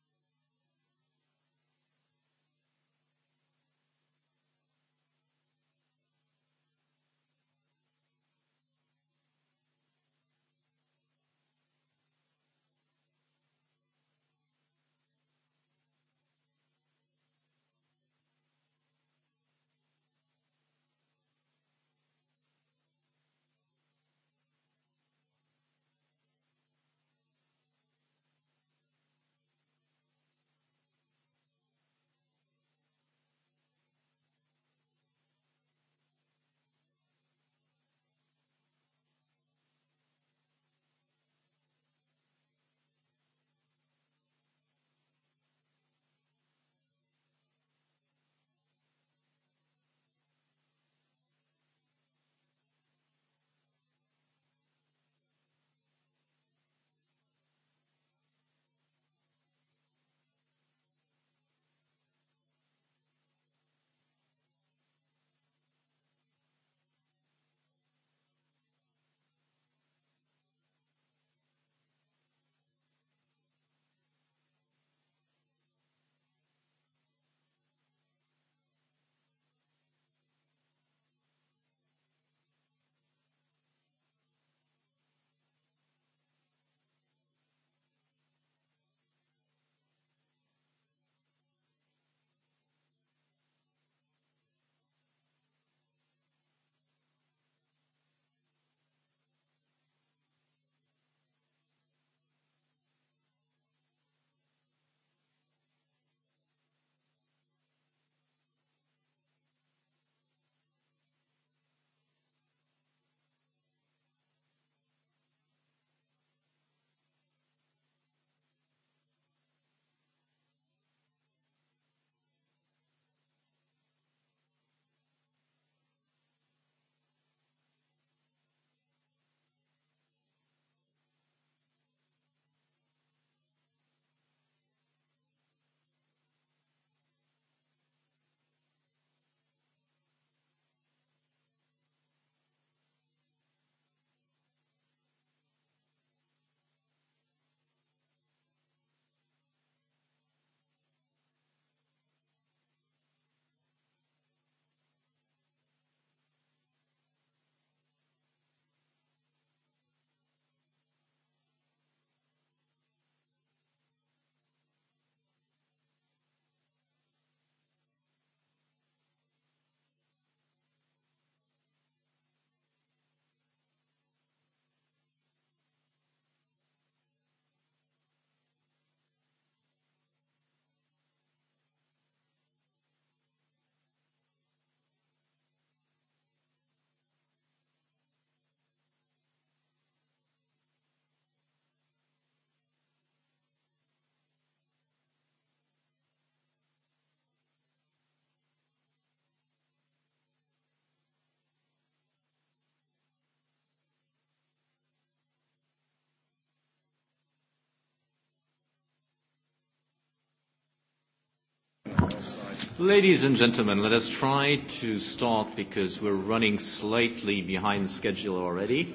Ladies and gentlemen, let us try to start because we're running slightly behind schedule already.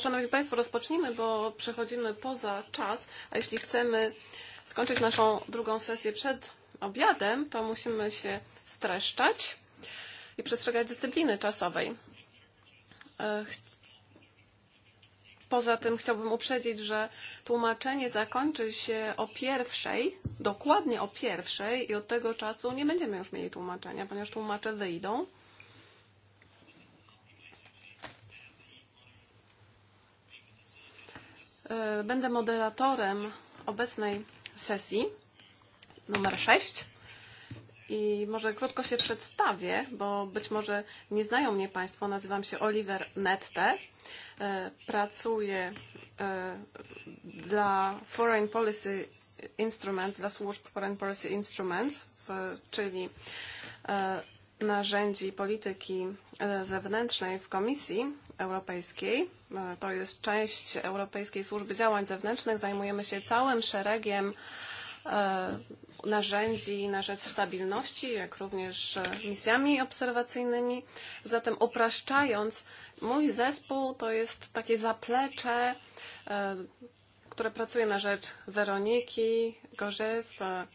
Szanowni Państwo, rozpocznijmy, bo przechodzimy poza czas, a jeśli chcemy skończyć naszą drugą sesję przed obiadem, to musimy się streszczać i przestrzegać dyscypliny czasowej. E, Poza tym chciałbym uprzedzić, że tłumaczenie zakończy się o pierwszej, dokładnie o pierwszej i od tego czasu nie będziemy już mieli tłumaczenia, ponieważ tłumacze wyjdą. E, będę moderatorem obecnej sesji numer 6 I może krótko się przedstawię, bo być może nie znają mnie Państwo. Nazywam się Oliver Nette. E, pracuję e, dla Foreign Policy Instruments, dla służb Foreign Policy Instruments, czyli e, narzędzi polityki zewnętrznej w Komisji Europejskiej. To jest część Europejskiej Służby Działań Zewnętrznych. Zajmujemy się całym szeregiem narzędzi na rzecz stabilności, jak również e, misjami obserwacyjnymi. Zatem upraszczając, mój zespół to jest takie zaplecze, e, które pracuje na rzecz Weroniki, Gorzes e,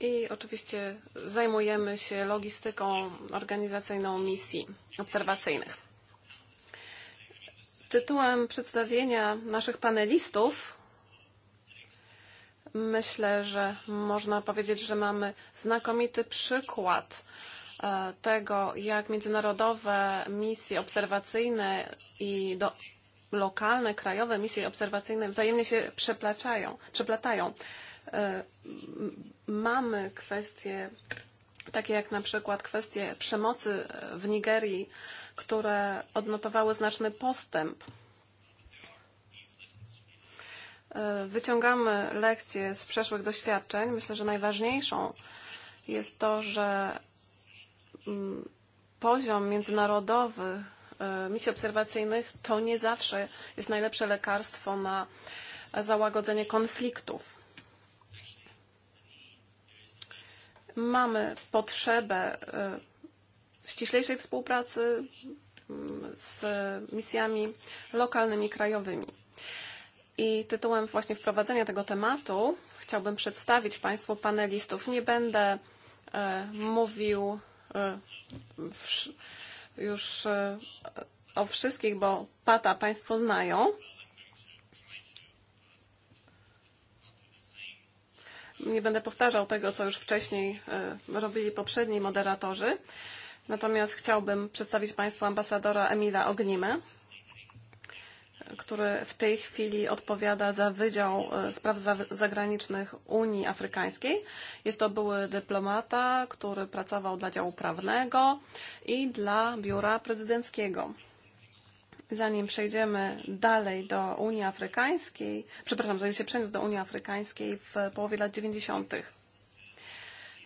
i oczywiście zajmujemy się logistyką organizacyjną misji obserwacyjnych. Tytułem przedstawienia naszych panelistów Myślę, że można powiedzieć, że mamy znakomity przykład e, tego, jak międzynarodowe misje obserwacyjne i do, lokalne, krajowe misje obserwacyjne wzajemnie się przeplaczają, przeplatają. E, mamy kwestie takie jak na przykład kwestie przemocy w Nigerii, które odnotowały znaczny postęp wyciągamy lekcje z przeszłych doświadczeń. Myślę, że najważniejszą jest to, że mm, poziom międzynarodowy e, misji obserwacyjnych to nie zawsze jest najlepsze lekarstwo na załagodzenie konfliktów. Mamy potrzebę e, ściślejszej współpracy mm, z misjami lokalnymi, krajowymi. I tytułem właśnie wprowadzenia tego tematu chciałbym przedstawić Państwu panelistów. Nie będę e, mówił e, w, już e, o wszystkich, bo pata Państwo znają. Nie będę powtarzał tego, co już wcześniej e, robili poprzedni moderatorzy. Natomiast chciałbym przedstawić Państwu ambasadora Emila Ognimę który w tej chwili odpowiada za Wydział e, Spraw Zagranicznych Unii Afrykańskiej. Jest to były dyplomata, który pracował dla działu prawnego i dla biura prezydenckiego. Zanim przejdziemy dalej do Unii Afrykańskiej, przepraszam, zanim się przeniósł do Unii Afrykańskiej w połowie lat 90.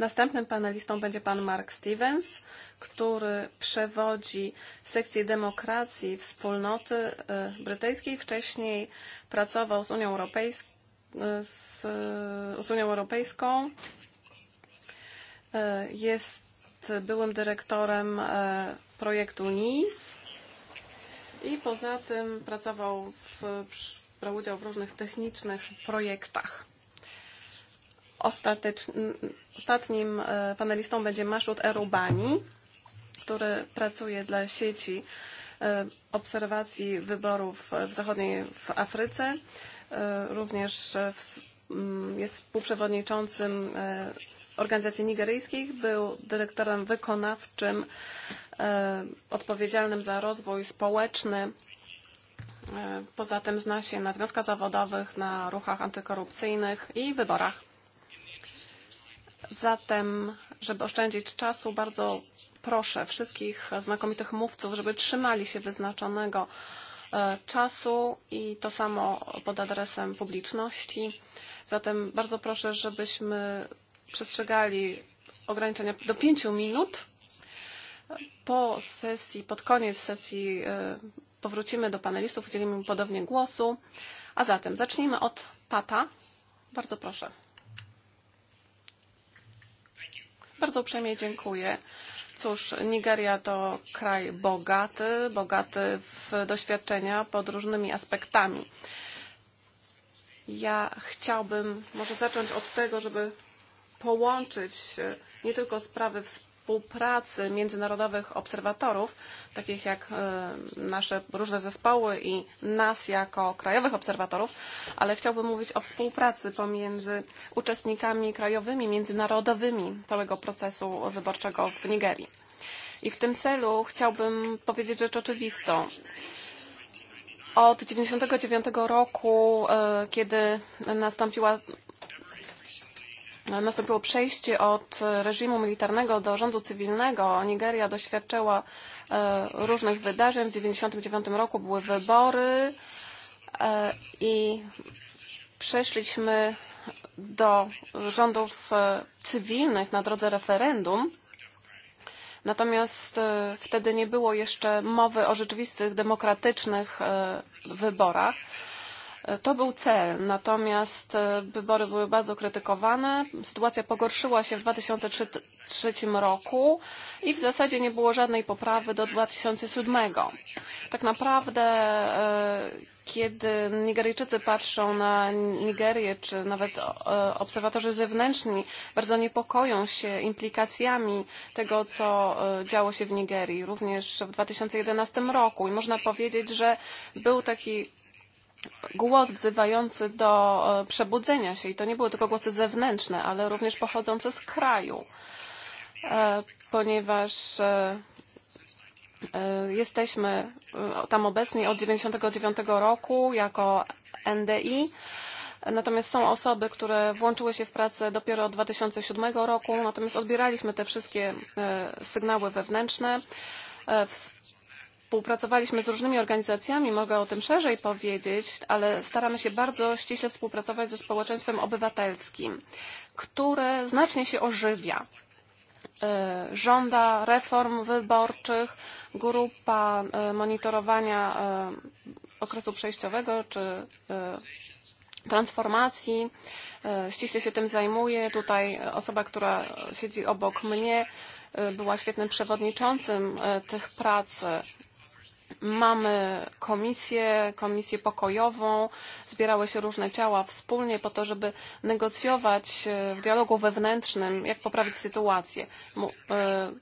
Następnym panelistą będzie pan Mark Stevens, który przewodzi sekcji demokracji wspólnoty e, brytyjskiej. Wcześniej pracował z Unią, Europejsk e, z, e, z Unią Europejską. Jest byłym dyrektorem projektu NIC i poza tym pracował w, brał udział w różnych technicznych projektach ostatnim e, panelistą będzie Maszut Erubani, który pracuje dla sieci e, obserwacji wyborów w zachodniej w Afryce. E, również jest współprzewodniczącym organizacji nigeryjskich, był dyrektorem wykonawczym odpowiedzialnym za rozwój społeczny. Poza tym zna się na związkach zawodowych, na ruchach antykorupcyjnych i wyborach. Zatem, żeby oszczędzić czasu, bardzo proszę wszystkich znakomitych mówców, żeby trzymali się wyznaczonego e, czasu i to samo pod adresem publiczności. Zatem bardzo proszę, żebyśmy przestrzegali ograniczenia do pięciu minut. Po sesji, pod koniec sesji e, powrócimy do panelistów, udzielimy im podobnie głosu. A zatem zacznijmy od Pata. Bardzo proszę. Bardzo uprzejmie dziękuję. Cóż, Nigeria to kraj bogaty, bogaty w doświadczenia pod różnymi aspektami. Ja chciałbym może zacząć od tego, żeby połączyć nie tylko sprawy wspólne, współpracy międzynarodowych obserwatorów, takich jak e, nasze różne zespoły i nas jako krajowych obserwatorów, ale chciałbym mówić o współpracy pomiędzy uczestnikami krajowymi, międzynarodowymi całego procesu wyborczego w Nigerii. I w tym celu chciałbym powiedzieć rzecz oczywistą. Od 1999 roku, e, kiedy nastąpiła nastąpiło przejście od reżimu militarnego do rządu cywilnego. Nigeria doświadczyła e, różnych wydarzeń. W 1999 roku były wybory e, i przeszliśmy do rządów e, cywilnych na drodze referendum. Natomiast wtedy nie było jeszcze mowy o rzeczywistych demokratycznych wyborach. To był cel, natomiast e, wybory były bardzo krytykowane. Sytuacja pogorszyła się w 2003 roku i w zasadzie nie było żadnej poprawy do 2007. Tak naprawdę, e, kiedy Nigeryjczycy patrzą na Nigerię, czy nawet e, obserwatorzy zewnętrzni bardzo niepokoją się implikacjami tego, co działo się w Nigerii, również w 2011 roku. I można powiedzieć, że był taki głos wzywający do e, przebudzenia się i to nie były tylko głosy zewnętrzne, ale również pochodzące z kraju, e, ponieważ e, jesteśmy tam obecni od 1999 roku jako NDI. Natomiast są osoby, które włączyły się w pracę dopiero od 2007 roku, natomiast odbieraliśmy te wszystkie sygnały wewnętrzne, współpracowaliśmy z różnymi organizacjami, mogę o tym szerzej powiedzieć, ale staramy się bardzo ściśle współpracować ze społeczeństwem obywatelskim, które znacznie się ożywia. E, żąda reform wyborczych, grupa e, monitorowania e, okresu przejściowego czy transformacji ściśle się tym zajmuje. Tutaj osoba, która siedzi obok mnie, była świetnym przewodniczącym tych prac mamy komisję, komisję pokojową, zbierały się różne ciała wspólnie po to, żeby negocjować e, w dialogu wewnętrznym, jak poprawić sytuację. E,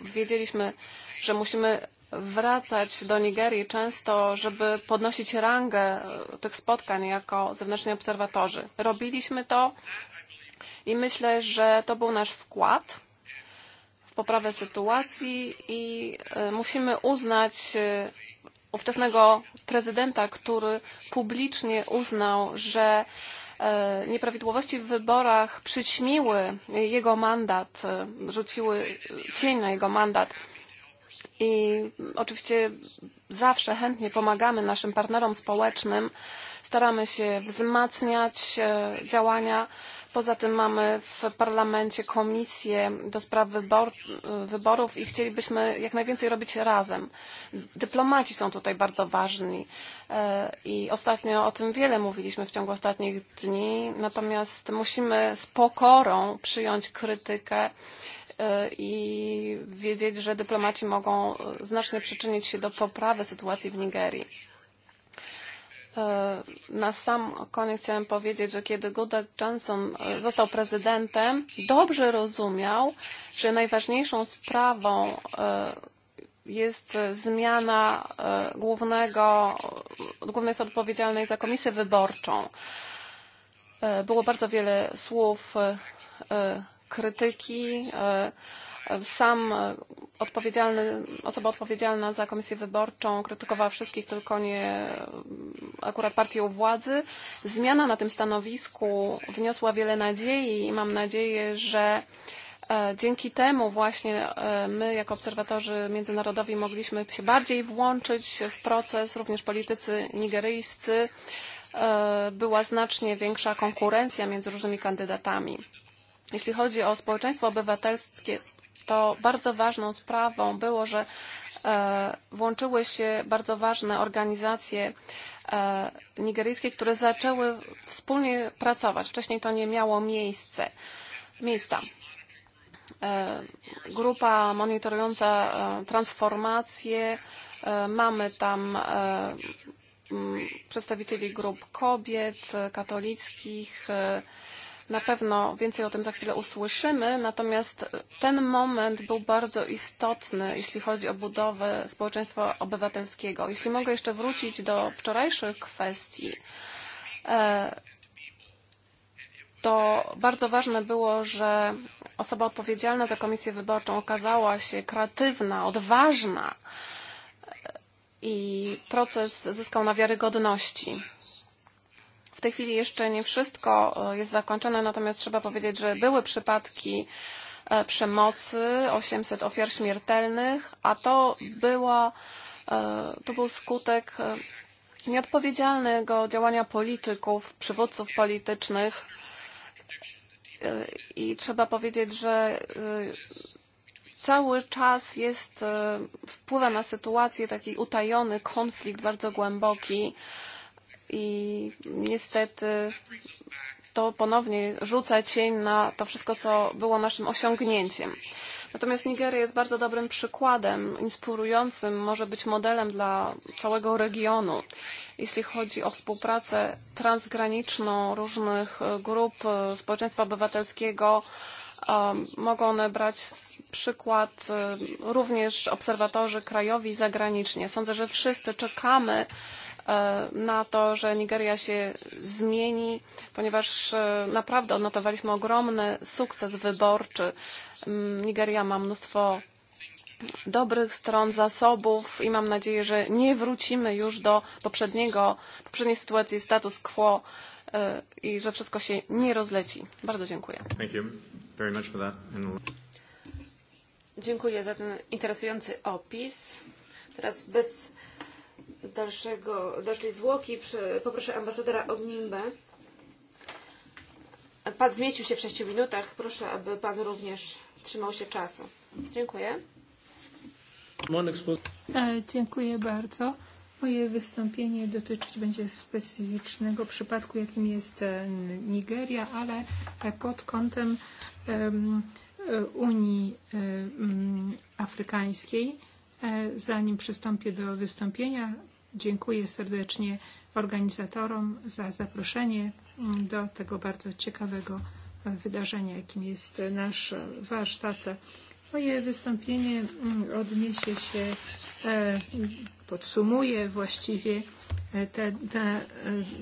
wiedzieliśmy, że musimy wracać do Nigerii często, żeby podnosić rangę e, tych spotkań jako zewnętrzni obserwatorzy. Robiliśmy to i myślę, że to był nasz wkład poprawę sytuacji i e, musimy uznać e, ówczesnego prezydenta, który publicznie uznał, że e, nieprawidłowości w wyborach przyćmiły jego mandat, rzuciły cień na jego mandat. I oczywiście zawsze chętnie pomagamy naszym partnerom społecznym, staramy się wzmacniać działania Poza tym mamy w parlamencie komisję do spraw wybor wyborów i chcielibyśmy jak najwięcej robić razem. Dyplomaci są tutaj bardzo ważni e, i ostatnio o tym wiele mówiliśmy w ciągu ostatnich dni, natomiast musimy z pokorą przyjąć krytykę e, i wiedzieć, że dyplomaci mogą znacznie przyczynić się do poprawy sytuacji w Nigerii. E, na sam koniec chciałem powiedzieć, że kiedy Goodluck Johnson e, został prezydentem, dobrze rozumiał, że najważniejszą sprawą e, jest zmiana głównego, głównej jest odpowiedzialnej za komisję wyborczą. Było bardzo wiele słów krytyki, sam e, odpowiedzialny, osoba odpowiedzialna za komisję wyborczą krytykowała wszystkich, tylko nie e, akurat partię u władzy. Zmiana na tym stanowisku wniosła wiele nadziei i mam nadzieję, że e, dzięki temu właśnie my jako obserwatorzy międzynarodowi mogliśmy się bardziej włączyć w proces, również politycy nigeryjscy. Była znacznie większa konkurencja między różnymi kandydatami. Jeśli chodzi o społeczeństwo obywatelskie, to bardzo ważną sprawą było, że e, włączyły się bardzo ważne organizacje e, nigeryjskie, które zaczęły wspólnie pracować. Wcześniej to nie miało miejsce, miejsca. E, grupa monitorująca transformację, mamy tam przedstawicieli grup kobiet, katolickich, Na pewno więcej o tym za chwilę usłyszymy, natomiast ten moment był bardzo istotny, jeśli chodzi o budowę społeczeństwa obywatelskiego. Jeśli mogę jeszcze wrócić do wczorajszych kwestii, e, to bardzo ważne było, że osoba odpowiedzialna za komisję wyborczą okazała się kreatywna, odważna i proces zyskał na wiarygodności tej chwili jeszcze nie wszystko e, jest zakończone, natomiast trzeba powiedzieć, że były przypadki e, przemocy, 800 ofiar śmiertelnych, a to, była, e, to był skutek nieodpowiedzialnego działania polityków, przywódców politycznych i trzeba powiedzieć, że cały czas jest, wpływa na sytuację taki utajony konflikt bardzo głęboki, i niestety to ponownie rzuca cień na to wszystko, co było naszym osiągnięciem. Natomiast Nigeria jest bardzo dobrym przykładem, inspirującym, może być modelem dla całego regionu, jeśli chodzi o współpracę transgraniczną różnych e, grup e, społeczeństwa obywatelskiego. E, mogą one brać przykład również obserwatorzy krajowi i zagranicznie. Sądzę, że wszyscy czekamy E, na to, że Nigeria się zmieni, ponieważ e, naprawdę odnotowaliśmy ogromny sukces wyborczy. Nigeria ma mnóstwo dobrych stron, zasobów i mam nadzieję, że nie wrócimy już do poprzedniego, poprzedniej sytuacji status quo e, i że wszystko się nie rozleci. Bardzo dziękuję. Dziękuję za ten interesujący opis. Teraz bez dalszego, dalszej zwłoki przy, poproszę ambasadora Ognimbę. Pan zmieścił się w sześciu minutach. Proszę, aby pan również trzymał się czasu. Dziękuję. E, dziękuję bardzo. Moje wystąpienie dotyczyć będzie specyficznego przypadku, jakim jest e, Nigeria, ale e, pod kątem Unii Afrykańskiej. Zanim przystąpię do wystąpienia, Dziękuję serdecznie organizatorom za zaproszenie do tego bardzo ciekawego wydarzenia, jakim jest nasz warsztat. Moje wystąpienie mm, odniesie się, e, podsumuje właściwie e, te, te e,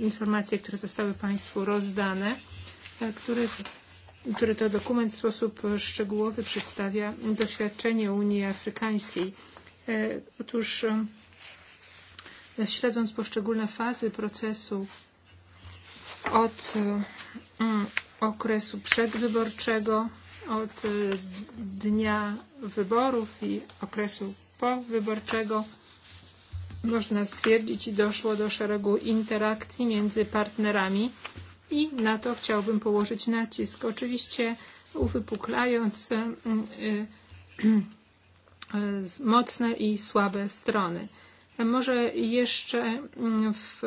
informacje, które zostały Państwu rozdane, które, które to dokument w sposób szczegółowy przedstawia doświadczenie Unii Afrykańskiej. Otóż śledząc poszczególne fazy procesu od mm, okresu przedwyborczego, od dnia wyborów i okresu powyborczego, można stwierdzić, i doszło do szeregu interakcji między partnerami i na to chciałbym położyć nacisk. Oczywiście uwypuklając mocne i słabe strony. Może jeszcze mm, w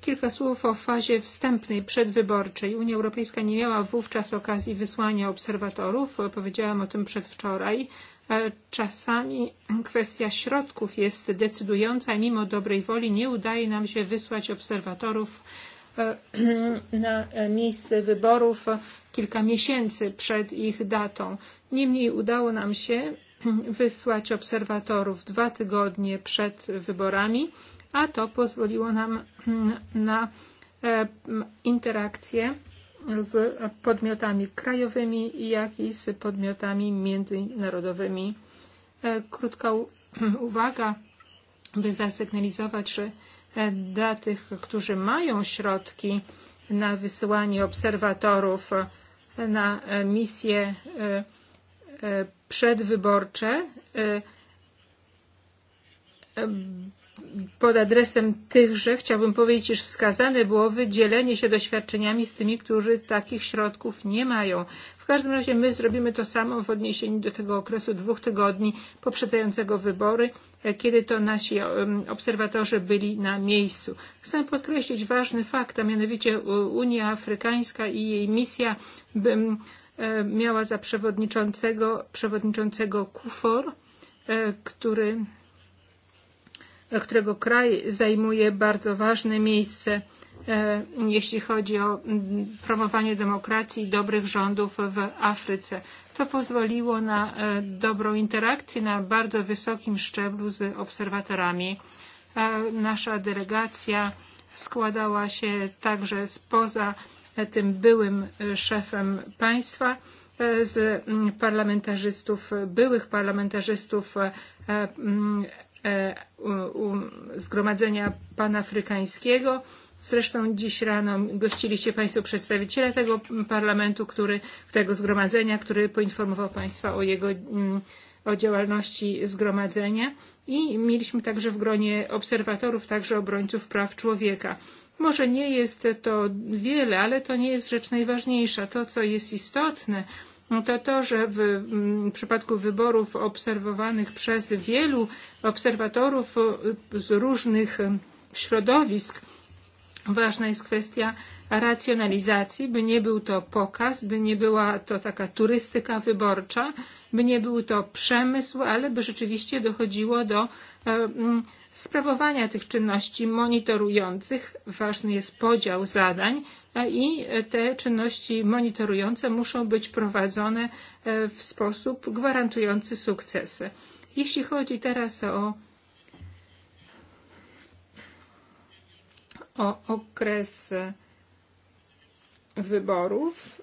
kilka słów o fazie wstępnej, przedwyborczej. Unia Europejska nie miała wówczas okazji wysłania obserwatorów. Powiedziałam o tym przedwczoraj. Czasami kwestia środków jest decydująca i mimo dobrej woli nie udaje nam się wysłać obserwatorów e, na miejsce wyborów kilka miesięcy przed ich datą. Niemniej udało nam się wysłać obserwatorów dwa tygodnie przed wyborami, a to pozwoliło nam hmm, na e, interakcję z podmiotami krajowymi, jak i z podmiotami międzynarodowymi. E, krótka hmm, uwaga, by zasygnalizować, że e, dla tych, którzy mają środki na wysyłanie obserwatorów na misje przedwyborcze e, e, pod adresem tychże chciałbym powiedzieć, iż wskazane było wydzielenie się doświadczeniami z tymi, którzy takich środków nie mają. W każdym razie my zrobimy to samo w odniesieniu do tego okresu dwóch tygodni poprzedzającego wybory, e, kiedy to nasi obserwatorzy byli na miejscu. Chcę podkreślić ważny fakt, a mianowicie Unia Afrykańska i jej misja bym, E, miała za przewodniczącego, przewodniczącego KUFOR, e, który, e, którego kraj zajmuje bardzo ważne miejsce, jeśli chodzi o promowanie demokracji i dobrych rządów w Afryce. To pozwoliło na dobrą interakcję na bardzo wysokim szczeblu z obserwatorami. Nasza delegacja składała się także spoza tym byłym e, szefem państwa e, z mm, parlamentarzystów, byłych parlamentarzystów e, Zgromadzenia Panafrykańskiego. Zresztą dziś rano gościliście Państwo przedstawiciele tego parlamentu, który, tego zgromadzenia, który poinformował Państwa o jego mm, o działalności zgromadzenia i mieliśmy także w gronie obserwatorów, także obrońców praw człowieka. Może nie jest to wiele, ale to nie jest rzecz najważniejsza. To, co jest istotne, no to to, że w mm, przypadku wyborów obserwowanych przez wielu obserwatorów z różnych środowisk, ważna jest kwestia racjonalizacji, by nie był to pokaz, by nie była to taka turystyka wyborcza, by nie był to przemysł, ale by rzeczywiście dochodziło do e, mm, sprawowania tych czynności monitorujących. Ważny jest podział zadań i te czynności monitorujące muszą być prowadzone e, w sposób gwarantujący sukcesy. Jeśli chodzi teraz o, o okres wyborów,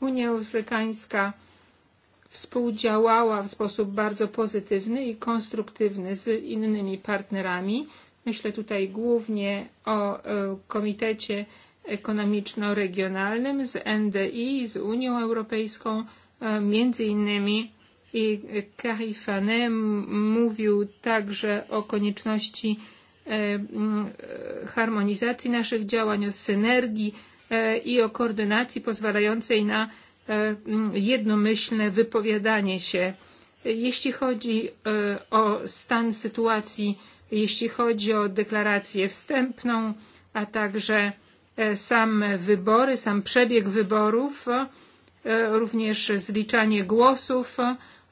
Unia Afrykańska współdziałała w sposób bardzo pozytywny i konstruktywny z innymi partnerami. Myślę tutaj głównie o e, Komitecie Ekonomiczno-Regionalnym z NDI, z Unią Europejską, e, między innymi. I Carifane mówił także o konieczności e, harmonizacji naszych działań, o synergii i o koordynacji pozwalającej na E, jednomyślne wypowiadanie się. Jeśli chodzi e, o stan sytuacji, jeśli chodzi o deklarację wstępną, a także e, same wybory, sam przebieg wyborów, również zliczanie głosów,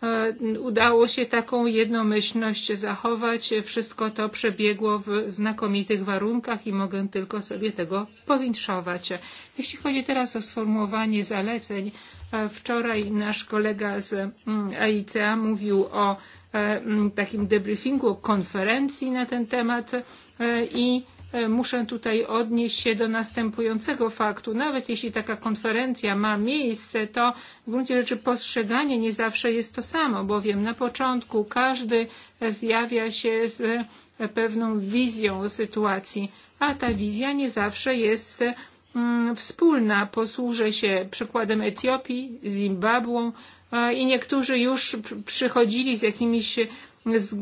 E, udało się taką jednomyślność zachować. Wszystko to przebiegło w znakomitych warunkach i mogę tylko sobie tego powinszować. Jeśli chodzi teraz o sformułowanie zaleceń, e, wczoraj nasz kolega z AICA mm, mówił o e, mm, takim debriefingu, konferencji na ten temat i E, muszę tutaj odnieść się do następującego faktu. Nawet jeśli taka konferencja ma miejsce, to w gruncie rzeczy postrzeganie nie zawsze jest to samo, bowiem na początku każdy zjawia się z pewną wizją sytuacji, a ta wizja nie zawsze jest mm, wspólna. Posłużę się przykładem Etiopii, Zimbabwą e, i niektórzy już przychodzili z jakimiś z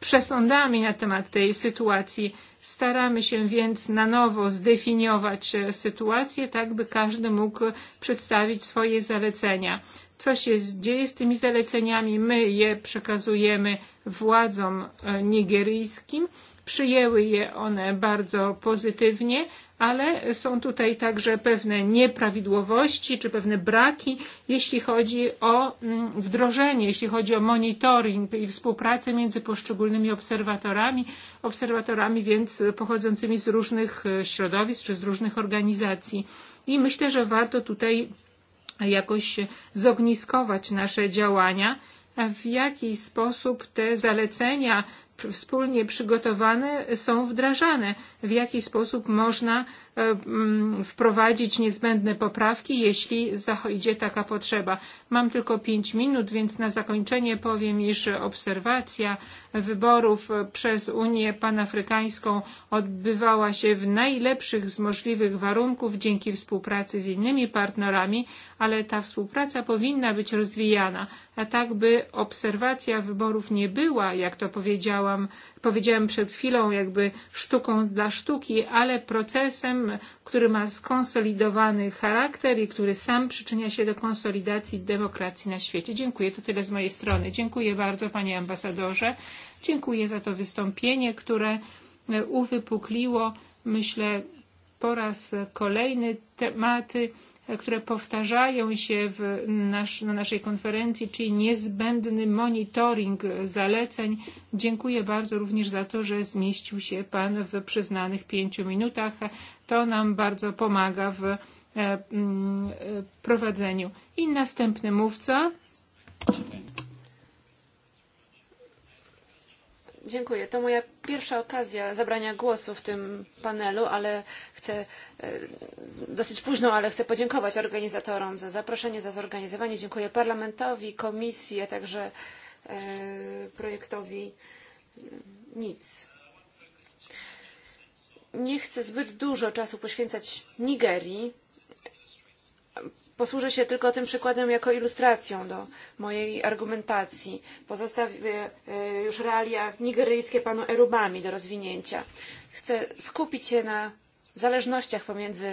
przesądami na temat tej sytuacji. Staramy się więc na nowo zdefiniować e, sytuację, tak by każdy mógł przedstawić swoje zalecenia. Co się dzieje z tymi zaleceniami? My je przekazujemy władzom e, nigeryjskim. Przyjęły je one bardzo pozytywnie, ale są tutaj także pewne nieprawidłowości czy pewne braki, jeśli chodzi o mm, wdrożenie, jeśli chodzi o monitoring i współpracę między poszczególnymi obserwatorami, obserwatorami więc pochodzącymi z różnych e, środowisk czy z różnych organizacji. I myślę, że warto tutaj jakoś zogniskować nasze działania, w jaki sposób te zalecenia wspólnie przygotowane są wdrażane. W jaki sposób można wprowadzić niezbędne poprawki, jeśli zachodzi taka potrzeba. Mam tylko pięć minut, więc na zakończenie powiem, iż obserwacja wyborów przez Unię Panafrykańską odbywała się w najlepszych z możliwych warunków dzięki współpracy z innymi partnerami, ale ta współpraca powinna być rozwijana, a tak by obserwacja wyborów nie była, jak to powiedziałam, powiedziałem przed chwilą, jakby sztuką dla sztuki, ale procesem, który ma skonsolidowany charakter i który sam przyczynia się do konsolidacji demokracji na świecie. Dziękuję, to tyle z mojej strony. Dziękuję bardzo panie ambasadorze. Dziękuję za to wystąpienie, które e, uwypukliło, myślę, po raz kolejny tematy, które powtarzają się w nasz, na naszej konferencji, czyli niezbędny monitoring zaleceń. Dziękuję bardzo również za to, że zmieścił się Pan w przyznanych pięciu minutach. To nam bardzo pomaga w e, e, prowadzeniu. I następny mówca. Dziękuję. To moja pierwsza okazja zabrania głosu w tym panelu, ale chcę e, dosyć późno, ale chcę podziękować organizatorom za zaproszenie, za zorganizowanie. Dziękuję parlamentowi, komisji, a także e, projektowi e, nic. Nie chcę zbyt dużo czasu poświęcać Nigerii, posłużę się tylko tym przykładem jako ilustracją do mojej argumentacji. Pozostawię e, już realia nigeryjskie panu Erubami do rozwinięcia. Chcę skupić się na zależnościach pomiędzy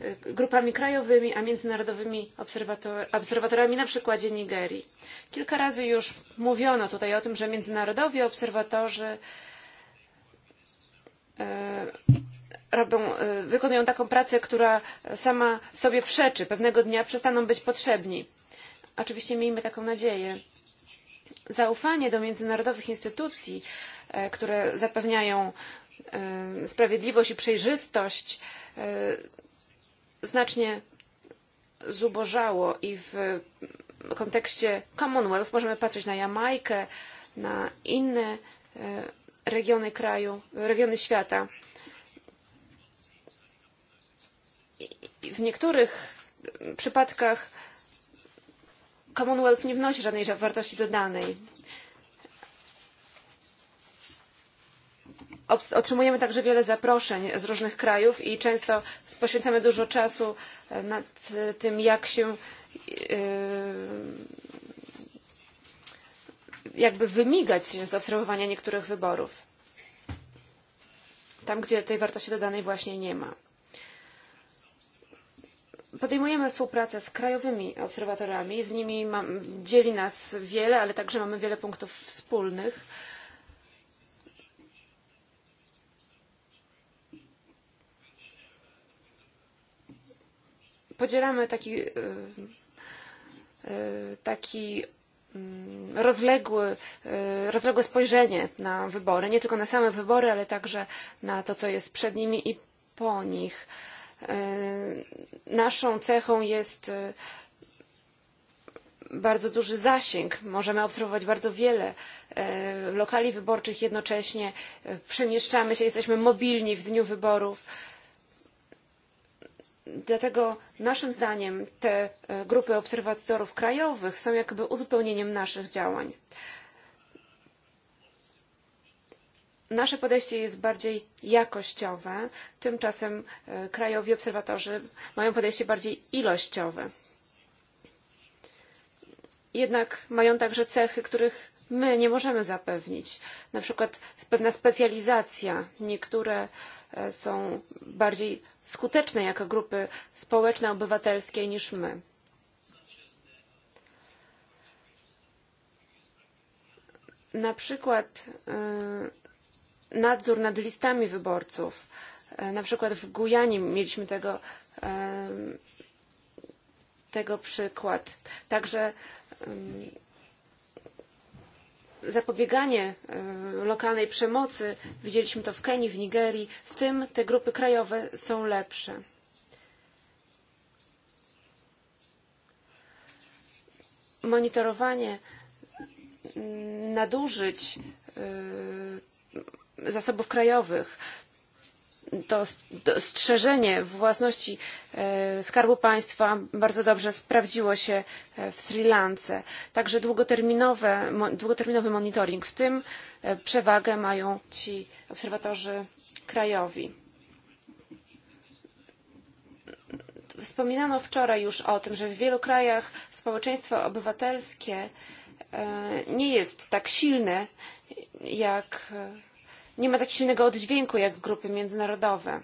e, grupami krajowymi a międzynarodowymi obserwator obserwatorami na przykładzie Nigerii. Kilka razy już mówiono tutaj o tym, że międzynarodowi obserwatorzy e, robią, wykonują taką pracę, która sama sobie przeczy. Pewnego dnia przestaną być potrzebni. Oczywiście miejmy taką nadzieję. Zaufanie do międzynarodowych instytucji, e, które zapewniają e, sprawiedliwość i przejrzystość, e, znacznie zubożało i w kontekście Commonwealth możemy patrzeć na Jamajkę, na inne regiony kraju, regiony świata w niektórych przypadkach Commonwealth nie wnosi żadnej wartości dodanej. Otrzymujemy także wiele zaproszeń z różnych krajów i często poświęcamy dużo czasu e, nad e, tym, jak się e, jakby wymigać się z obserwowania niektórych wyborów. Tam, gdzie tej wartości dodanej właśnie nie ma podejmujemy współpracę z krajowymi obserwatorami, z nimi mam, dzieli nas wiele, ale także mamy wiele punktów wspólnych. Podzielamy taki, taki mm, rozległy, rozległe spojrzenie na wybory, nie tylko na same wybory, ale także na to, co jest przed nimi i po nich. E, naszą cechą jest e, bardzo duży zasięg. Możemy obserwować bardzo wiele e, lokali wyborczych jednocześnie. Przemieszczamy się, jesteśmy mobilni w dniu wyborów. Dlatego naszym zdaniem te grupy obserwatorów krajowych są jakby uzupełnieniem naszych działań. Nasze podejście jest bardziej jakościowe, tymczasem e, krajowi obserwatorzy mają podejście bardziej ilościowe. Jednak mają także cechy, których my nie możemy zapewnić. Na przykład pewna specjalizacja. Niektóre e, są bardziej skuteczne jako grupy społeczne, obywatelskie niż my. Na przykład e, nadzór nad listami wyborców. E, na przykład w Gujanie mieliśmy tego, tego przykład. Także zapobieganie e, lokalnej przemocy, widzieliśmy to w Kenii, w Nigerii, w tym te grupy krajowe są lepsze. Monitorowanie nadużyć e, zasobów krajowych, to strzeżenie własności e, Skarbu Państwa bardzo dobrze sprawdziło się e, w Sri Lance. Także długoterminowy monitoring, w tym e, przewagę mają ci obserwatorzy krajowi. Wspominano wczoraj już o tym, że w wielu krajach społeczeństwo obywatelskie nie jest tak silne jak nie ma tak silnego oddźwięku jak grupy międzynarodowe.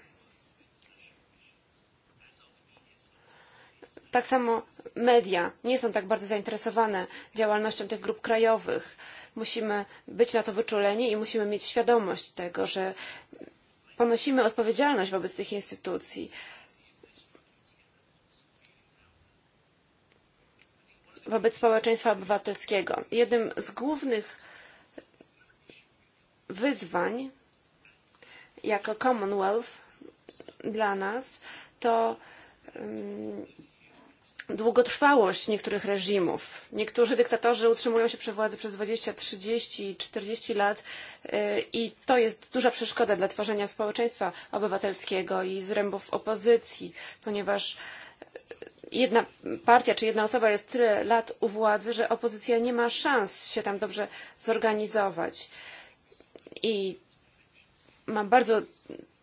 Tak samo media nie są tak bardzo zainteresowane działalnością tych grup krajowych. Musimy być na to wyczuleni i musimy mieć świadomość tego, że ponosimy odpowiedzialność wobec tych instytucji. wobec społeczeństwa obywatelskiego. Jednym z głównych wyzwań jako Commonwealth dla nas to mm, długotrwałość niektórych reżimów. Niektórzy dyktatorzy utrzymują się przy władzy przez 20, 30, 40 lat i to jest duża przeszkoda dla tworzenia społeczeństwa obywatelskiego i zrębów opozycji, ponieważ jedna partia czy jedna osoba jest tyle lat u władzy, że opozycja nie ma szans się tam dobrze zorganizować. Yy, i ma bardzo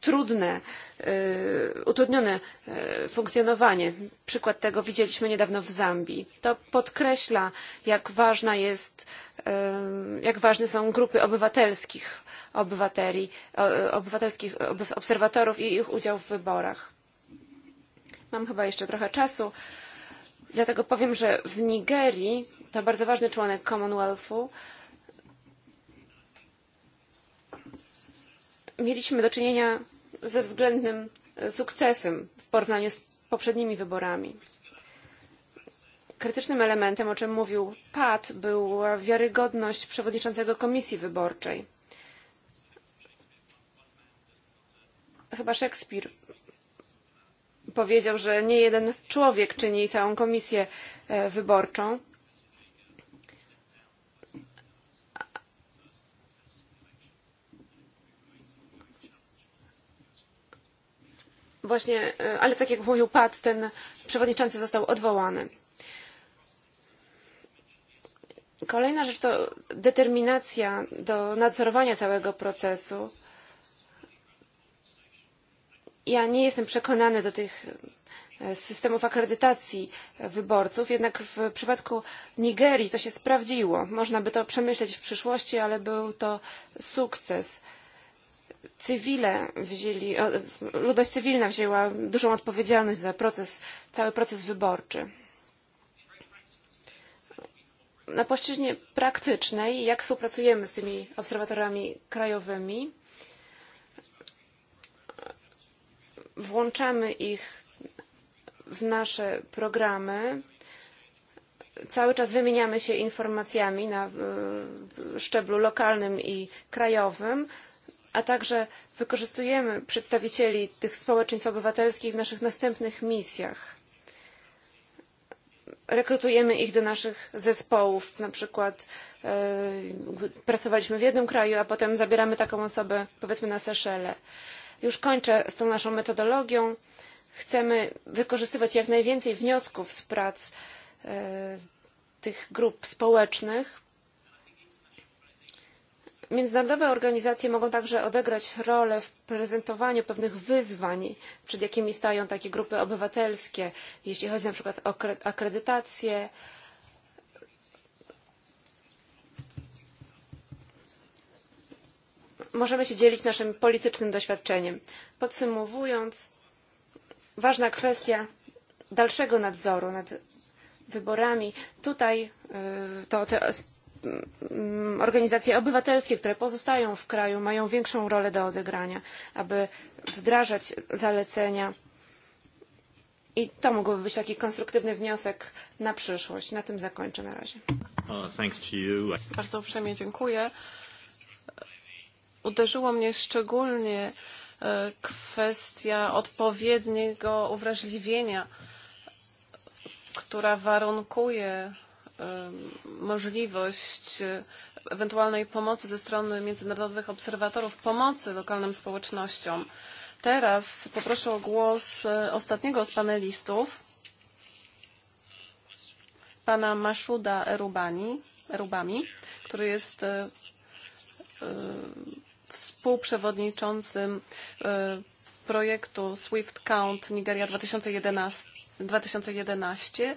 trudne, e, utrudnione e, funkcjonowanie. Przykład tego widzieliśmy niedawno w Zambii. To podkreśla, jak ważna jest, e, jak ważne są grupy obywatelskich obywateli, obywatelskich obserwatorów i ich udział w wyborach. Mam chyba jeszcze trochę czasu, dlatego powiem, że w Nigerii to bardzo ważny członek Commonwealthu mieliśmy do czynienia ze względnym e, sukcesem w porównaniu z poprzednimi wyborami. Krytycznym elementem, o czym mówił Pat, była wiarygodność przewodniczącego komisji wyborczej. Chyba Szekspir powiedział, że nie jeden człowiek czyni całą komisję e, wyborczą. właśnie, e, ale tak jak mówił Pat, ten przewodniczący został odwołany. Kolejna rzecz to determinacja do nadzorowania całego procesu. Ja nie jestem przekonany do tych e, systemów akredytacji wyborców, jednak w przypadku Nigerii to się sprawdziło. Można by to przemyśleć w przyszłości, ale był to sukces cywile wzięli, ludność cywilna wzięła dużą odpowiedzialność za proces, cały proces wyborczy. Na płaszczyźnie praktycznej, jak współpracujemy z tymi obserwatorami krajowymi, włączamy ich w nasze programy, cały czas wymieniamy się informacjami na szczeblu lokalnym i krajowym, a także wykorzystujemy przedstawicieli tych społeczeństw obywatelskich w naszych następnych misjach. Rekrutujemy ich do naszych zespołów, na przykład yy, e, pracowaliśmy w jednym kraju, a potem zabieramy taką osobę powiedzmy na Seszele. Już kończę z tą naszą metodologią. Chcemy wykorzystywać jak najwięcej wniosków z prac yy, e, tych grup społecznych Międzynarodowe organizacje mogą także odegrać rolę w prezentowaniu pewnych wyzwań, przed jakimi stają takie grupy obywatelskie, jeśli chodzi na przykład o akredytację. Możemy się dzielić naszym politycznym doświadczeniem. Podsumowując, ważna kwestia dalszego nadzoru nad wyborami. Tutaj to te Mm, organizacje obywatelskie, które pozostają w kraju, mają większą rolę do odegrania, aby wdrażać zalecenia. I to mógłby być taki konstruktywny wniosek na przyszłość. Na tym zakończę na razie. Oh, Bardzo uprzejmie dziękuję. Uderzyło mnie szczególnie e, kwestia odpowiedniego uwrażliwienia, która warunkuje możliwość ewentualnej pomocy ze strony międzynarodowych obserwatorów, pomocy lokalnym społecznościom. Teraz poproszę o głos ostatniego z panelistów, pana Maszuda Erubani, Erubami, który jest współprzewodniczącym projektu Swift Count Nigeria 2011 2011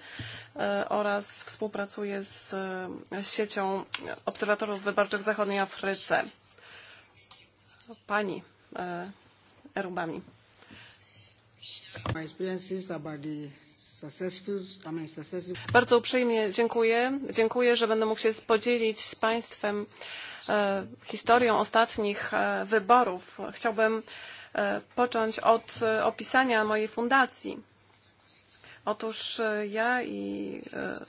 e, oraz współpracuje z, e, z siecią obserwatorów wyborczych w zachodniej Afryce. Pani e, Erubami. Bardzo uprzejmie dziękuję. Dziękuję, że będę mógł się podzielić z Państwem historią ostatnich wyborów. Chciałbym począć od opisania mojej fundacji Otóż e, ja i e,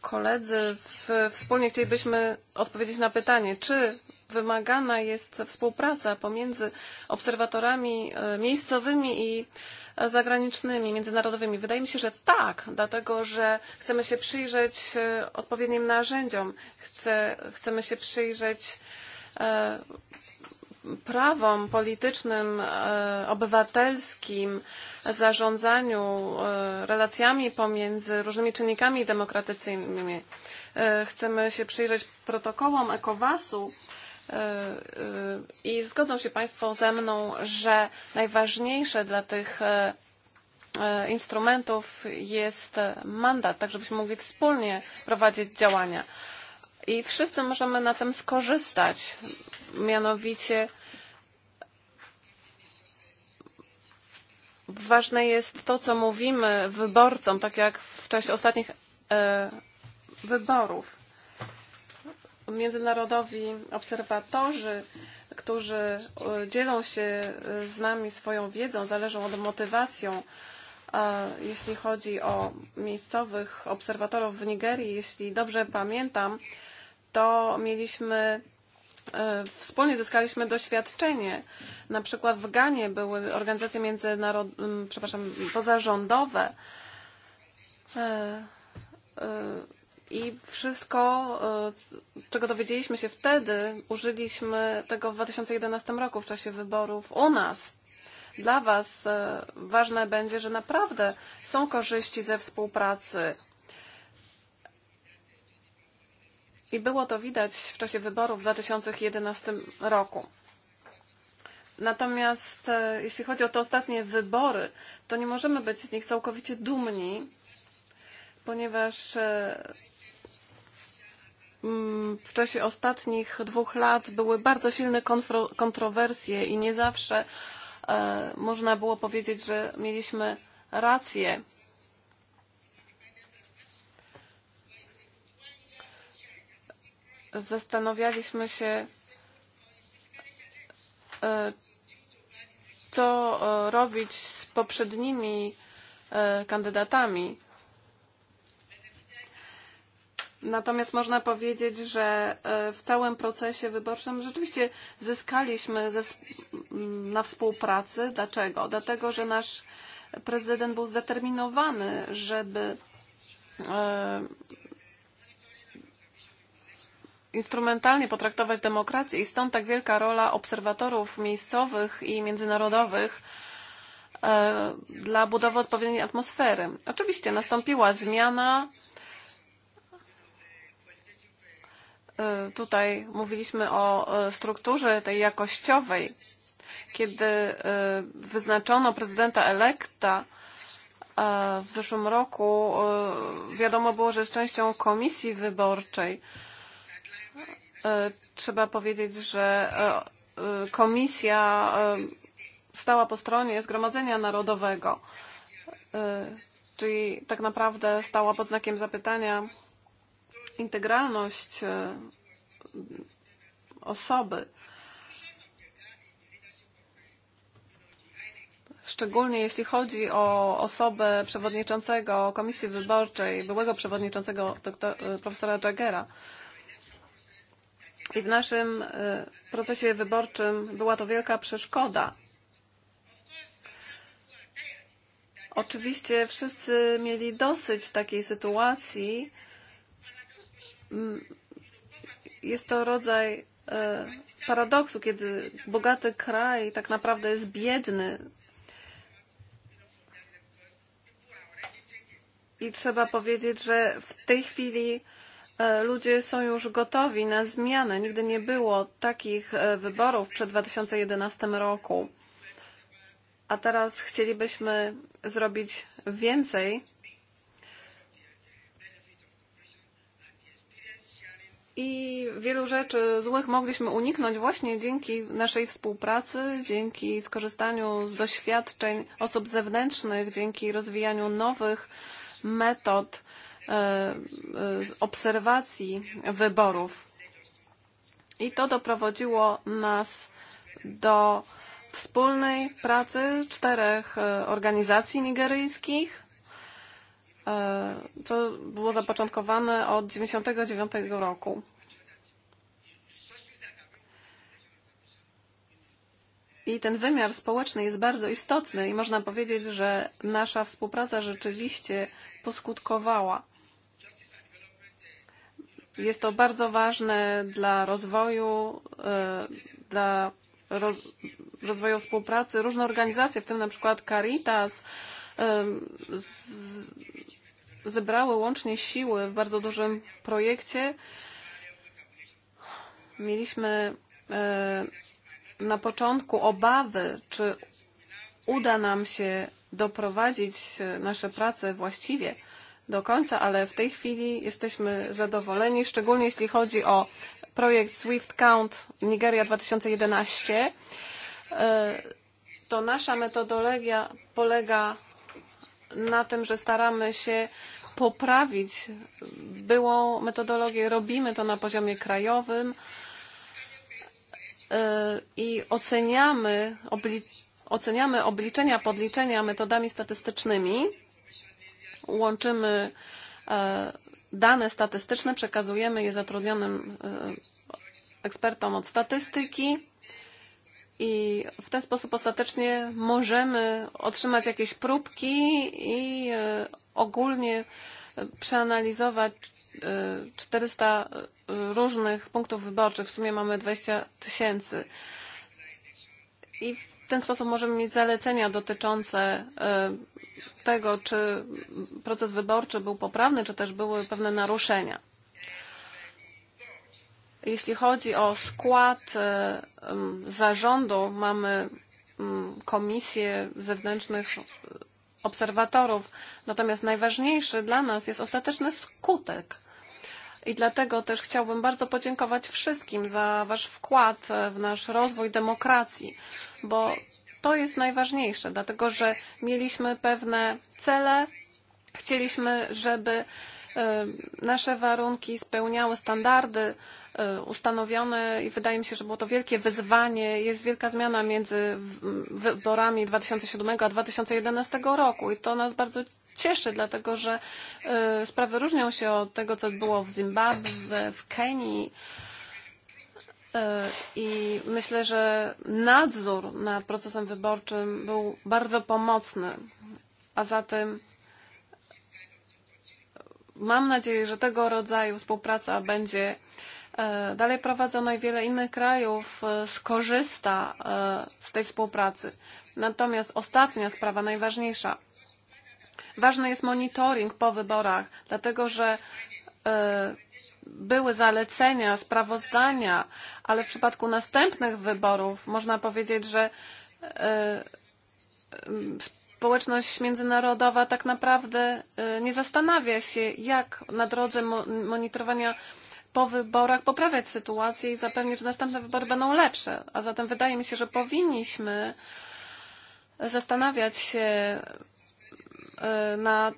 koledzy w, wspólnie chcielibyśmy odpowiedzieć na pytanie, czy wymagana jest współpraca pomiędzy obserwatorami e, miejscowymi i zagranicznymi, międzynarodowymi? Wydaje mi się, że tak, dlatego że chcemy się przyjrzeć odpowiednim narzędziom, chce, chcemy się przyjrzeć prawom politycznym, e, obywatelskim, zarządzaniu e, relacjami pomiędzy różnymi czynnikami demokratycznymi. E, chcemy się przyjrzeć protokołom ECOWAS-u i zgodzą się Państwo ze mną, że najważniejsze dla tych instrumentów jest mandat, tak żebyśmy mogli wspólnie prowadzić działania. I wszyscy możemy na tym skorzystać. Mianowicie ważne jest to, co mówimy wyborcom, tak jak w czasie ostatnich e, wyborów. Międzynarodowi obserwatorzy, którzy e, dzielą się e, z nami swoją wiedzą, zależą od motywacją, a jeśli chodzi o miejscowych obserwatorów w Nigerii, jeśli dobrze pamiętam, to mieliśmy E, wspólnie zyskaliśmy doświadczenie. Na przykład w Ganie były organizacje międzynarodowe, przepraszam, pozarządowe e, e, i wszystko, czego dowiedzieliśmy się wtedy, użyliśmy tego w 2011 roku w czasie wyborów u nas. Dla Was ważne będzie, że naprawdę są korzyści ze współpracy I było to widać w czasie wyborów w 2011 roku. Natomiast e, jeśli chodzi o te ostatnie wybory, to nie możemy być z nich całkowicie dumni, ponieważ e, mm, w czasie ostatnich dwóch lat były bardzo silne kontrowersje i nie zawsze e, można było powiedzieć, że mieliśmy rację. zastanawialiśmy się, e, co e, robić z poprzednimi e, kandydatami. Natomiast można powiedzieć, że w całym procesie wyborczym rzeczywiście zyskaliśmy ze, na współpracy. Dlaczego? Dlatego, że nasz prezydent był zdeterminowany, żeby instrumentalnie potraktować demokrację i stąd tak wielka rola obserwatorów miejscowych i międzynarodowych e, dla budowy odpowiedniej atmosfery. Oczywiście nastąpiła zmiana. E, tutaj mówiliśmy o e, strukturze tej jakościowej, kiedy wyznaczono prezydenta elekta w zeszłym roku, wiadomo było, że jest częścią komisji wyborczej. E, trzeba powiedzieć, że e, e, komisja stała po stronie Zgromadzenia Narodowego, czyli tak naprawdę stała pod znakiem zapytania integralność osoby. Szczególnie jeśli chodzi o osobę przewodniczącego Komisji Wyborczej, byłego przewodniczącego doktor, profesora Jaggera. I w naszym e, procesie wyborczym była to wielka przeszkoda. Oczywiście wszyscy mieli dosyć takiej sytuacji. Mm, jest to rodzaj e, paradoksu, kiedy bogaty kraj tak naprawdę jest biedny. I trzeba powiedzieć, że w tej chwili E, ludzie są już gotowi na zmianę. Nigdy nie było takich e, wyborów przed 2011 roku. A teraz chcielibyśmy zrobić więcej. I wielu rzeczy złych mogliśmy uniknąć właśnie dzięki naszej współpracy, dzięki skorzystaniu z doświadczeń osób zewnętrznych, dzięki rozwijaniu nowych metod E, e, obserwacji wyborów. I to doprowadziło nas do wspólnej pracy czterech e, organizacji nigeryjskich, co było zapoczątkowane od 1999 roku. I ten wymiar społeczny jest bardzo istotny i można powiedzieć, że nasza współpraca rzeczywiście poskutkowała. Jest to bardzo ważne dla rozwoju, e, dla rozwoju współpracy. Różne organizacje, w tym na przykład Caritas, e, zebrały łącznie siły w bardzo dużym projekcie. Mieliśmy e, na początku obawy, czy uda nam się doprowadzić nasze prace właściwie do końca, ale w tej chwili jesteśmy zadowoleni, szczególnie jeśli chodzi o projekt Swift Count Nigeria 2011. E, to nasza metodologia polega na tym, że staramy się poprawić byłą metodologię. Robimy to na poziomie krajowym e, i oceniamy, obli oceniamy obliczenia, podliczenia metodami statystycznymi łączymy e, dane statystyczne, przekazujemy je zatrudnionym e, ekspertom od statystyki i w ten sposób ostatecznie możemy otrzymać jakieś próbki i e, ogólnie przeanalizować 400 różnych punktów wyborczych. W sumie mamy 20 tysięcy. I ten sposób możemy mieć zalecenia dotyczące e, tego, czy proces wyborczy był poprawny, czy też były pewne naruszenia. Jeśli chodzi o skład e, zarządu, mamy komisję zewnętrznych obserwatorów, natomiast najważniejszy dla nas jest ostateczny skutek I dlatego też chciałbym bardzo podziękować wszystkim za Wasz wkład w nasz rozwój demokracji, bo to jest najważniejsze, dlatego że mieliśmy pewne cele, chcieliśmy, żeby e, nasze warunki spełniały standardy e, ustanowione i wydaje mi się, że było to wielkie wyzwanie. Jest wielka zmiana między wyborami 2007 a 2011 roku i to nas bardzo cieszy, dlatego że y, e, sprawy różnią się od tego, co było w Zimbabwe, w Kenii. E, I myślę, że nadzór nad procesem wyborczym był bardzo pomocny, a zatem mam nadzieję, że tego rodzaju współpraca będzie e, dalej prowadzona i wiele innych krajów skorzysta z tej współpracy. Natomiast ostatnia sprawa, najważniejsza – Ważny jest monitoring po wyborach, dlatego że e, były zalecenia, sprawozdania, ale w przypadku następnych wyborów można powiedzieć, że e, społeczność międzynarodowa tak naprawdę e, nie zastanawia się, jak na drodze monitorowania po wyborach poprawiać sytuację i zapewnić, że następne wybory będą lepsze. A zatem wydaje mi się, że powinniśmy zastanawiać się E, na,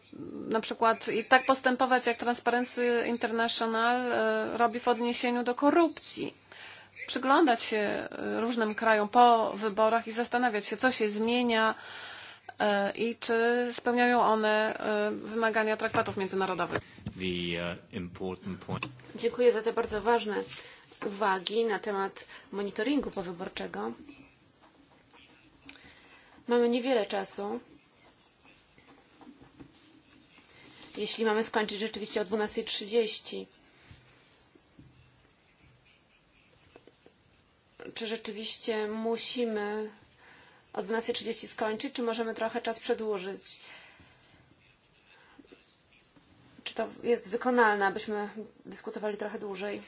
na przykład i tak postępować, jak Transparency International e, robi w odniesieniu do korupcji. Przyglądać się e, różnym krajom po wyborach i zastanawiać się, co się zmienia i czy spełniają one wymagania traktatów międzynarodowych. Uh, Dziękuję za te bardzo ważne uwagi na temat monitoringu powyborczego. Mamy niewiele czasu. jeśli mamy skończyć rzeczywiście o 12.30. Czy rzeczywiście musimy o 12.30 skończyć, czy możemy trochę czas przedłużyć? Czy to jest wykonalne, abyśmy dyskutowali trochę dłużej?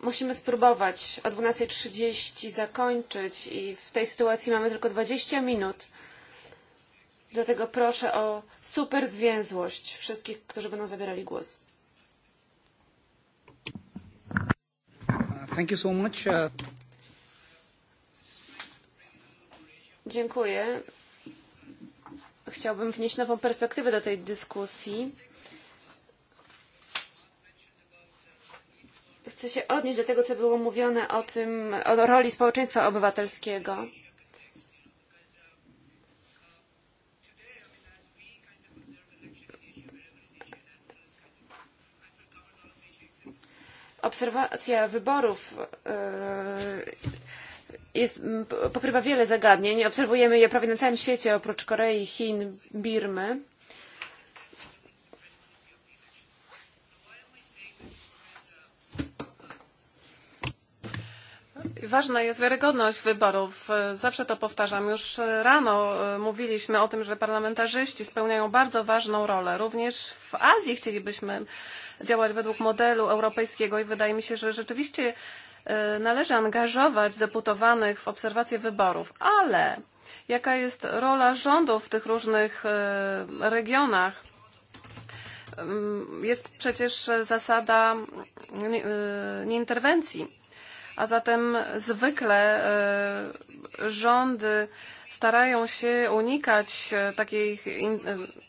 Musimy spróbować o 12.30 zakończyć i w tej sytuacji mamy tylko 20 minut. Dlatego proszę o super zwięzłość wszystkich, którzy będą zabierali głos. Thank you so much. Uh, Dziękuję. Chciałbym wnieść nową perspektywę do tej dyskusji. Chcę się odnieść do tego, co było mówione o tym, o roli społeczeństwa obywatelskiego. obserwacja wyborów e, jest, pokrywa wiele zagadnień. Obserwujemy je prawie na całym świecie, oprócz Korei, Chin, Birmy. Ważna jest wiarygodność wyborów. E, Zawsze to powtarzam. Już rano e, mówiliśmy o tym, że parlamentarzyści spełniają bardzo ważną rolę. Również w Azji chcielibyśmy działać według modelu europejskiego i wydaje mi się, że rzeczywiście e, należy angażować deputowanych w obserwację wyborów. Ale jaka jest rola rządów w tych różnych regionach? Mm, jest przecież zasada nieinterwencji. Mm, nie a zatem zwykle e, rządy starają się unikać e, takiej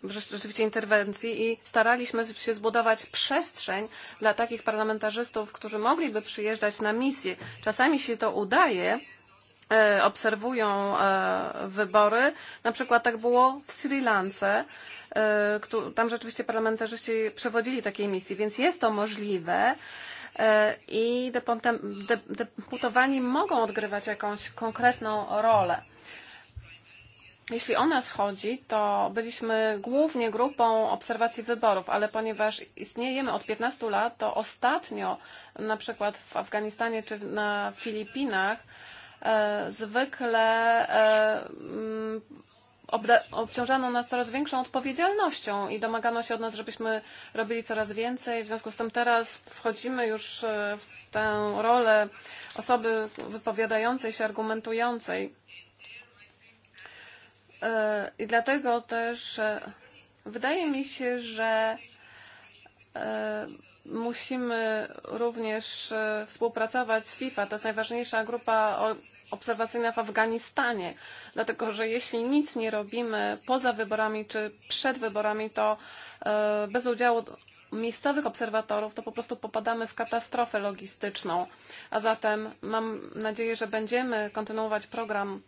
e, rzeczywiście interwencji i staraliśmy się zbudować przestrzeń dla takich parlamentarzystów, którzy mogliby przyjeżdżać na misje. Czasami się to udaje, obserwują wybory. Na przykład tak było w Sri Lance. Tam rzeczywiście parlamentarzyści przewodzili takiej misji, więc jest to możliwe. E, i deputowani mogą odgrywać jakąś konkretną rolę. Jeśli o nas chodzi, to byliśmy głównie grupą obserwacji wyborów, ale ponieważ istniejemy od 15 lat, to ostatnio na przykład w Afganistanie czy na Filipinach e, zwykle e, obciążano nas coraz większą odpowiedzialnością i domagano się od nas, żebyśmy robili coraz więcej. W związku z tym teraz wchodzimy już e, w tę rolę osoby wypowiadającej się, argumentującej. E, I dlatego też e, wydaje mi się, że musimy również współpracować z FIFA. To jest najważniejsza grupa obserwacyjna w Afganistanie. Dlatego, że jeśli nic nie robimy poza wyborami czy przed wyborami, to e, bez udziału miejscowych obserwatorów, to po prostu popadamy w katastrofę logistyczną. A zatem mam nadzieję, że będziemy kontynuować program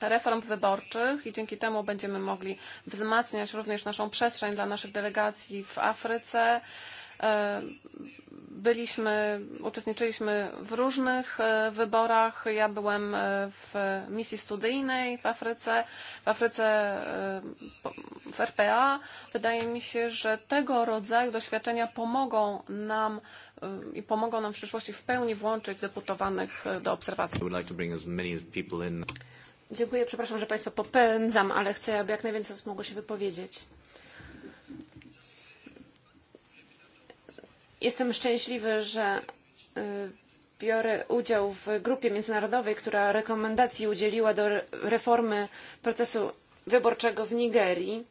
reform wyborczych i dzięki temu będziemy mogli wzmacniać również naszą przestrzeń dla naszych delegacji w Afryce, E, byliśmy, uczestniczyliśmy w różnych e, wyborach. Ja byłem e, w misji studyjnej w Afryce, w Afryce w RPA. Wydaje mi się, że tego rodzaju doświadczenia pomogą nam i pomogą nam w przyszłości w pełni włączyć deputowanych do obserwacji. Dziękuję, przepraszam, że Państwa popędzam, ale chcę, aby jak najwięcej osób mogło się wypowiedzieć. Jestem szczęśliwy, że biorę udział w grupie międzynarodowej, która rekomendacji udzieliła do reformy procesu wyborczego w Nigerii.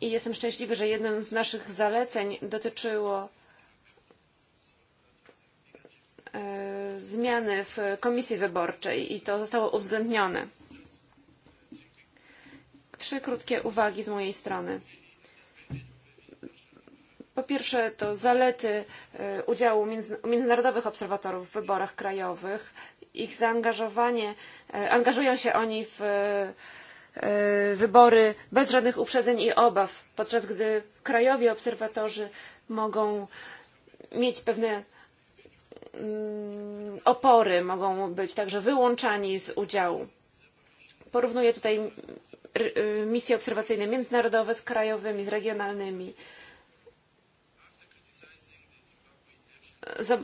I jestem szczęśliwy, że jednym z naszych zaleceń dotyczyło zmiany w komisji wyborczej i to zostało uwzględnione. Trzy krótkie uwagi z mojej strony. Po pierwsze, to zalety e, udziału międzynarodowych obserwatorów w wyborach krajowych. Ich zaangażowanie, e, angażują się oni w e, wybory bez żadnych uprzedzeń i obaw, podczas gdy krajowi obserwatorzy mogą mieć pewne mm, opory, mogą być także wyłączani z udziału. Porównuję tutaj misje obserwacyjne międzynarodowe z krajowymi, z regionalnymi.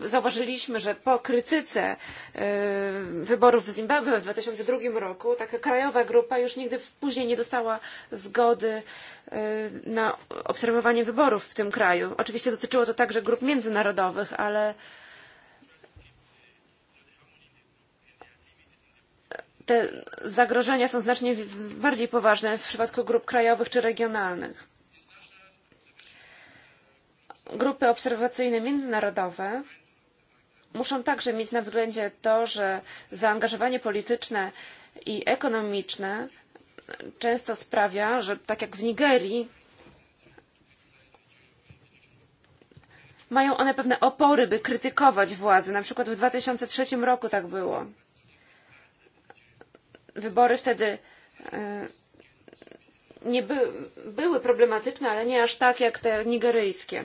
zauważyliśmy, że po krytyce e, wyborów w Zimbabwe w 2002 roku taka krajowa grupa już nigdy później nie dostała zgody e, na obserwowanie wyborów w tym kraju. Oczywiście dotyczyło to także grup międzynarodowych, ale te zagrożenia są znacznie bardziej poważne w przypadku grup krajowych czy regionalnych. Grupy obserwacyjne międzynarodowe muszą także mieć na względzie to, że zaangażowanie polityczne i ekonomiczne często sprawia, że tak jak w Nigerii, mają one pewne opory, by krytykować władzę. Na przykład w 2003 roku tak było. Wybory wtedy e, nie by, były problematyczne, ale nie aż tak jak te nigeryjskie.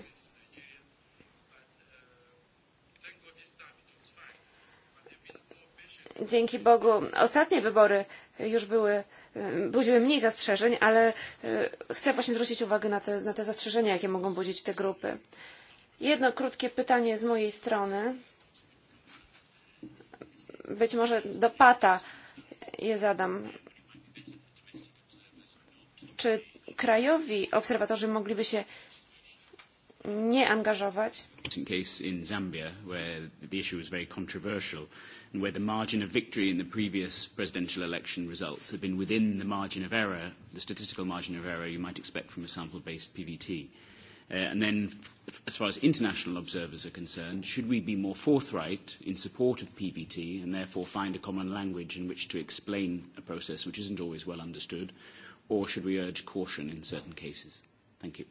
dzięki Bogu ostatnie wybory już były, budziły mniej zastrzeżeń, ale chcę właśnie zwrócić uwagę na te, na te zastrzeżenia, jakie mogą budzić te grupy. Jedno krótkie pytanie z mojej strony. Być może do Pata je zadam. Czy krajowi obserwatorzy mogliby się nie angażować. In case in Zambia, where the issue was very controversial and where the margin of victory in the previous presidential election results had been within the margin of error, the statistical margin of error you might expect from a sample-based PVT. Uh, and then, as far as international observers are concerned, should we be more forthright in support of PVT and therefore find a common language in which to explain a process which isn't always well understood, or should we urge caution in certain cases? Thank you.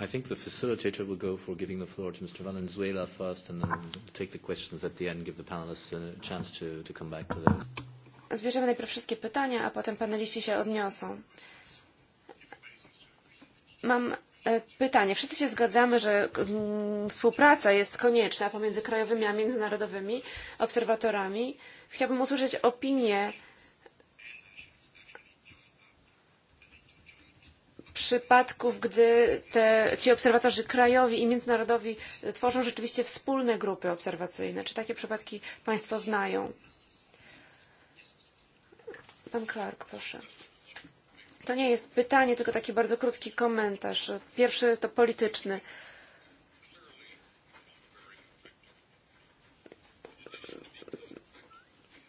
I think the facilitator will go for giving the floor to Mr. Valenzuela first, and then we'll take the questions at the end, give the panelists a chance to, to come back to those. Zbierzemy najpierw wszystkie pytania, a potem paneliści się odniosą. Mam e, pytanie. Wszyscy się zgadzamy, że mm, współpraca jest konieczna pomiędzy krajowymi a międzynarodowymi obserwatorami. Chciałbym usłyszeć opinię przypadków, gdy te, ci obserwatorzy krajowi i międzynarodowi tworzą rzeczywiście wspólne grupy obserwacyjne. Czy takie przypadki Państwo znają? Pan Clark, proszę. To nie jest pytanie, tylko taki bardzo krótki komentarz. Pierwszy to polityczny.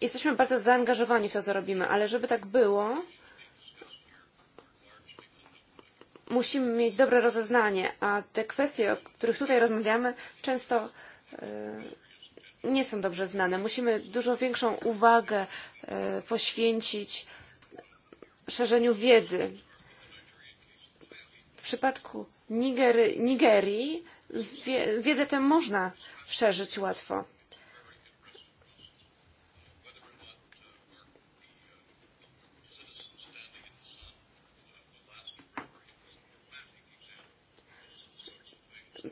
Jesteśmy bardzo zaangażowani w to, co robimy, ale żeby tak było, musimy mieć dobre rozeznanie, a te kwestie, o których tutaj rozmawiamy, często e, nie są dobrze znane. Musimy dużo większą uwagę e, poświęcić szerzeniu wiedzy. W przypadku Nigery, Nigerii wiedzę tę można szerzyć łatwo.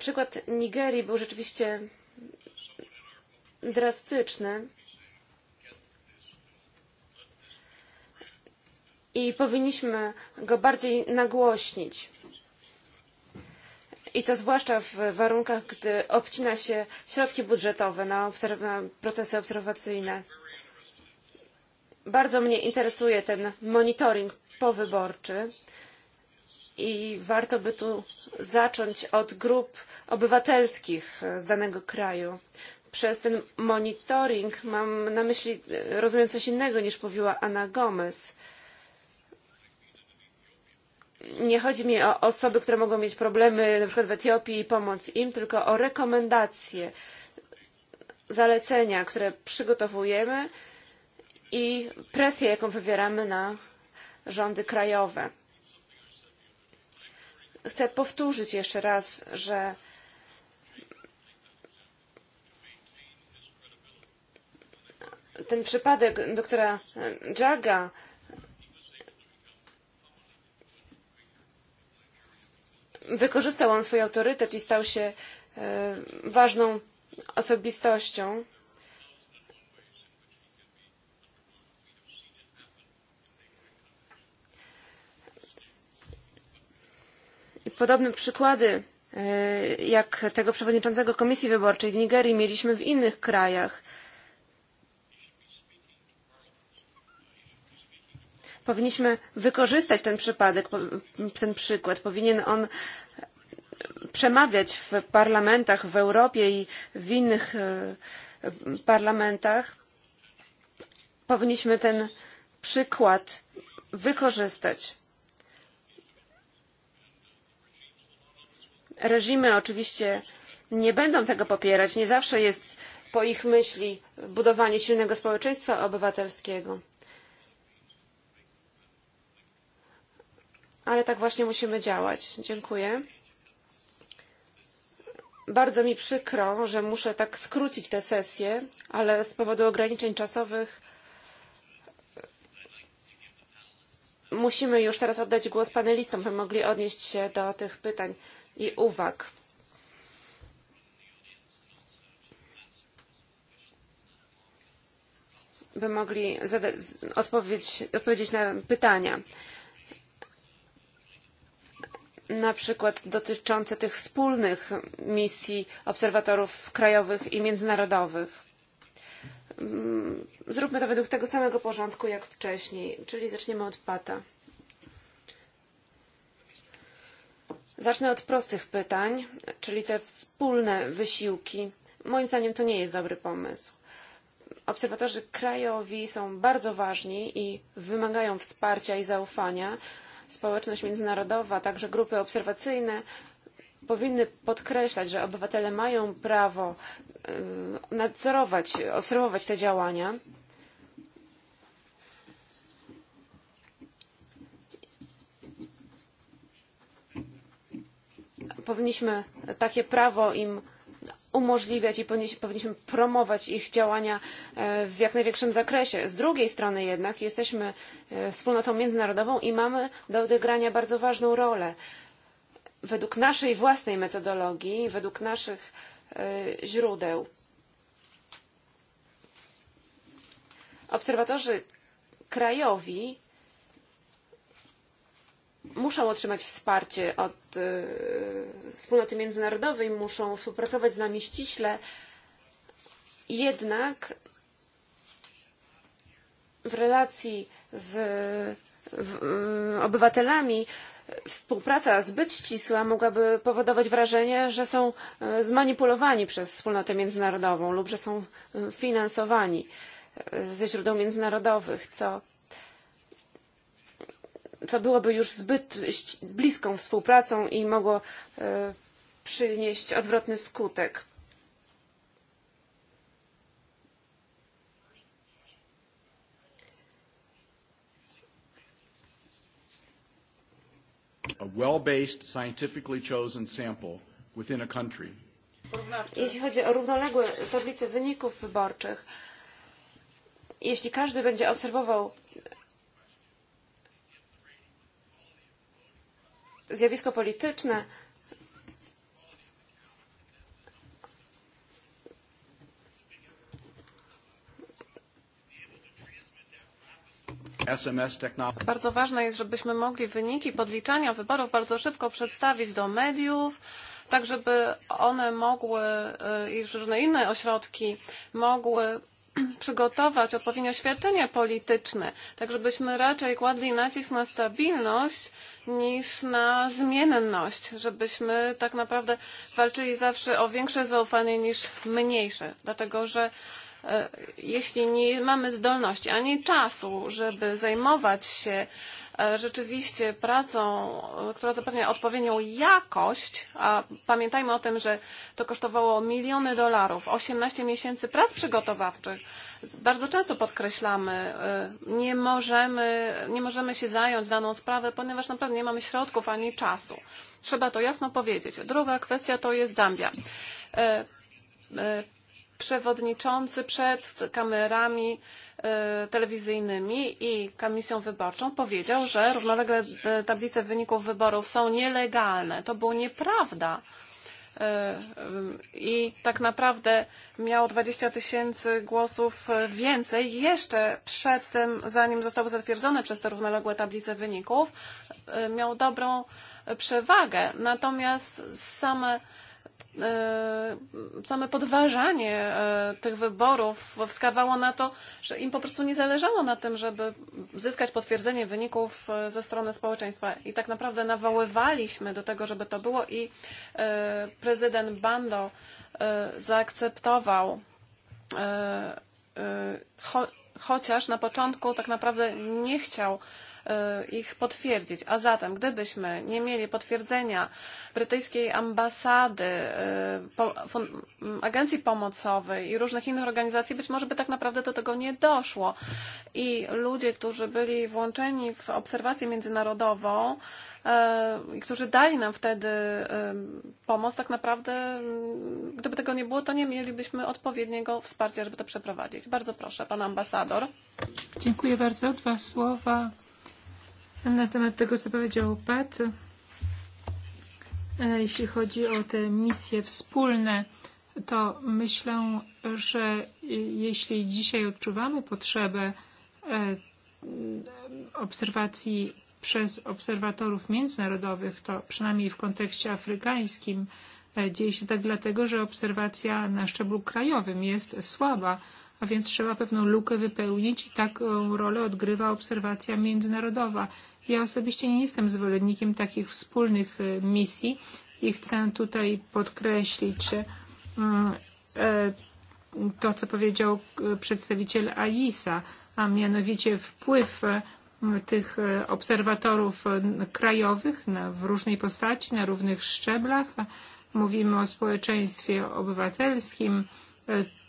Przykład Nigerii był rzeczywiście drastyczny. I powinniśmy go bardziej nagłośnić. I to zwłaszcza w warunkach, gdy obcina się środki budżetowe na, obserw na procesy obserwacyjne. Bardzo mnie interesuje ten monitoring powyborczy i warto by tu zacząć od grup obywatelskich e, z danego kraju. Przez ten monitoring mam na myśli, e, rozumiem coś innego niż mówiła Anna Gomez nie chodzi mi o osoby, które mogą mieć problemy na przykład w Etiopii i pomoc im, tylko o rekomendacje, zalecenia, które przygotowujemy i presję, jaką wywieramy na rządy krajowe chcę powtórzyć jeszcze raz, że ten przypadek doktora Jaga wykorzystał on swój autorytet i stał się e, ważną osobistością. Podobne przykłady e, jak tego przewodniczącego Komisji Wyborczej w Nigerii mieliśmy w innych krajach. Powinniśmy wykorzystać ten przypadek, ten przykład. Powinien on przemawiać w parlamentach w Europie i w innych e, parlamentach. Powinniśmy ten przykład wykorzystać. Reżimy oczywiście nie będą tego popierać. Nie zawsze jest po ich myśli budowanie silnego społeczeństwa obywatelskiego. Ale tak właśnie musimy działać. Dziękuję. Bardzo mi przykro, że muszę tak skrócić tę sesję, ale z powodu ograniczeń czasowych musimy już teraz oddać głos panelistom, by mogli odnieść się do tych pytań i uwag. by mogli odpowiedź, odpowiedzieć na pytania. Na przykład dotyczące tych wspólnych misji obserwatorów krajowych i międzynarodowych. Mm, zróbmy to według tego samego porządku jak wcześniej, czyli zaczniemy od pata. Zacznę od prostych pytań, czyli te wspólne wysiłki. Moim zdaniem to nie jest dobry pomysł. Obserwatorzy krajowi są bardzo ważni i wymagają wsparcia i zaufania. Społeczność międzynarodowa, także grupy obserwacyjne powinny podkreślać, że obywatele mają prawo nadzorować, obserwować te działania powinniśmy takie prawo im umożliwiać i powinniśmy promować ich działania e, w jak największym zakresie. Z drugiej strony jednak jesteśmy e, wspólnotą międzynarodową i mamy do odegrania bardzo ważną rolę. Według naszej własnej metodologii, według naszych e, źródeł. Obserwatorzy krajowi muszą otrzymać wsparcie od e, wspólnoty międzynarodowej, muszą współpracować z nami ściśle. Jednak w relacji z mm, obywatelami współpraca zbyt ścisła mogłaby powodować wrażenie, że są e, zmanipulowani przez wspólnotę międzynarodową lub że są e, finansowani ze źródeł międzynarodowych, co co byłoby już zbyt bliską współpracą i mogło e, przynieść odwrotny skutek. Jeśli chodzi o równoległe tablice wyników wyborczych, jeśli każdy będzie obserwował zjawisko polityczne, Bardzo ważne jest, żebyśmy mogli wyniki podliczania wyborów bardzo szybko przedstawić do mediów, tak żeby one mogły i różne inne ośrodki mogły przygotować odpowiednie oświadczenie polityczne, tak żebyśmy raczej kładli nacisk na stabilność niż na zmienność, żebyśmy tak naprawdę walczyli zawsze o większe zaufanie niż mniejsze, dlatego że E, jeśli nie mamy zdolności ani czasu, żeby zajmować się e, rzeczywiście pracą, która zapewnia odpowiednią jakość, a pamiętajmy o tym, że to kosztowało miliony dolarów, 18 miesięcy prac przygotowawczych. Bardzo często podkreślamy, e, nie możemy, nie możemy się zająć daną sprawę, ponieważ naprawdę nie mamy środków ani czasu. Trzeba to jasno powiedzieć. Druga kwestia to jest Zambia przewodniczący przed kamerami e, telewizyjnymi i komisją wyborczą powiedział, że równolegle e, tablice wyników wyborów są nielegalne. To było nieprawda. E, I tak naprawdę miało 20 tysięcy głosów więcej jeszcze przed tym, zanim zostały zatwierdzone przez te równoległe tablice wyników, miał dobrą przewagę. Natomiast same E, same podważanie e, tych wyborów wskazywało na to, że im po prostu nie zależało na tym, żeby zyskać potwierdzenie wyników e, ze strony społeczeństwa. I tak naprawdę nawoływaliśmy do tego, żeby to było i prezydent Bando zaakceptował cho chociaż na początku tak naprawdę nie chciał E, ich potwierdzić. A zatem, gdybyśmy nie mieli potwierdzenia brytyjskiej ambasady, e, agencji pomocowej i różnych innych organizacji, być może by tak naprawdę do tego nie doszło. I ludzie, którzy byli włączeni w obserwację międzynarodową, e, którzy dali nam wtedy pomoc, tak naprawdę gdyby tego nie było, to nie mielibyśmy odpowiedniego wsparcia, żeby to przeprowadzić. Bardzo proszę, pan ambasador. Dziękuję bardzo. Dwa słowa Na temat tego, co powiedział Pat, e, jeśli chodzi o te misje wspólne, to myślę, że jeśli dzisiaj odczuwamy potrzebę e, obserwacji przez obserwatorów międzynarodowych, to przynajmniej w kontekście afrykańskim e, dzieje się tak dlatego, że obserwacja na szczeblu krajowym jest słaba, a więc trzeba pewną lukę wypełnić i taką rolę odgrywa obserwacja międzynarodowa. Ja osobiście nie jestem zwolennikiem takich wspólnych e, misji i chcę tutaj podkreślić e, e, to, co powiedział przedstawiciel AISA, a mianowicie wpływ tych obserwatorów krajowych na, w różnej postaci, na różnych szczeblach. Mówimy o społeczeństwie obywatelskim,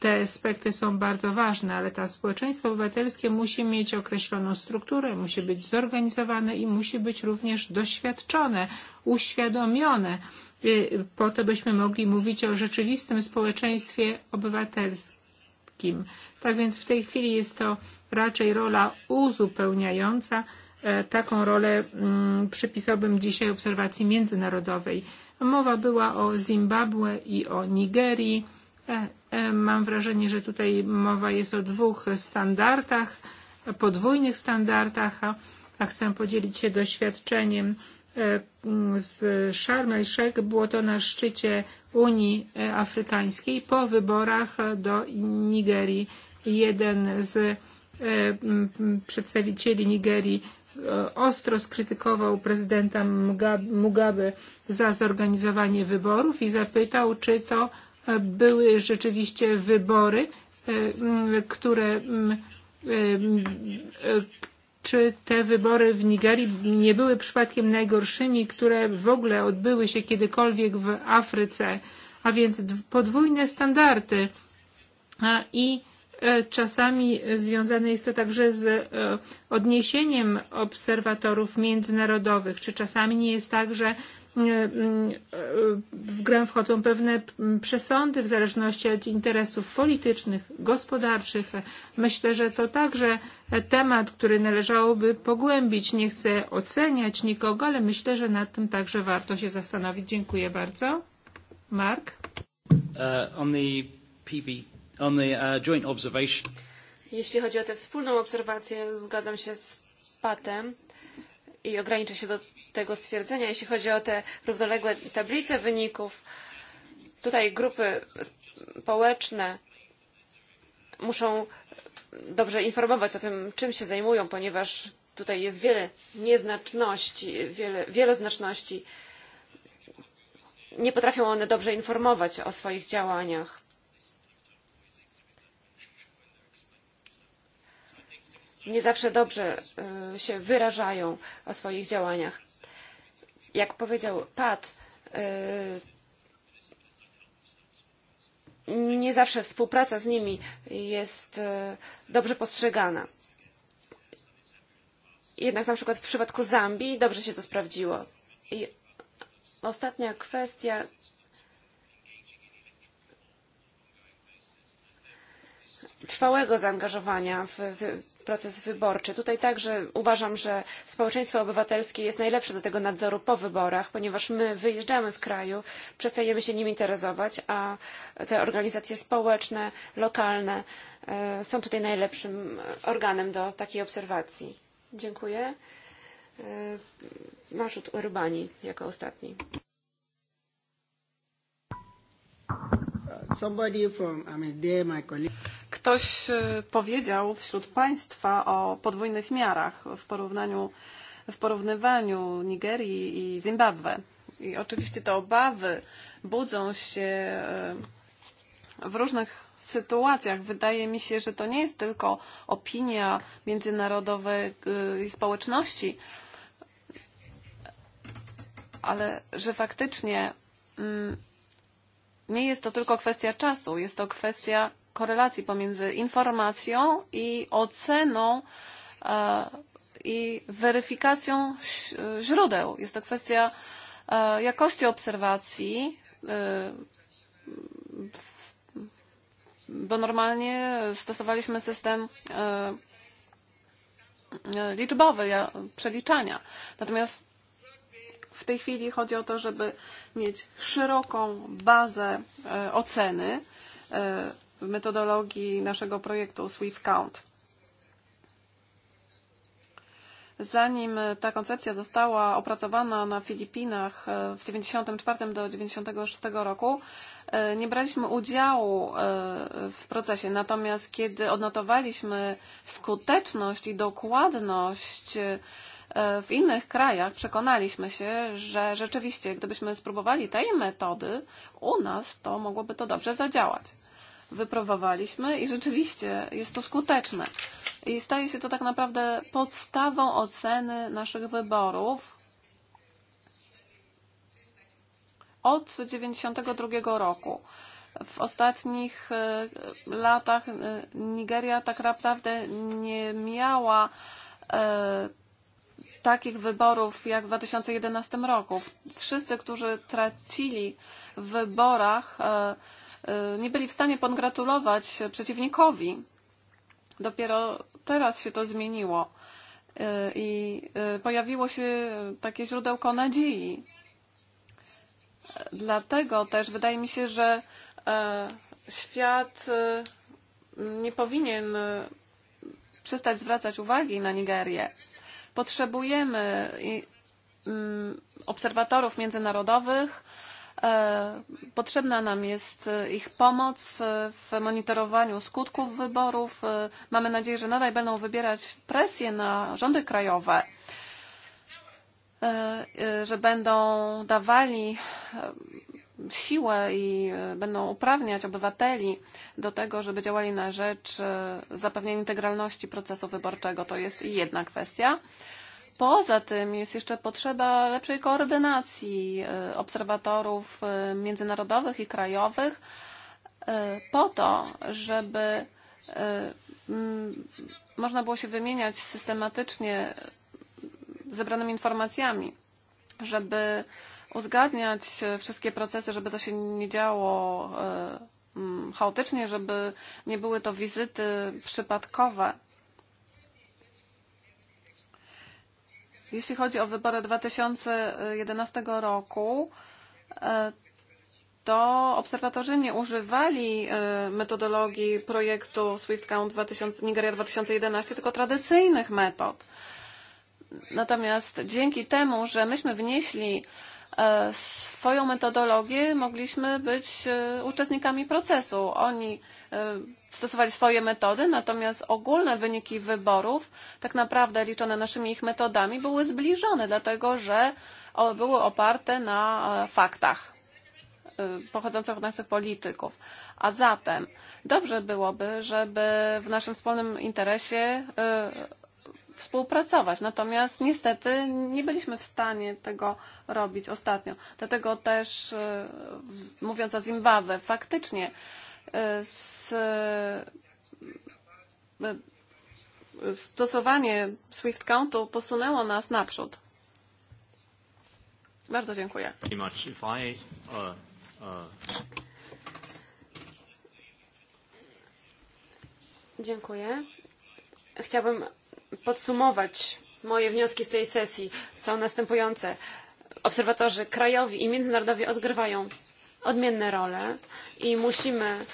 te aspekty są bardzo ważne, ale to społeczeństwo obywatelskie musi mieć określoną strukturę, musi być zorganizowane i musi być również doświadczone, uświadomione, po to byśmy mogli mówić o rzeczywistym społeczeństwie obywatelskim. Tak więc w tej chwili jest to raczej rola uzupełniająca. E, taką rolę mm, przypisałbym dzisiaj obserwacji międzynarodowej. Mowa była o Zimbabwe i o Nigerii E, e, mam wrażenie, że tutaj mowa jest o dwóch standardach, podwójnych standardach, a, a chcę podzielić się doświadczeniem e, z Sharm el-Sheikh. Było to na szczycie Unii Afrykańskiej po wyborach do Nigerii. Jeden z przedstawicieli Nigerii ostro skrytykował prezydenta Mugabe za zorganizowanie wyborów i zapytał, czy to były rzeczywiście wybory, e, które mm, e, czy te wybory w Nigerii nie były przypadkiem najgorszymi, które w ogóle odbyły się kiedykolwiek w Afryce, a więc podwójne standardy i e, czasami związane jest to także z odniesieniem obserwatorów międzynarodowych, czy czasami nie jest tak, że w grę wchodzą pewne przesądy w zależności od interesów politycznych, gospodarczych. Myślę, że to także temat, który należałoby pogłębić. Nie chcę oceniać nikogo, ale myślę, że nad tym także warto się zastanowić. Dziękuję bardzo. Mark? Uh, on the PV, on the uh, joint observation. Jeśli chodzi o tę wspólną obserwację, zgadzam się z Patem i ograniczę się do tego stwierdzenia, jeśli chodzi o te równoległe tablice wyników. Tutaj grupy społeczne muszą dobrze informować o tym, czym się zajmują, ponieważ tutaj jest wiele nieznaczności, wiele, wieloznaczności. Nie potrafią one dobrze informować o swoich działaniach. Nie zawsze dobrze się wyrażają o swoich działaniach jak powiedział Pat, nie zawsze współpraca z nimi jest dobrze postrzegana. Jednak na przykład w przypadku Zambii dobrze się to sprawdziło. I ostatnia kwestia, trwałego zaangażowania w, w proces wyborczy. Tutaj także uważam, że społeczeństwo obywatelskie jest najlepsze do tego nadzoru po wyborach, ponieważ my wyjeżdżamy z kraju, przestajemy się nim interesować, a te organizacje społeczne, lokalne y, e, są tutaj najlepszym organem do takiej obserwacji. Dziękuję. Y, e, Naszut Urbani jako ostatni. Somebody from, I mean, there my colleague ktoś e, powiedział wśród państwa o podwójnych miarach w porównaniu w porównywaniu Nigerii i Zimbabwe. I oczywiście te obawy budzą się e, w różnych sytuacjach. Wydaje mi się, że to nie jest tylko opinia międzynarodowej e, społeczności, ale że faktycznie mm, nie jest to tylko kwestia czasu, jest to kwestia korelacji pomiędzy informacją i oceną e, i weryfikacją źródeł. Jest to kwestia e, jakości obserwacji, e, bo normalnie stosowaliśmy system liczbowy przeliczania. Natomiast w tej chwili chodzi o to, żeby mieć szeroką bazę oceny metodologii naszego projektu Swift Count. Zanim ta koncepcja została opracowana na Filipinach e, w 1994 do 1996 roku, e, nie braliśmy udziału e, w procesie. Natomiast kiedy odnotowaliśmy skuteczność i dokładność w innych krajach, przekonaliśmy się, że rzeczywiście, gdybyśmy spróbowali tej metody u nas, to mogłoby to dobrze zadziałać wypróbowaliśmy i rzeczywiście jest to skuteczne. I staje się to tak naprawdę podstawą oceny naszych wyborów od 1992 roku. W ostatnich e, latach e, Nigeria tak naprawdę nie miała e, takich wyborów jak w 2011 roku. Wszyscy, którzy tracili w wyborach, nie byli w stanie pogratulować przeciwnikowi. Dopiero teraz się to zmieniło i pojawiło się takie źródełko nadziei. Dlatego też wydaje mi się, że e, świat nie powinien przestać zwracać uwagi na Nigerię. Potrzebujemy mm, obserwatorów międzynarodowych, E, potrzebna nam jest e, ich pomoc e, w monitorowaniu skutków wyborów. Mamy nadzieję, że nadal będą wybierać presję na rządy krajowe, że będą dawali siłę i będą uprawniać obywateli do tego, żeby działali na rzecz zapewnienia integralności procesu wyborczego. To jest jedna kwestia. Poza tym jest jeszcze potrzeba lepszej koordynacji e, obserwatorów e, międzynarodowych i krajowych e, po to, żeby można było się wymieniać systematycznie zebranymi informacjami, żeby uzgadniać wszystkie procesy, żeby to się nie działo chaotycznie, żeby nie były to wizyty przypadkowe. Jeśli chodzi o wybory 2011 roku, e, to obserwatorzy nie używali e, metodologii projektu Swift Count 2000, Nigeria 2011, tylko tradycyjnych metod. Natomiast dzięki temu, że myśmy wnieśli E, swoją metodologię, mogliśmy być e, uczestnikami procesu. Oni e, stosowali swoje metody, natomiast ogólne wyniki wyborów, tak naprawdę liczone naszymi ich metodami, były zbliżone, dlatego że były oparte na faktach pochodzących od naszych polityków. A zatem dobrze byłoby, żeby w naszym wspólnym interesie współpracować. Natomiast niestety nie byliśmy w stanie tego robić ostatnio. Dlatego też, mówiąc o Zimbabwe, faktycznie z stosowanie Swift Countu posunęło nas naprzód. Bardzo dziękuję. Uh, uh, dziękuję. Chciałbym podsumować moje wnioski z tej sesji są następujące. Obserwatorzy krajowi i międzynarodowi odgrywają odmienne role i musimy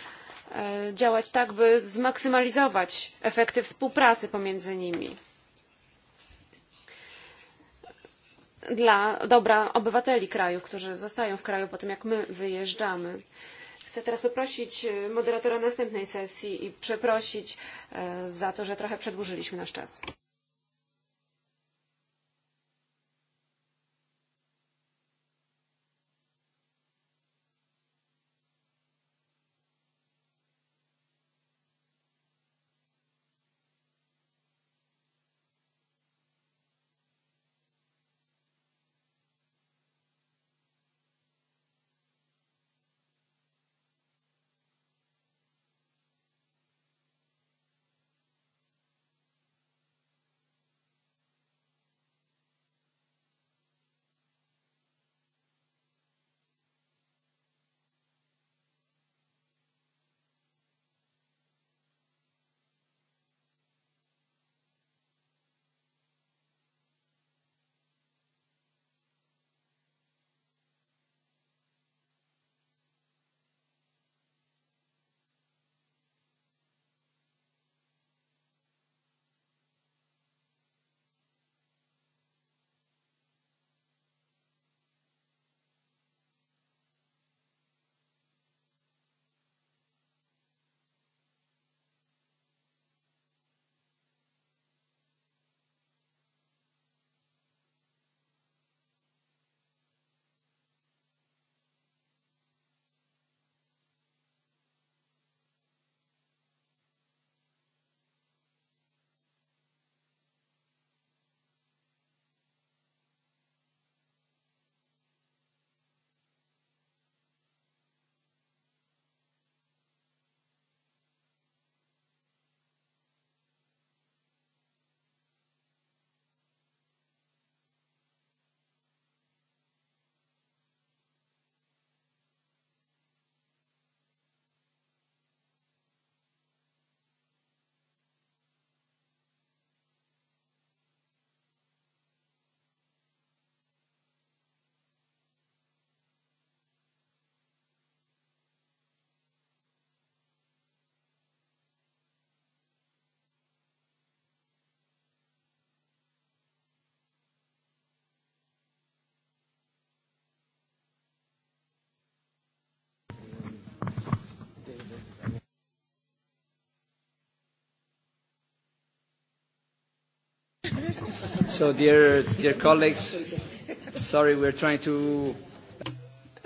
e, działać tak, by zmaksymalizować efekty współpracy pomiędzy nimi dla dobra obywateli krajów, którzy zostają w kraju po tym, jak my wyjeżdżamy. Chcę teraz poprosić e, moderatora następnej sesji i przeprosić e, za to, że trochę przedłużyliśmy nasz czas.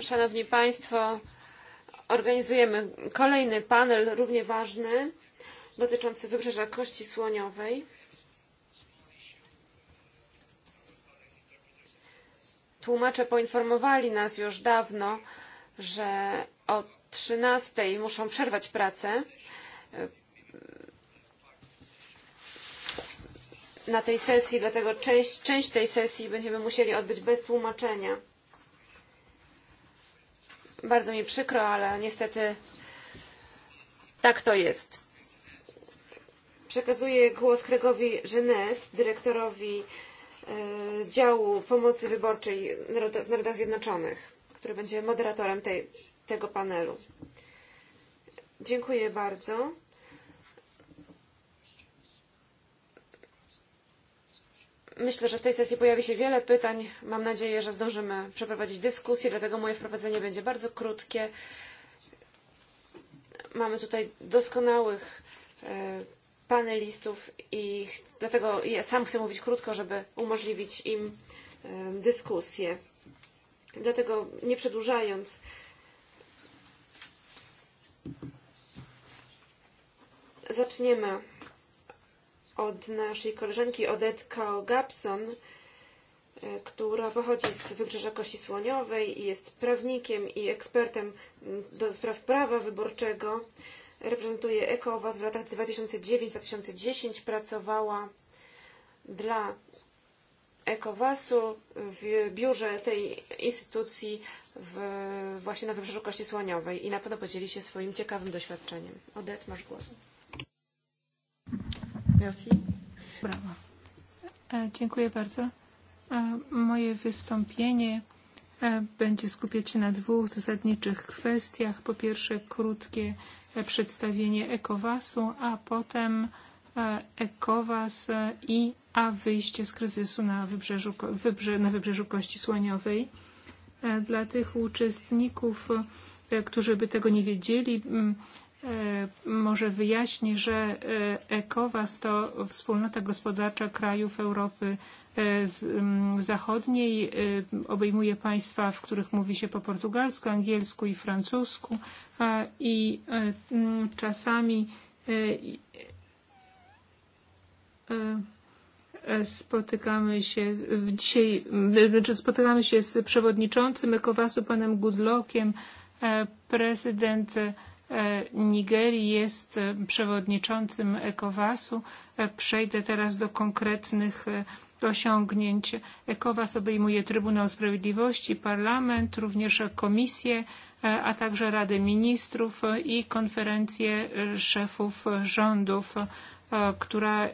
Szanowni Państwo, organizujemy kolejny panel, równie ważny, dotyczący Wybrzeża Kości Słoniowej. Tłumacze poinformowali nas już dawno, że o 13 muszą przerwać pracę na tej sesji, dlatego część, część tej sesji będziemy musieli odbyć bez tłumaczenia. Bardzo mi przykro, ale niestety tak to jest. Przekazuję głos Kregowi Genes, dyrektorowi e, działu pomocy wyborczej w Narodach Zjednoczonych, który będzie moderatorem tej, tego panelu. Dziękuję bardzo. Myślę, że w tej sesji pojawi się wiele pytań. Mam nadzieję, że zdążymy przeprowadzić dyskusję, dlatego moje wprowadzenie będzie bardzo krótkie. Mamy tutaj doskonałych e, panelistów i dlatego ja sam chcę mówić krótko, żeby umożliwić im e, dyskusję. Dlatego nie przedłużając, zaczniemy od naszej koleżanki Odette Kao-Gabson, e, która pochodzi z Wybrzeża Kości Słoniowej i jest prawnikiem i ekspertem do spraw prawa wyborczego. Reprezentuje ECOWAS w latach 2009-2010. Pracowała dla ECOWAS-u w biurze tej instytucji w, właśnie na Wybrzeżu Kości Słoniowej i na pewno podzieli się swoim ciekawym doświadczeniem. Odet, masz głos. Merci. Brawo. E, dziękuję bardzo. E, moje wystąpienie e, będzie skupiać się na dwóch zasadniczych kwestiach. Po pierwsze krótkie przedstawienie ECOWAS-u, a potem ECOWAS i a wyjście z kryzysu na wybrzeżu, wybrze, na wybrzeżu Kości Słoniowej. Dla tych uczestników, którzy by tego nie wiedzieli, E, może wyjaśni, że e, ECOWAS to wspólnota gospodarcza krajów Europy e, Zachodniej. Obejmuje państwa, w których mówi się po portugalsku, angielsku i francusku i czasami spotykamy się dzisiaj, znaczy spotykamy się z przewodniczącym ECOWAS-u, panem Goodlockiem, prezydent E, Nigerii jest e, przewodniczącym ECOWAS-u. E, przejdę teraz do konkretnych osiągnięć. ECOWAS obejmuje Trybunał Sprawiedliwości, Parlament, również Komisję, a także Radę Ministrów i konferencję szefów rządów, która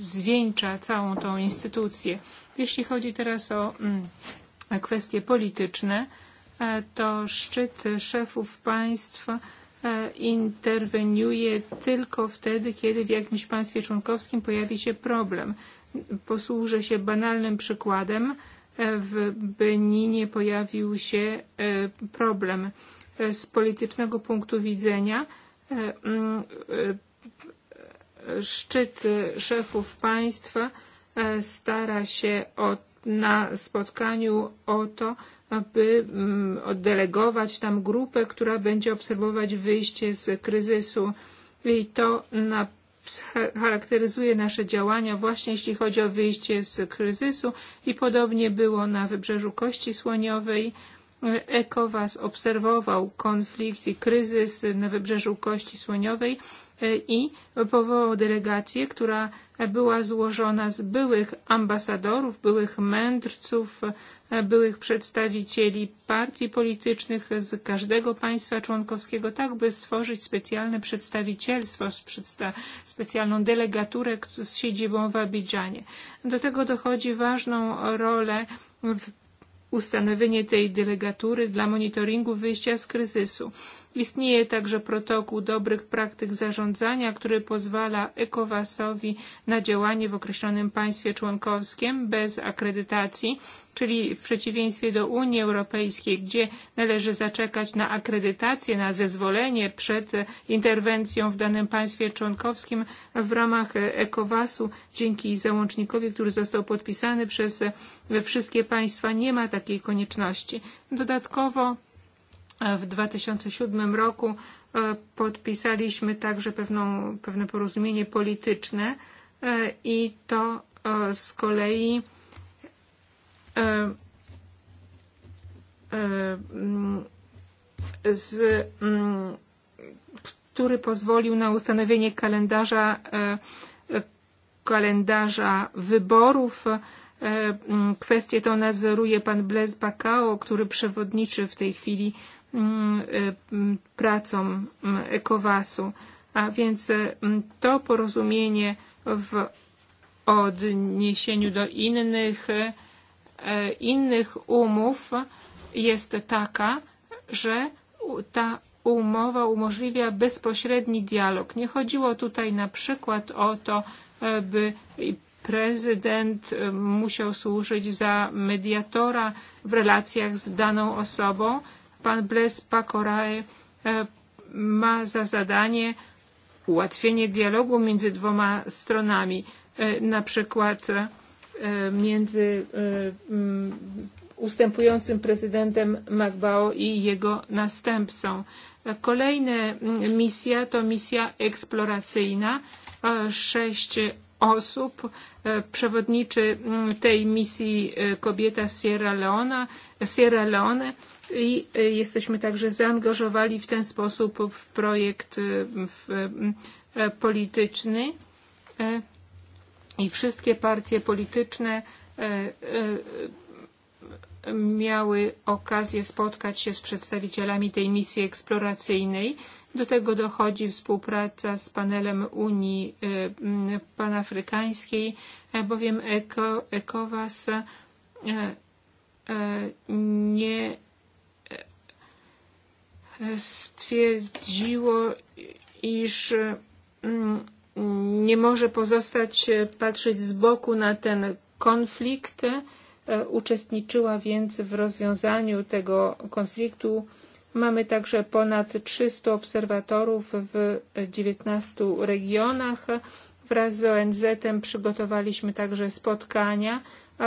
zwieńcza całą tą instytucję. Jeśli chodzi teraz o mm, kwestie polityczne, to szczyt szefów państw E, interweniuje tylko wtedy, kiedy w jakimś państwie członkowskim pojawi się problem. Posłużę się banalnym przykładem. E, w Beninie pojawił się e, problem z politycznego punktu widzenia. Mm, szczyt szefów państwa stara się o, na spotkaniu o to, aby mm, oddelegować tam grupę, która będzie obserwować wyjście z kryzysu. I to na, charakteryzuje nasze działania właśnie jeśli chodzi o wyjście z kryzysu i podobnie było na wybrzeżu Kości Słoniowej. ECOWAS obserwował konflikt i kryzys na wybrzeżu Kości Słoniowej i powołał delegację, która była złożona z byłych ambasadorów, byłych mędrców, byłych przedstawicieli partii politycznych z każdego państwa członkowskiego, tak by stworzyć specjalne przedstawicielstwo, specjalną delegaturę z siedzibą w Abidżanie. Do tego dochodzi ważną rolę w ustanowienie tej delegatury dla monitoringu wyjścia z kryzysu. Istnieje także protokół dobrych praktyk zarządzania, który pozwala ECOWAS-owi na działanie w określonym państwie członkowskim bez akredytacji, czyli w przeciwieństwie do Unii Europejskiej, gdzie należy zaczekać na akredytację, na zezwolenie przed interwencją w danym państwie członkowskim w ramach ECOWAS-u dzięki załącznikowi, który został podpisany przez wszystkie państwa, nie ma takiej konieczności. Dodatkowo W 2007 roku e, podpisaliśmy także pewną, pewne porozumienie polityczne e, i to e, z kolei z, który pozwolił na ustanowienie kalendarza, kalendarza wyborów. Kwestię tę nadzoruje pan Blaise Bacao, który przewodniczy w tej chwili Mm, pracą mm, ECOWAS-u. A więc mm, to porozumienie w odniesieniu do innych, e, innych umów jest taka, że ta umowa umożliwia bezpośredni dialog. Nie chodziło tutaj na przykład o to, by prezydent e, musiał służyć za mediatora w relacjach z daną osobą, Pan Blaise Pacorae e, ma za zadanie ułatwienie dialogu między dwoma stronami, e, na przykład e, między mm, ustępującym prezydentem Magbao i jego następcą. Kolejna mm, misja to misja eksploracyjna. Sześć osób przewodniczy mm, tej misji kobieta Sierra Leone. Sierra Leone i jesteśmy także zaangażowani w ten sposób w projekt w, polityczny e, i wszystkie partie polityczne e, e, miały okazję spotkać się z przedstawicielami tej misji eksploracyjnej. Do tego dochodzi współpraca z panelem Unii Panafrykańskiej, bowiem ECOWAS nie stwierdziło, iż mm, nie może pozostać e, patrzeć z boku na ten konflikt. E, uczestniczyła więc w rozwiązaniu tego konfliktu. Mamy także ponad 300 obserwatorów w 19 regionach. Wraz z ONZ przygotowaliśmy także spotkania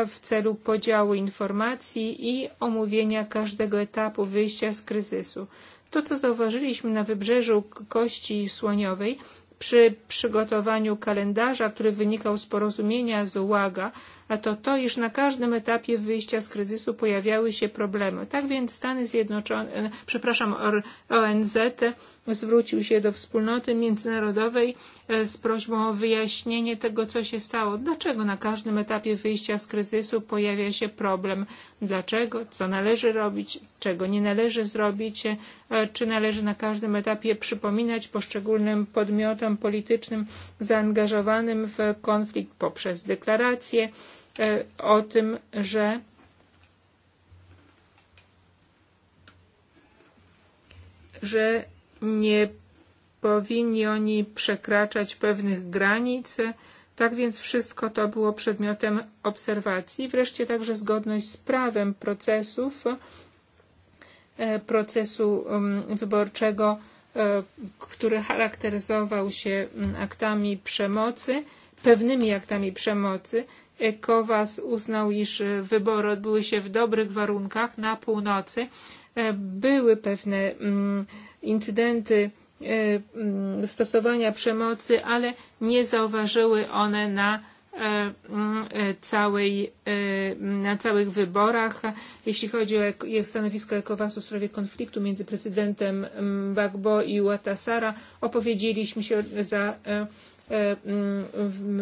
w celu podziału informacji i omówienia każdego etapu wyjścia z kryzysu. To, co zauważyliśmy na wybrzeżu Kości Słoniowej przy przygotowaniu kalendarza, który wynikał z porozumienia z Łaga A to to, iż na każdym etapie wyjścia z kryzysu pojawiały się problemy. Tak więc Stany Zjednoczone, e, przepraszam, ONZ zwrócił się do wspólnoty międzynarodowej e, z prośbą o wyjaśnienie tego, co się stało. Dlaczego na każdym etapie wyjścia z kryzysu pojawia się problem? Dlaczego? Co należy robić? Czego nie należy zrobić? E, czy należy na każdym etapie przypominać poszczególnym podmiotom politycznym zaangażowanym w konflikt poprzez deklaracje? E, o tym, że że nie powinni oni przekraczać pewnych granic, tak więc wszystko to było przedmiotem obserwacji. Wreszcie także zgodność z prawem procesów, e, procesu mm, wyborczego, e, który charakteryzował się mm, aktami przemocy, pewnymi aktami przemocy, ECOWAS uznał, iż wybory odbyły się w dobrych warunkach na północy. E, były pewne mm, incydenty e, mm, stosowania przemocy, ale nie zauważyły one na e, mm, całej, na całych wyborach. Jeśli chodzi o stanowisko ECOWAS-u w sprawie konfliktu między prezydentem Bagbo i Ouattasara, opowiedzieliśmy się za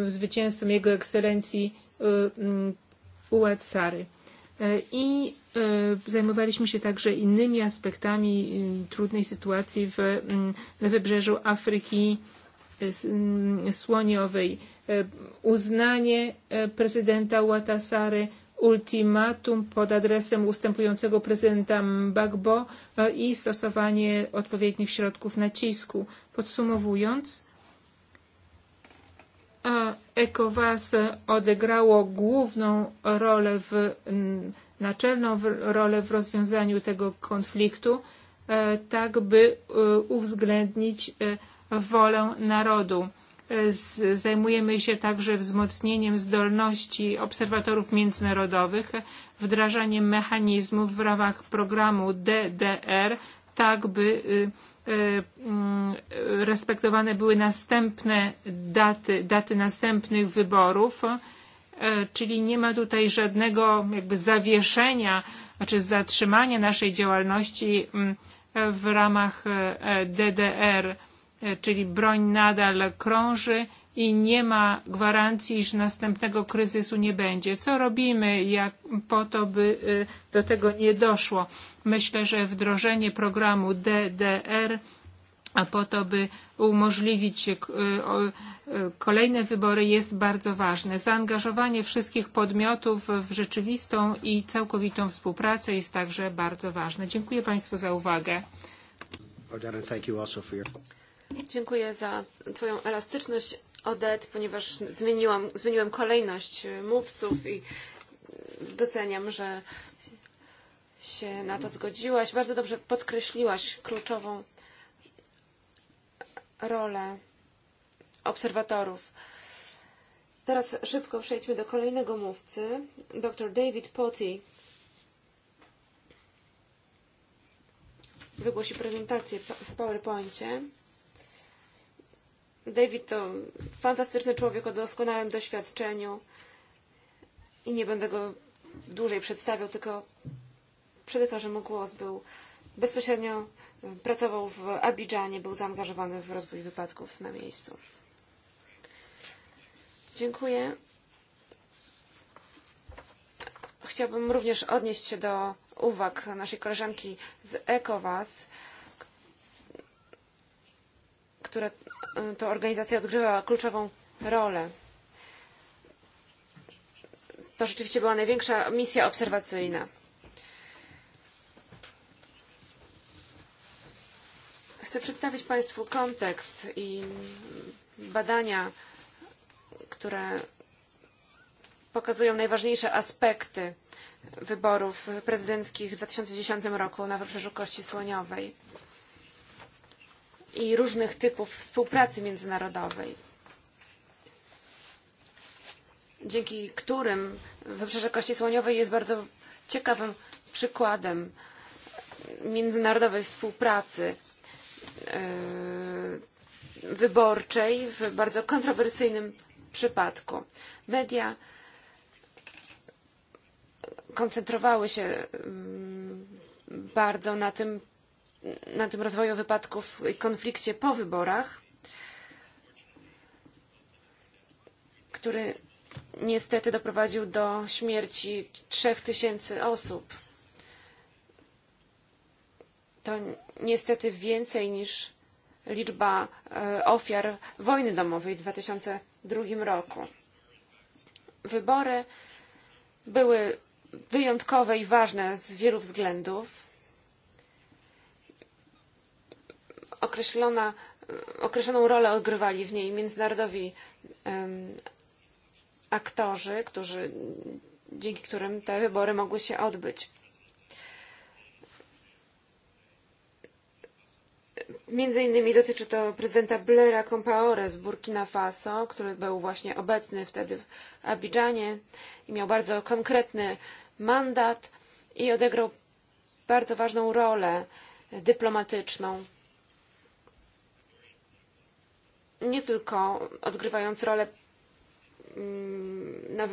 zwycięstwem Jego Ekscelencji E, mm, uecar Sary. E, I e, zajmowaliśmy się także innymi aspektami trudnej sytuacji w, mm, na wybrzeżu Afryki mm, Słoniowej. Uznanie prezydenta Watasary ultimatum pod adresem ustępującego prezydenta Mbagbo i stosowanie odpowiednich środków nacisku. Podsumowując, ECOWAS odegrało główną rolę, w, naczelną rolę w rozwiązaniu tego konfliktu, e, tak by e, uwzględnić e, wolę narodu. Zajmujemy się także wzmocnieniem zdolności obserwatorów międzynarodowych, wdrażaniem mechanizmów w ramach programu DDR, tak by y, E, mm, respektowane były następne daty, daty następnych wyborów, e, czyli nie ma tutaj żadnego jakby zawieszenia czy zatrzymania naszej działalności mm, w ramach e, DDR, czyli broń nadal krąży i nie ma gwarancji, że następnego kryzysu nie będzie. Co robimy jak, po to, by do tego nie doszło? Myślę, że wdrożenie programu DDR a po to, by umożliwić e, e, kolejne wybory jest bardzo ważne. Zaangażowanie wszystkich podmiotów w rzeczywistą i całkowitą współpracę jest także bardzo ważne. Dziękuję Państwu za uwagę. Dziękuję za Twoją elastyczność, Odet, ponieważ zmieniłam, zmieniłam kolejność e, mówców i doceniam, że się na to zgodziłaś. Bardzo dobrze podkreśliłaś kluczową rolę obserwatorów. Teraz szybko przejdźmy do kolejnego mówcy, dr David Potty. Wygłosi prezentację w PowerPoincie. David to fantastyczny człowiek o doskonałym doświadczeniu i nie będę go dłużej przedstawiał, tylko przywykła, mógł głos był bezpośrednio pracował w Abidżanie, był zaangażowany w rozwój wypadków na miejscu. Dziękuję. Chciałbym również odnieść się do uwag naszej koleżanki z ECOWAS, która to organizacja odgrywa kluczową rolę. To rzeczywiście była największa misja obserwacyjna. Chcę przedstawić Państwu kontekst i badania, które pokazują najważniejsze aspekty wyborów prezydenckich w 2010 roku na Wybrzeżu Kości Słoniowej i różnych typów współpracy międzynarodowej, dzięki którym Wybrzeże Kości Słoniowej jest bardzo ciekawym przykładem międzynarodowej współpracy E, wyborczej w bardzo kontrowersyjnym przypadku. Media koncentrowały się mm, bardzo na tym, na tym rozwoju wypadków i konflikcie po wyborach, który niestety doprowadził do śmierci trzech tysięcy osób to niestety więcej niż liczba e, ofiar wojny domowej w 2002 roku. Wybory były wyjątkowe i ważne z wielu względów. Określona, określoną rolę odgrywali w niej międzynarodowi um, aktorzy, którzy, dzięki którym te wybory mogły się odbyć. Między innymi dotyczy to prezydenta Blaira Compaore z Burkina Faso, który był właśnie obecny wtedy w Abidżanie i miał bardzo konkretny mandat i odegrał bardzo ważną rolę dyplomatyczną. Nie tylko odgrywając rolę Mm,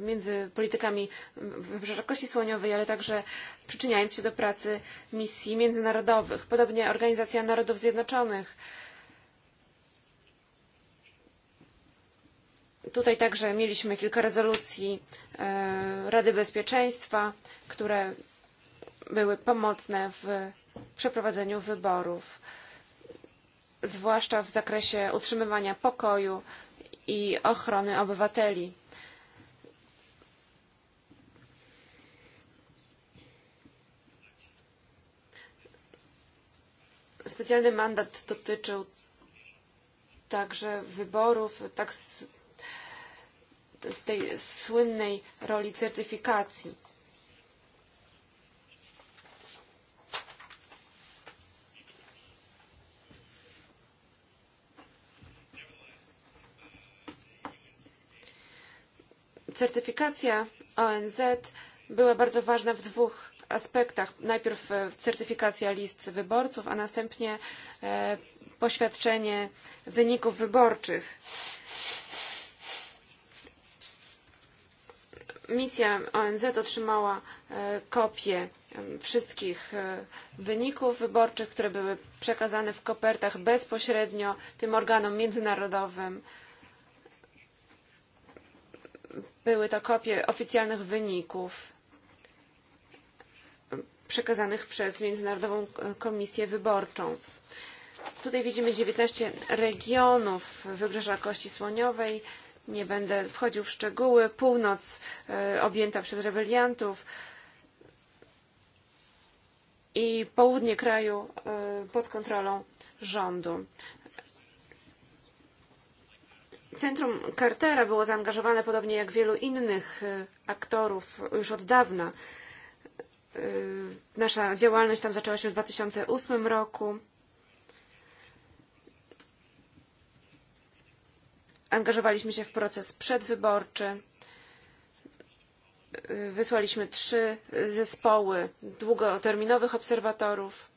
między politykami Wybrzeża Kości Słoniowej, ale także przyczyniając się do pracy misji międzynarodowych. Podobnie Organizacja Narodów Zjednoczonych. Tutaj także mieliśmy kilka rezolucji e, Rady Bezpieczeństwa, które były pomocne w przeprowadzeniu wyborów, zwłaszcza w zakresie utrzymywania pokoju i ochrony obywateli. Specjalny mandat dotyczył także wyborów, tak z, z tej słynnej roli certyfikacji. certyfikacja ONZ była bardzo ważna w dwóch aspektach. Najpierw e, certyfikacja list wyborców, a następnie e, poświadczenie wyników wyborczych. Misja ONZ otrzymała e, kopię wszystkich wyników wyborczych, które były przekazane w kopertach bezpośrednio tym organom międzynarodowym były to kopie oficjalnych wyników przekazanych przez Międzynarodową Komisję Wyborczą. Tutaj widzimy 19 regionów Wybrzeża Kości Słoniowej. Nie będę wchodził w szczegóły. Północ e, objęta przez rebeliantów i południe kraju e, pod kontrolą rządu. Centrum Cartera było zaangażowane, podobnie jak wielu innych e, aktorów, już od dawna. E, nasza działalność tam zaczęła się w 2008 roku. Angażowaliśmy się w proces przedwyborczy. E, wysłaliśmy trzy zespoły długoterminowych obserwatorów.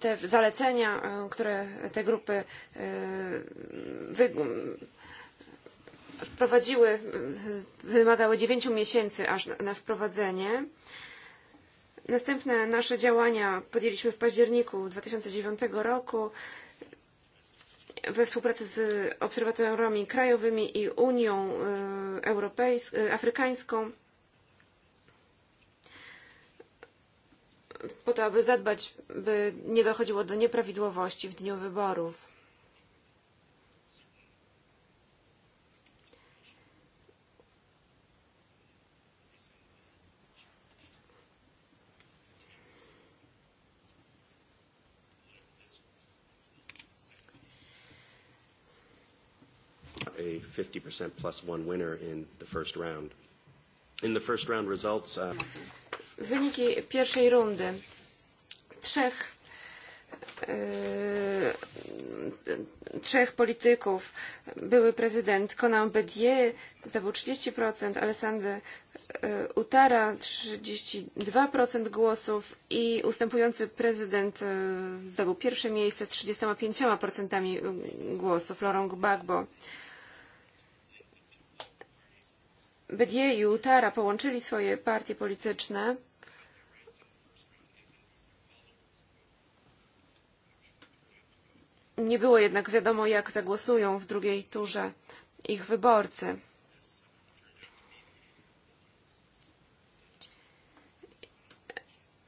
te zalecenia, e, które te grupy e, wy... wprowadziły, wymagały 9 miesięcy aż na wprowadzenie. Następne nasze działania podjęliśmy w październiku 2009 roku we współpracy z obserwatoriami krajowymi i Unią e, Europejs- Afrykańską po to, aby zadbać, by nie dochodziło do nieprawidłowości w dniu wyborów. a 50% plus one winner in the first round. In the first round results, uh wyniki pierwszej rundy trzech yy, e, trzech polityków. Były prezydent Conan Bedier zdobył 30%, Alessandre e, Utara 32% głosów i ustępujący prezydent e, zdobył pierwsze miejsce z 35% głosów, Laurent Gbagbo. Bedier i Utara połączyli swoje partie polityczne Nie było jednak wiadomo, jak zagłosują w drugiej turze ich wyborcy.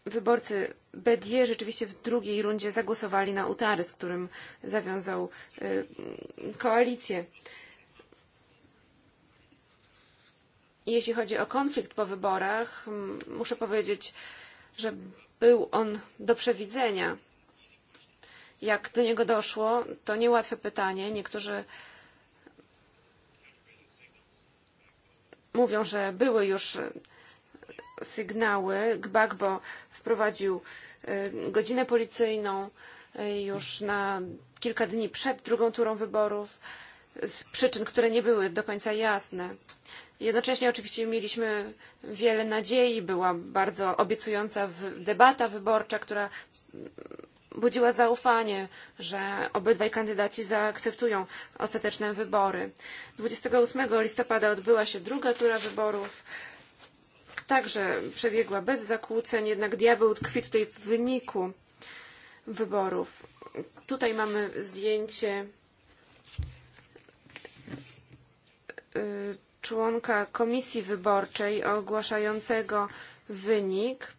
Wyborcy Bedie rzeczywiście w drugiej rundzie zagłosowali na Utary, z którym zawiązał koalicję. Jeśli chodzi o konflikt po wyborach, muszę powiedzieć, że był on do przewidzenia jak do niego doszło, to niełatwe pytanie. Niektórzy mówią, że były już sygnały. Gbagbo wprowadził godzinę policyjną już na kilka dni przed drugą turą wyborów z przyczyn, które nie były do końca jasne. Jednocześnie oczywiście mieliśmy wiele nadziei, była bardzo obiecująca debata wyborcza, która budziła zaufanie, że obydwaj kandydaci zaakceptują ostateczne wybory. 28 listopada odbyła się druga tura wyborów. Także przebiegła bez zakłóceń, jednak diabeł tkwi tutaj w wyniku wyborów. Tutaj mamy zdjęcie członka komisji wyborczej ogłaszającego wynik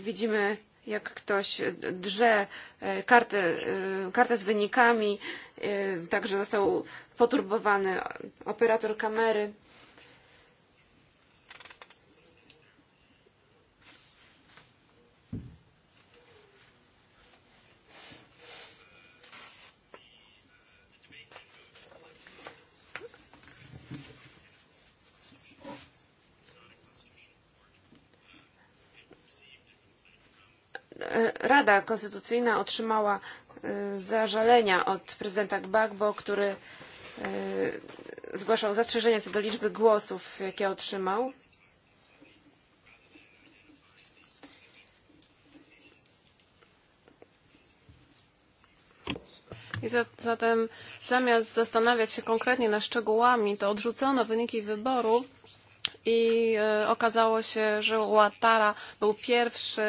widzimy, jak ktoś drze e, kartę, e, kartę z wynikami, e, także został poturbowany operator kamery. Rada Konstytucyjna otrzymała e, zażalenia od prezydenta Gbagbo, który e, zgłaszał zastrzeżenia co do liczby głosów, jakie otrzymał. I zatem zamiast zastanawiać się konkretnie nad szczegółami, to odrzucono wyniki wyborów i e, okazało się, że Ouattara był pierwszy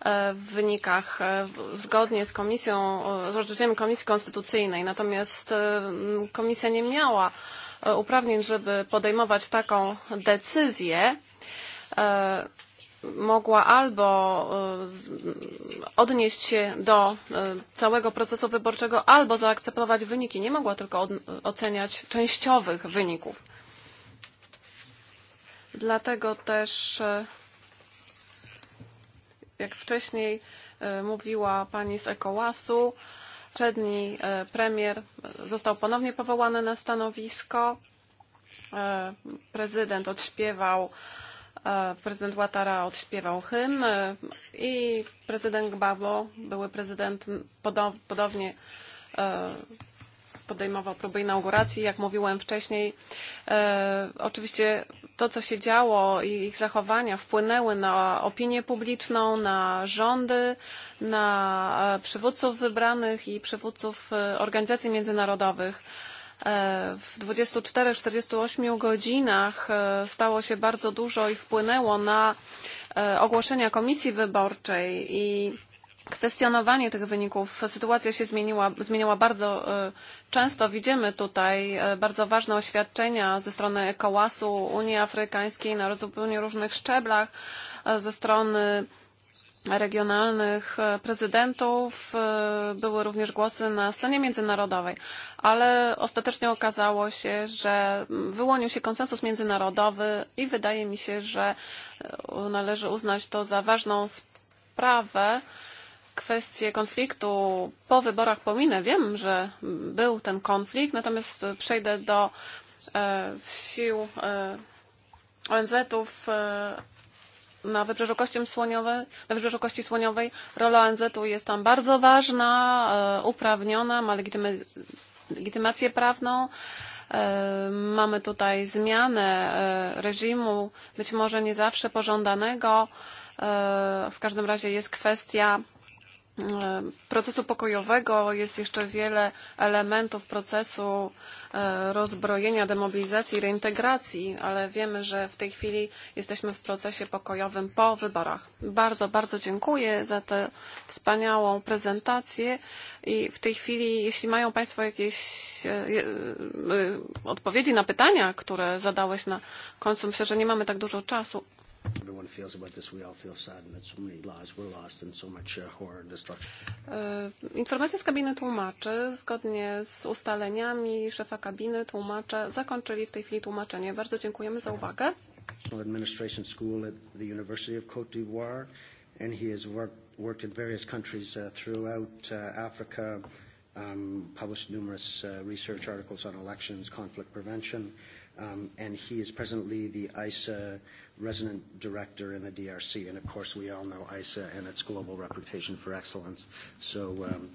e, w wynikach e, zgodnie z komisją, z orzeczeniem Komisji Konstytucyjnej. Natomiast komisja nie miała uprawnień, żeby podejmować taką decyzję mogła albo odnieść się do całego procesu wyborczego, albo zaakceptować wyniki. Nie mogła tylko oceniać częściowych wyników. Dlatego też, e, jak wcześniej e, mówiła pani z ECOWAS-u, poprzedni e, premier został ponownie powołany na stanowisko. Prezydent odśpiewał, prezydent Ouattara odśpiewał hymn i prezydent Gbagbo, były prezydent, podobnie podejmował próby inauguracji. Jak mówiłem wcześniej, e, oczywiście to, co się działo i ich zachowania wpłynęły na opinię publiczną, na rządy, na e, przywódców wybranych i przywódców e, organizacji międzynarodowych. E, w 24-48 godzinach stało się bardzo dużo i wpłynęło na ogłoszenia komisji wyborczej i kwestionowanie tych wyników. Sytuacja się zmieniła, zmieniła bardzo e, często. Widzimy tutaj e, bardzo ważne oświadczenia ze strony ECOWAS-u, Unii Afrykańskiej na zupełnie różnych szczeblach, e, ze strony regionalnych prezydentów, były również głosy na scenie międzynarodowej, ale ostatecznie okazało się, że wyłonił się konsensus międzynarodowy i wydaje mi się, że należy uznać to za ważną sprawę, kwestię konfliktu po wyborach pominę. Wiem, że był ten konflikt, natomiast przejdę do e, sił e, ONZ-ów e, na Wybrzeżu Kości Słoniowej. Na Wybrzeżu Kości Słoniowej rola ONZ-u jest tam bardzo ważna, e, uprawniona, ma legitymy, legitymację prawną. E, mamy tutaj zmianę e, reżimu, być może nie zawsze pożądanego. E, w każdym razie jest kwestia E, procesu pokojowego jest jeszcze wiele elementów procesu e, rozbrojenia, demobilizacji, reintegracji, ale wiemy, że w tej chwili jesteśmy w procesie pokojowym po wyborach. Bardzo, bardzo dziękuję za tę wspaniałą prezentację i w tej chwili, jeśli mają Państwo jakieś e, odpowiedzi na pytania, które zadałeś na końcu, myślę, że nie mamy tak dużo czasu, Everyone feels about this. We all feel saddened. So many lives were lost and so much uh, horror and destruction. E, Informacje z kabiny tłumaczy, zgodnie z ustaleniami szefa kabiny tłumacze, zakończyli w tej chwili tłumaczenie. Bardzo dziękujemy za uwagę. Administration School at the University of Cote d'Ivoire and he has worked, worked in various countries uh, throughout uh, Africa, um, published numerous uh, research articles on elections, conflict prevention, um, and he is presently the ISA Uh, resident director in the DRC. And of course, we all know ISA and its global reputation for excellence. So um,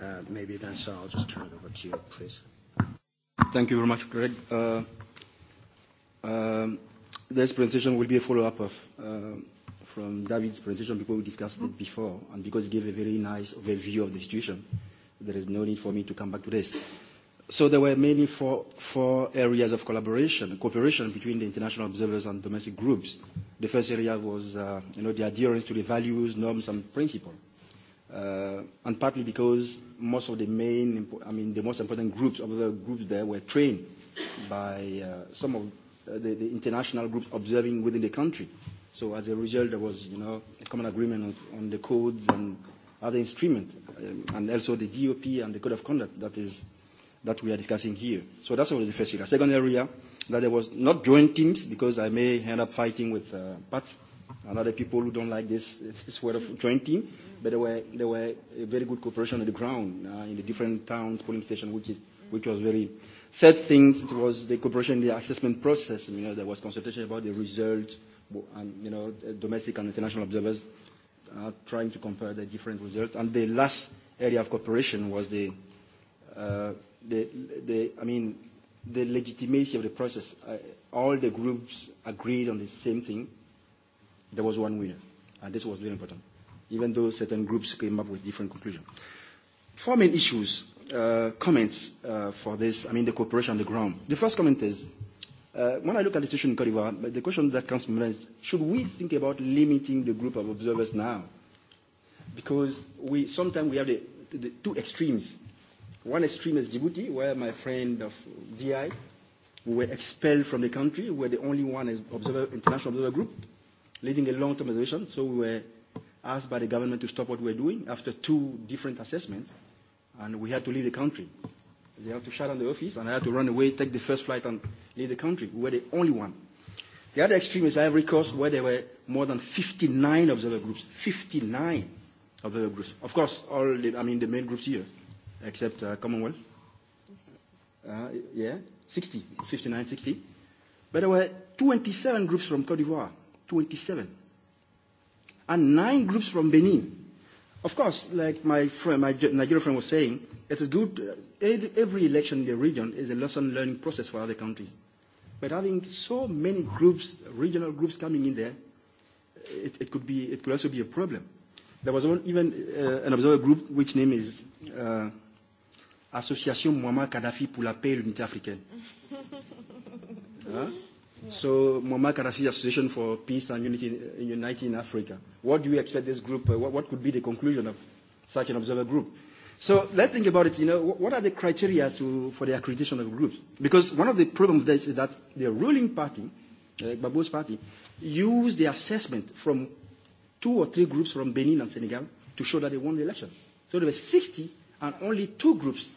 uh, maybe, Vincent, I'll just turn it over to you, please. Thank you very much, Greg. Uh, um, this presentation will be a follow-up of, uh, from David's presentation because we discussed it before and because it gave a very nice overview of the situation. There is no need for me to come back to this. So there were mainly four, four areas of collaboration, cooperation between the international observers and domestic groups. The first area was, uh, you know, the adherence to the values, norms, and principles. Uh, and partly because most of the main, I mean, the most important groups of the groups there were trained by uh, some of uh, the, the international groups observing within the country. So as a result, there was, you know, a common agreement on, on the codes and other instruments, um, and also the DOP and the code of conduct that is that we are discussing here. So that's was the first area. Second area, that there was not joint teams because I may end up fighting with uh, Pat and other people who don't like this, this word of joint team, but there were, there were a very good cooperation on the ground uh, in the different towns, polling stations, which, is, which was very... Third thing it was the cooperation in the assessment process. You know, there was consultation about the results, and, you know, domestic and international observers uh, trying to compare the different results. And the last area of cooperation was the uh, the, the, I mean, the legitimacy of the process. Uh, all the groups agreed on the same thing. There was one winner, and this was very important, even though certain groups came up with different conclusions. Four main issues, uh, comments uh, for this, I mean, the cooperation on the ground. The first comment is, uh, when I look at the situation in Cote d'Ivoire, the question that comes to mind is, should we think about limiting the group of observers now? Because we, sometimes we have the, the two extremes One extreme is Djibouti, where my friend of DI, who were expelled from the country, were the only one as observer, international observer group, leading a long-term observation. So we were asked by the government to stop what we were doing after two different assessments, and we had to leave the country. They had to shut down the office, and I had to run away, take the first flight, and leave the country. We were the only one. The other extreme is Ivory Coast, where there were more than 59 observer groups. 59 observer groups. Of course, all the, I mean the main groups here except uh, Commonwealth. Uh, yeah, 60, 59, 60. But there were 27 groups from Cote d'Ivoire, 27. And nine groups from Benin. Of course, like my friend, my Nigerian friend was saying, it is good. Uh, every election in the region is a lesson learning process for other countries. But having so many groups, regional groups coming in there, it, it could be, it could also be a problem. There was one, even uh, an observer group which name is uh, Association Muammar Kadhafi pour la paix et l'unité africaine. huh? Yeah. So Muammar Kadhafi Association for Peace and Unity in Unity in Africa. What do you expect this group? Uh, what, what could be the conclusion of such an observer group? So let's think about it. You know, what are the criteria to, for the accreditation of groups? Because one of the problems there is that the ruling party, uh, Babu's party, used the assessment from two or three groups from Benin and Senegal to show that they won the election. So there were 60 and only two groups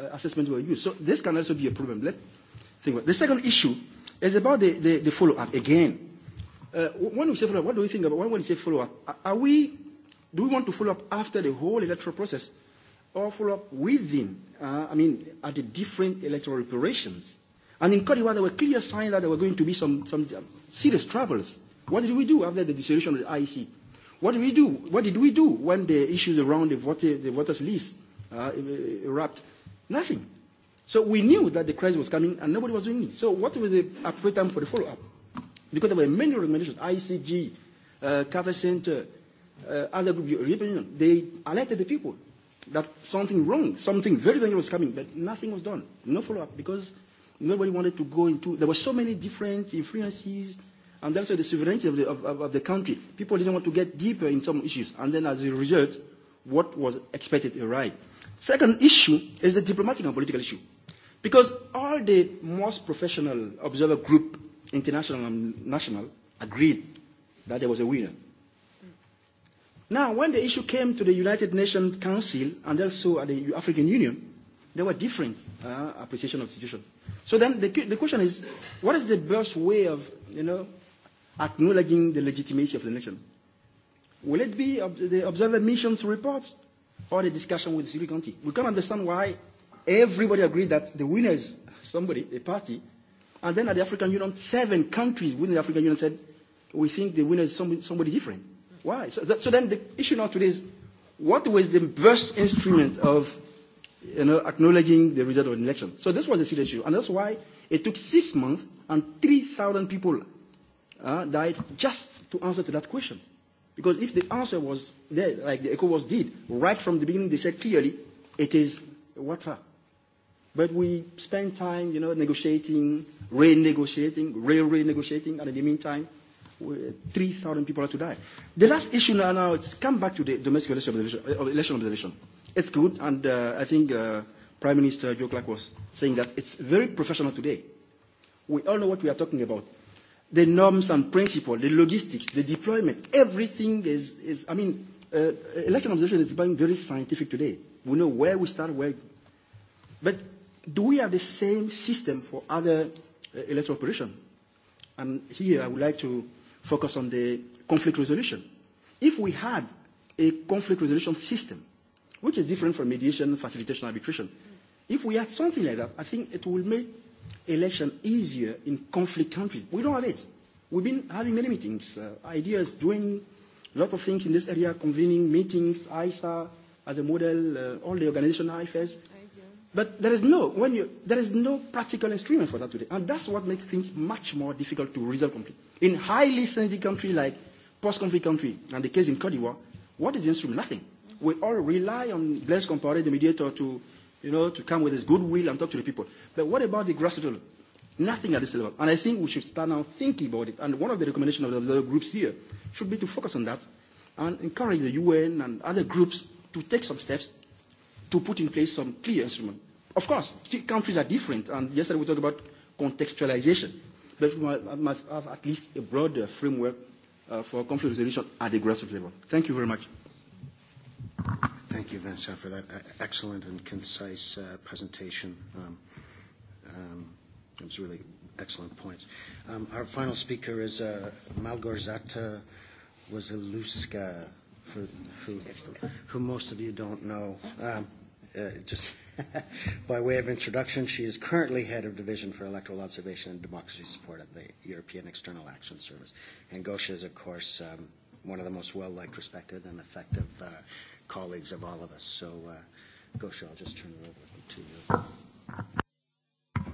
uh, assessment were used. So this can also be a problem. Let think about. The second issue is about the, the, the follow-up again. Uh, when we say follow-up, what do we think about when we say follow-up? Are we, do we want to follow up after the whole electoral process or follow up within, uh, I mean, at the different electoral operations? And in Cote there were clear signs that there were going to be some, some um, serious troubles. What did we do after the dissolution of the IEC? What did we do? What did we do when the issues around the, voter, the voters list uh, erupted? Nothing. So we knew that the crisis was coming and nobody was doing it. So what was the appropriate time for the follow-up? Because there were many recommendations, ICG, uh, Cafe Center, uh, other group, European Union, they alerted the people that something wrong, something very dangerous was coming, but nothing was done. No follow-up because nobody wanted to go into, there were so many different influences and also the sovereignty of the, of, of, of the country. People didn't want to get deeper in some issues. And then as a result, what was expected arrived. Second issue is the diplomatic and political issue. Because all the most professional observer group, international and national, agreed that there was a winner. Now, when the issue came to the United Nations Council and also at the African Union, there were different uh, appreciation of the situation. So then the, the question is, what is the best way of, you know, acknowledging the legitimacy of the nation? Will it be ob- the observer missions reports? or the discussion with Sri County. We can't understand why everybody agreed that the winner is somebody, a party, and then at the African Union, seven countries within the African Union said, we think the winner is somebody, somebody different. Why? So, that, so then the issue now today is, what was the best instrument of you know, acknowledging the result of an election? So this was a serious issue, and that's why it took six months and 3,000 people uh, died just to answer to that question. Because if the answer was there, like the ECOWAS did, right from the beginning, they said clearly, it is water. But we spend time, you know, negotiating, renegotiating, re-renegotiating, and in the meantime, 3,000 people are to die. The last issue now, now it's come back to the domestic election observation. Uh, observation. It's good, and uh, I think uh, Prime Minister Joe Clark was saying that it's very professional today. We all know what we are talking about the norms and principles, the logistics, the deployment, everything is, is I mean, uh, election observation is becoming very scientific today. We know where we start, where. But do we have the same system for other uh, electoral operations? And here I would like to focus on the conflict resolution. If we had a conflict resolution system, which is different from mediation, facilitation, arbitration, if we had something like that, I think it will make election easier in conflict countries. We don't have it. We've been having many meetings, uh, ideas, doing a lot of things in this area, convening meetings, ISA as a model, uh, all the organization IFS. But there is no when you, there is no practical instrument for that today, and that's what makes things much more difficult to resolve conflict. In highly sensitive country like post-conflict country, and the case in Cote d'Ivoire, what is the instrument? Nothing. We all rely on Blaise Compaoré, the mediator, to you know, to come with his goodwill and talk to the people. But what about the grassroots level? Nothing at this level. And I think we should start now thinking about it. And one of the recommendations of the other groups here should be to focus on that and encourage the UN and other groups to take some steps to put in place some clear instrument. Of course, countries are different, and yesterday we talked about contextualization, but we must have at least a broader framework uh, for conflict resolution at the grassroots level. Thank you very much. Thank you, Vincent, for that uh, excellent and concise uh, presentation. Um, um, it was really excellent points. Um, our final speaker is uh, Malgorzata Wasilewska, who, most of you don't know. just by way of introduction, she is currently head of division for electoral observation and democracy support at the European External Action Service. And Gosha is, of course, one of the most well-liked, respected, and effective colleagues of all of us. So, uh, Gosha, I'll just turn it over to you.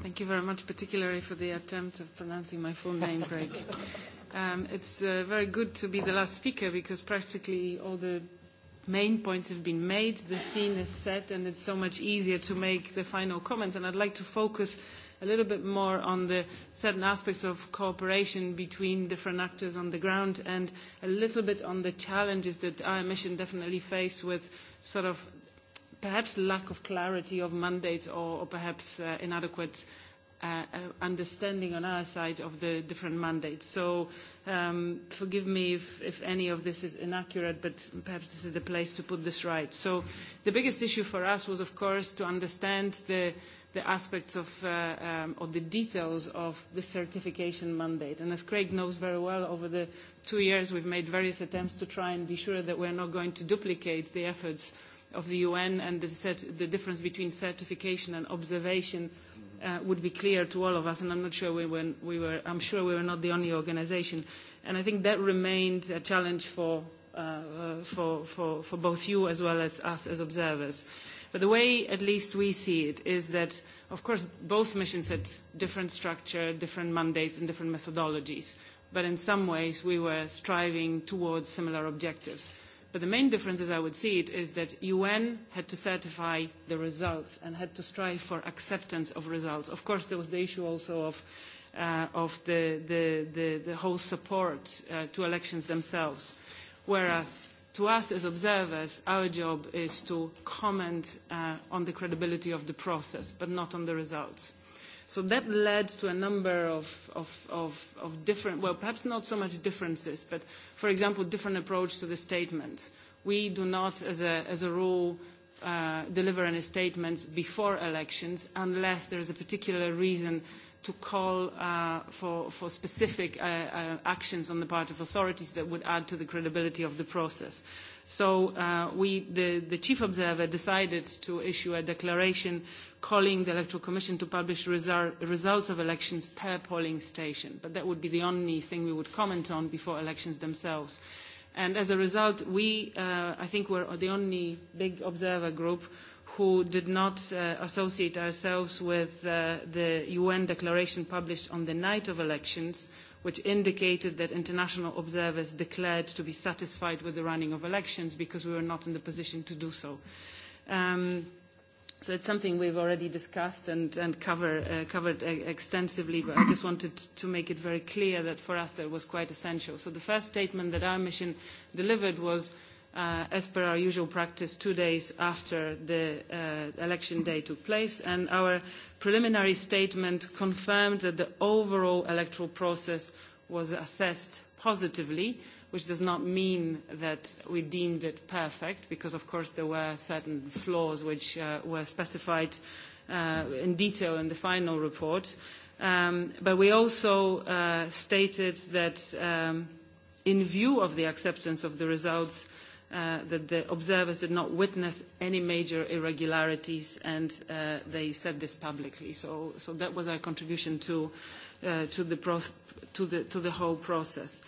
Thank you very much, particularly for the attempt of pronouncing my full name, Greg. Um, it's uh, very good to be the last speaker because practically all the main points have been made, the scene is set, and it's so much easier to make the final comments. And I'd like to focus a little bit more on the certain aspects of cooperation between different actors on the ground and a little bit on the challenges that our mission definitely faced with sort of perhaps lack of clarity of mandates or, or perhaps uh, inadequate uh, uh understanding on our side of the different mandates. So um, forgive me if, if any of this is inaccurate, but perhaps this is the place to put this right. So the biggest issue for us was, of course, to understand the the aspects of, uh, um, or the details of the certification mandate. And as Craig knows very well, over the two years we've made various attempts to try and be sure that we're not going to duplicate the efforts of the UN and the, the difference between certification and observation uh, would be clear to all of us, and I'm not sure we were, we were, I'm sure we were not the only organization. And I think that remained a challenge for, uh, uh, for, for, for both you as well as us as observers. But the way at least we see it is that, of course, both missions had different structure, different mandates and different methodologies. But in some ways, we were striving towards similar objectives. But the main difference, as I would see it, is that UN had to certify the results and had to strive for acceptance of results. Of course, there was the issue also of, uh, of the, the, the, the whole support uh, to elections themselves, whereas to us as observers, our job is to comment uh, on the credibility of the process, but not on the results. So that led to a number of, of, of, of different, well, perhaps not so much differences, but for example, different approach to the statements. We do not, as a, as a rule, uh, deliver any statements before elections unless there is a particular reason to call uh, for, for specific uh, uh, actions on the part of authorities that would add to the credibility of the process. So uh, we, the, the chief observer decided to issue a declaration calling the Electoral Commission to publish result, results of elections per polling station. But that would be the only thing we would comment on before elections themselves. And as a result, we, uh, I think we're the only big observer group who did not uh, associate ourselves with uh, the UN declaration published on the night of elections, which indicated that international observers declared to be satisfied with the running of elections because we were not in the position to do so. Um, so it's something we've already discussed and, and cover, uh, covered uh, extensively, but I just wanted to make it very clear that for us that was quite essential. So the first statement that our mission delivered was Uh, as per our usual practice, two days after the uh, election day took place, and our preliminary statement confirmed that the overall electoral process was assessed positively, which does not mean that we deemed it perfect, because of course there were certain flaws which uh, were specified uh, in detail in the final report. Um, but we also uh, stated that um, in view of the acceptance of the results, Uh, that the observers did not witness any major irregularities, and uh, they said this publicly. So, so that was our contribution to, uh, to, the, pro- to, the, to the whole process.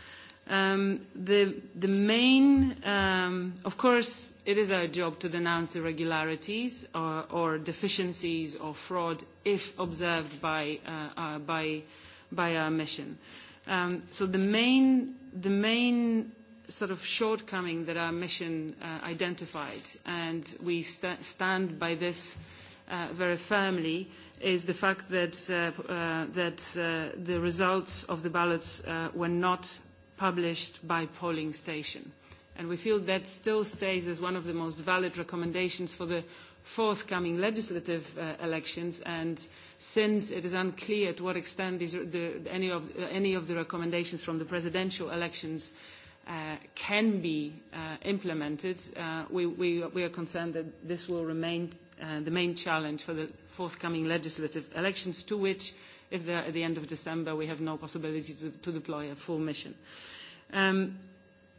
Um, the, the main, um, of course, it is our job to denounce irregularities or, or deficiencies or fraud if observed by, uh, uh by, by our mission. Um, so the main, the main sort of shortcoming that our mission uh, identified, and we st- stand by this uh, very firmly, is the fact that, uh, uh, that uh, the results of the ballots uh, were not published by polling station. And we feel that still stays as one of the most valid recommendations for the forthcoming legislative uh, elections. And since it is unclear to what extent these, the, any, of, uh, any of the recommendations from the presidential elections uh, Uh, can be uh, implemented, uh, we, we, we are concerned that this will remain uh, the main challenge for the forthcoming legislative elections, to which, if they're at the end of December, we have no possibility to, to deploy a full mission. Um,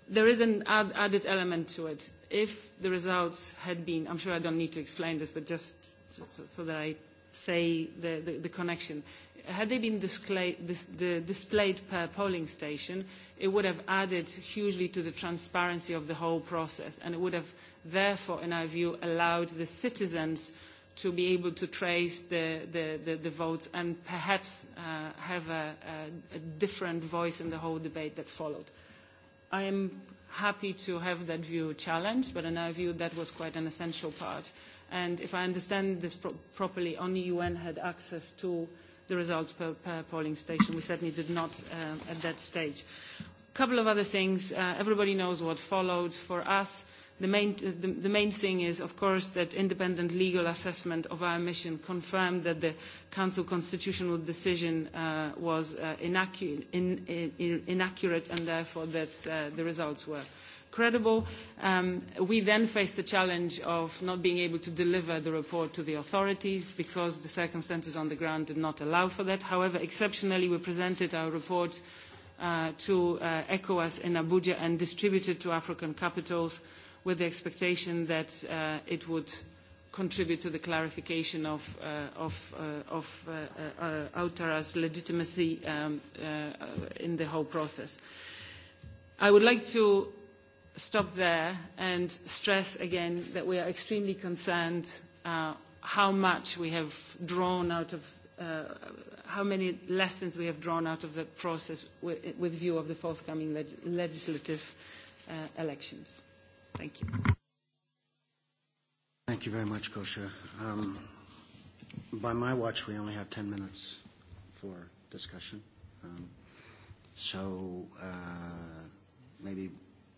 there is an ad added element to it. If the results had been, I'm sure I don't need to explain this, but just so, so that I say the, the, the connection had they been display, dis, the, displayed per polling station, it would have added hugely to the transparency of the whole process, and it would have therefore, in our view, allowed the citizens to be able to trace the, the, the, the votes and perhaps uh, have a, a, a different voice in the whole debate that followed. I am happy to have that view challenged, but in our view, that was quite an essential part. And if I understand this pro properly, only UN had access to uh, the results per, per polling station. We certainly did not uh, at that stage. A couple of other things. Uh, everybody knows what followed. For us, the main, uh, the, the main thing is, of course, that independent legal assessment of our mission confirmed that the Council constitutional decision uh, was uh, inaccurate, in, in, inaccurate and therefore that uh, the results were credible. Um, we then faced the challenge of not being able to deliver the report to the authorities because the circumstances on the ground did not allow for that. However, exceptionally, we presented our report uh, to uh, ECOWAS in Abuja and distributed to African capitals with the expectation that uh, it would contribute to the clarification of, uh, of, uh, of uh, uh Outara's legitimacy um, uh, in the whole process. I would like to stop there and stress again that we are extremely concerned uh, how much we have drawn out of uh, how many lessons we have drawn out of the process with, with view of the forthcoming leg legislative uh, elections. Thank you. Thank you very much, Kosha. Um, by my watch, we only have 10 minutes for discussion. Um, so uh, maybe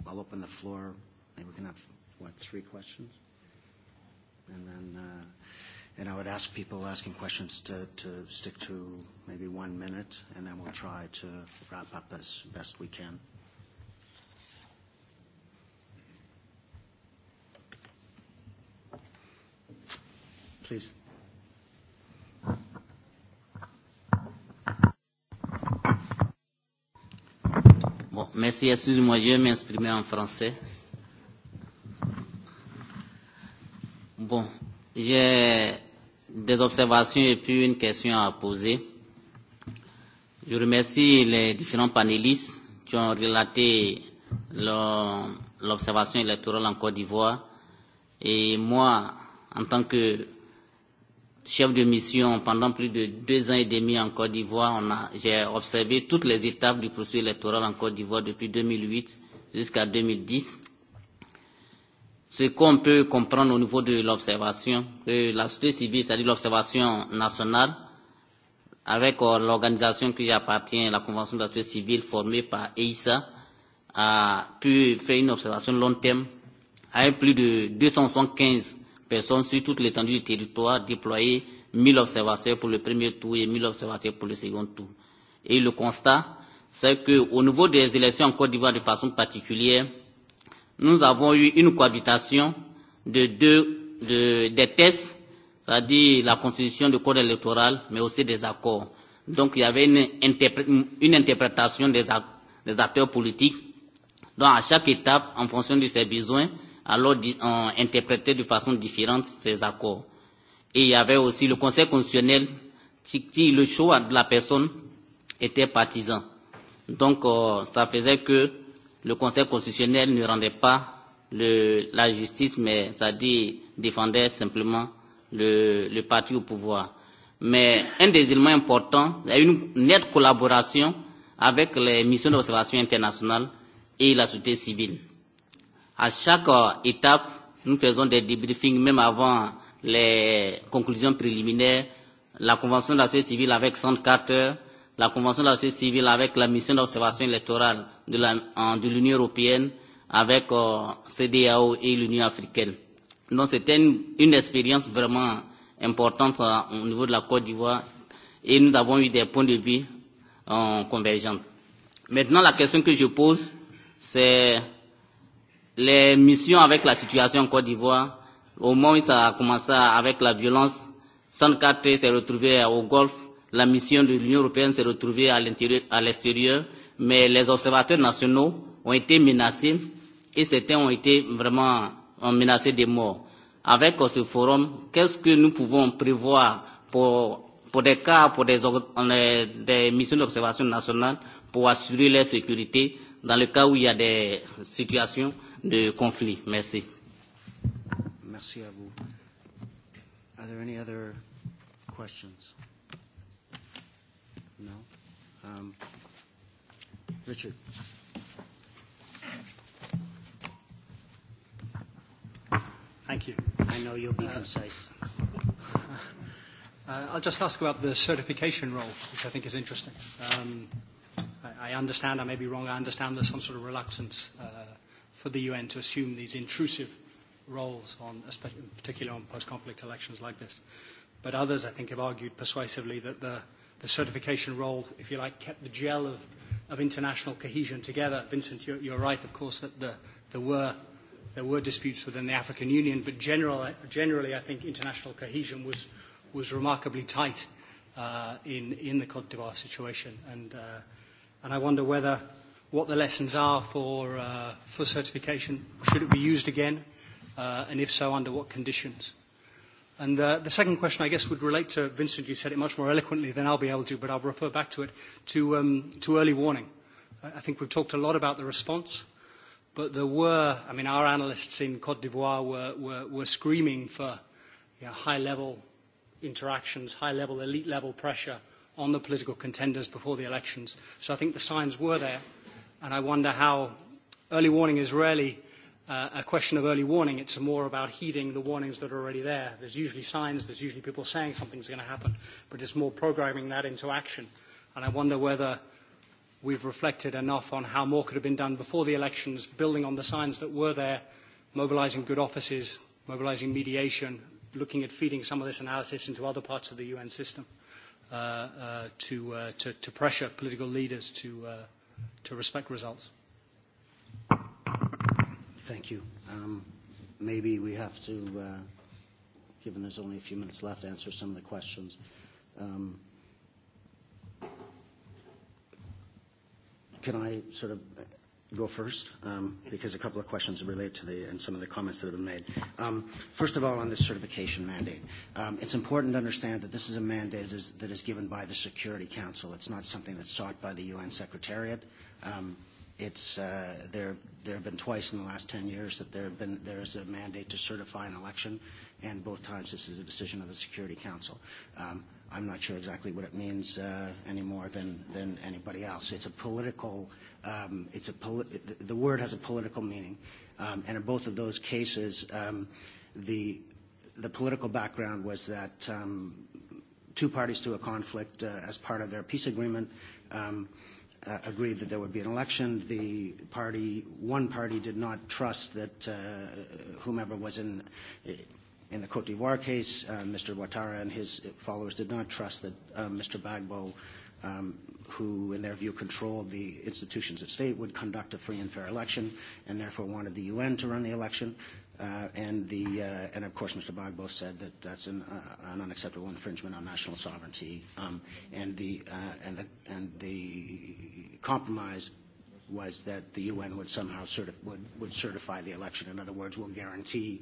I'll open the floor. Maybe we can have, what, three questions? And then, uh, and I would ask people asking questions to, to stick to maybe one minute, and then we'll try to wrap up as best we can. Please. Bon, merci, excusez-moi, je vais m'exprimer en français. Bon, j'ai des observations et puis une question à poser. Je remercie les différents panélistes qui ont relaté l'observation électorale en Côte d'Ivoire. Et moi, en tant que chef de mission pendant plus de deux ans et demi en Côte d'Ivoire. J'ai observé toutes les étapes du processus électoral en Côte d'Ivoire depuis 2008 jusqu'à 2010. Ce qu'on peut comprendre au niveau de l'observation, que la société civile, c'est-à-dire l'observation nationale, avec euh, l'organisation qui appartient à la Convention de la société civile formée par EISA, a pu faire une observation long terme avec plus de 275 personnes sur toute l'étendue du territoire, déployer 1000 observateurs pour le premier tour et 1000 observateurs pour le second tour. Et le constat, c'est qu'au niveau des élections en Côte d'Ivoire de façon particulière, nous avons eu une cohabitation de deux de, des tests, c'est-à-dire la constitution du code électoral, mais aussi des accords. Donc il y avait une, interpré une interprétation des, des acteurs politiques. Donc à chaque étape, en fonction de ses besoins, alors ont interprété de façon différente ces accords. Et il y avait aussi le Conseil constitutionnel qui, qui le choix de la personne était partisan. Donc euh, ça faisait que le Conseil constitutionnel ne rendait pas le, la justice, mais ça dit défendait simplement le, le parti au pouvoir. Mais un des éléments importants, il y a une nette collaboration avec les missions d'observation internationale et la société civile. À chaque euh, étape, nous faisons des débriefings, même avant les conclusions préliminaires. La Convention de la société civile avec 104 heures, la Convention de la société civile avec la mission d'observation électorale de l'Union européenne, avec euh, CDAO et l'Union africaine. Donc c'était une, une expérience vraiment importante euh, au niveau de la Côte d'Ivoire et nous avons eu des points de vue euh, convergents. Maintenant, la question que je pose, c'est les missions avec la situation en Côte d'Ivoire, au moment où ça a commencé avec la violence, 104 s'est retrouvé au Golfe, la mission de l'Union européenne s'est retrouvée à l'intérieur, à l'extérieur, mais les observateurs nationaux ont été menacés et certains ont été vraiment menacés de mort. Avec euh, ce forum, qu'est-ce que nous pouvons prévoir pour, pour des cas, pour des, euh, des missions d'observation nationale, pour assurer leur sécurité dans le cas où il y a des situations de conflit. Merci. Merci à vous. Are there any other questions? No? Um, Richard. Thank you. I know you'll be uh, concise. Uh, I'll just ask about the certification role, which I think is interesting. Um, I, I understand, I may be wrong, I understand there's some sort of reluctance uh, for the UN to assume these intrusive roles, on, particularly on post-conflict elections like this. But others, I think, have argued persuasively that the, the certification role, if you like, kept the gel of, of international cohesion together. Vincent, you're, you're right, of course, that the, there, were, there were disputes within the African Union, but general, generally, I think international cohesion was, was remarkably tight uh, in, in the Cote d'Ivoire situation. And, uh, and I wonder whether what the lessons are for, uh, for certification. Should it be used again? Uh, and if so, under what conditions? And uh, the second question, I guess, would relate to Vincent. You said it much more eloquently than I'll be able to, but I'll refer back to it, to, um, to early warning. I think we've talked a lot about the response, but there were, I mean, our analysts in Côte d'Ivoire were, were, were screaming for you know, high-level interactions, high-level, elite-level pressure on the political contenders before the elections. So I think the signs were there And I wonder how early warning is rarely uh, a question of early warning. It's more about heeding the warnings that are already there. There's usually signs, there's usually people saying something's going to happen, but it's more programming that into action. And I wonder whether we've reflected enough on how more could have been done before the elections, building on the signs that were there, mobilizing good offices, mobilizing mediation, looking at feeding some of this analysis into other parts of the UN system uh, uh, to, uh, to, to pressure political leaders to, uh, to respect results. Thank you. Um, maybe we have to, uh, given there's only a few minutes left, answer some of the questions. Um, can I sort of go first um, because a couple of questions relate to the and some of the comments that have been made. Um, first of all, on this certification mandate, um, it's important to understand that this is a mandate that is, that is given by the Security Council. It's not something that's sought by the UN Secretariat. Um, it's uh, there. There have been twice in the last 10 years that there have been there is a mandate to certify an election, and both times this is a decision of the Security Council. Um, I'm not sure exactly what it means uh, any more than, than anybody else. It's a political, um, it's a poli- the, word has a political meaning. Um, and in both of those cases, um, the, the political background was that um, two parties to a conflict, uh, as part of their peace agreement, um, uh, agreed that there would be an election. The party, one party did not trust that uh, whomever was in, In the Cote d'Ivoire case, uh, Mr. Ouattara and his followers did not trust that uh, Mr. Bagbo, um, who in their view controlled the institutions of state, would conduct a free and fair election and therefore wanted the UN to run the election. Uh, and, of course, Mr. Bagbo said that that's an, unacceptable infringement on national sovereignty. Um, and, the, compromise was that the UN would somehow would, certify the election. In other words, will guarantee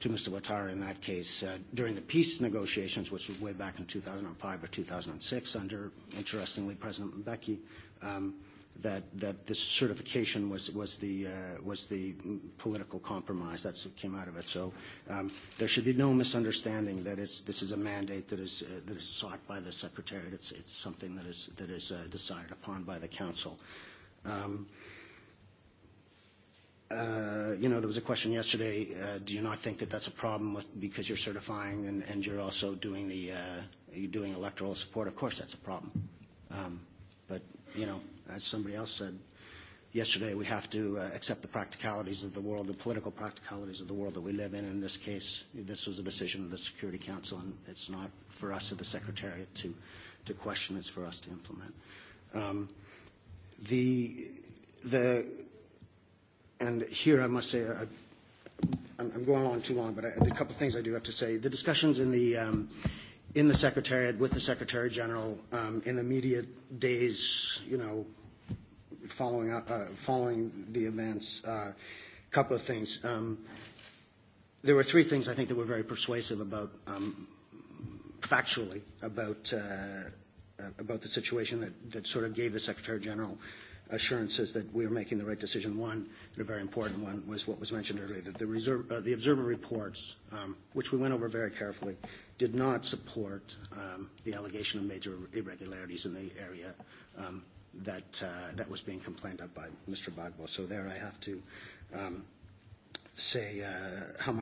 to Mr. Ouattara in that case uh, during the peace negotiations, which was way back in 2005 or 2006 under, interestingly, President Mbeki, um, that, that this certification was, was, the, uh, was the political compromise. that came out of it. So um, there should be no misunderstanding that it's, this is a mandate that is, uh, that is sought by the Secretariat. It's, it's something that is, that is uh, decided upon by the Council. Um, Uh, you know, there was a question yesterday, uh, do you not think that that's a problem with, because you're certifying and, and you're also doing the, uh, you're doing electoral support? Of course, that's a problem. Um, but, you know, as somebody else said yesterday, we have to uh, accept the practicalities of the world, the political practicalities of the world that we live in. In this case, this was a decision of the Security Council, and it's not for us at the Secretariat to, to question. It's for us to implement. Um, the, the and here I must say, I, I'm, I'm going on too long, but I, a couple of things I do have to say. The discussions in the um, in the Secretariat with the Secretary General um, in the media days, you know, following uh, following the events. A uh, couple of things. Um, there were three things I think that were very persuasive about um, factually about uh, about the situation that, that sort of gave the Secretary General assurances that we are making the right decision. One, and a very important one, was what was mentioned earlier, that the, reserve, uh, the observer reports, um, which we went over very carefully, did not support um, the allegation of major irregularities in the area um, that, uh, that was being complained of by Mr. Bagbo. So there I have to um, say uh, how much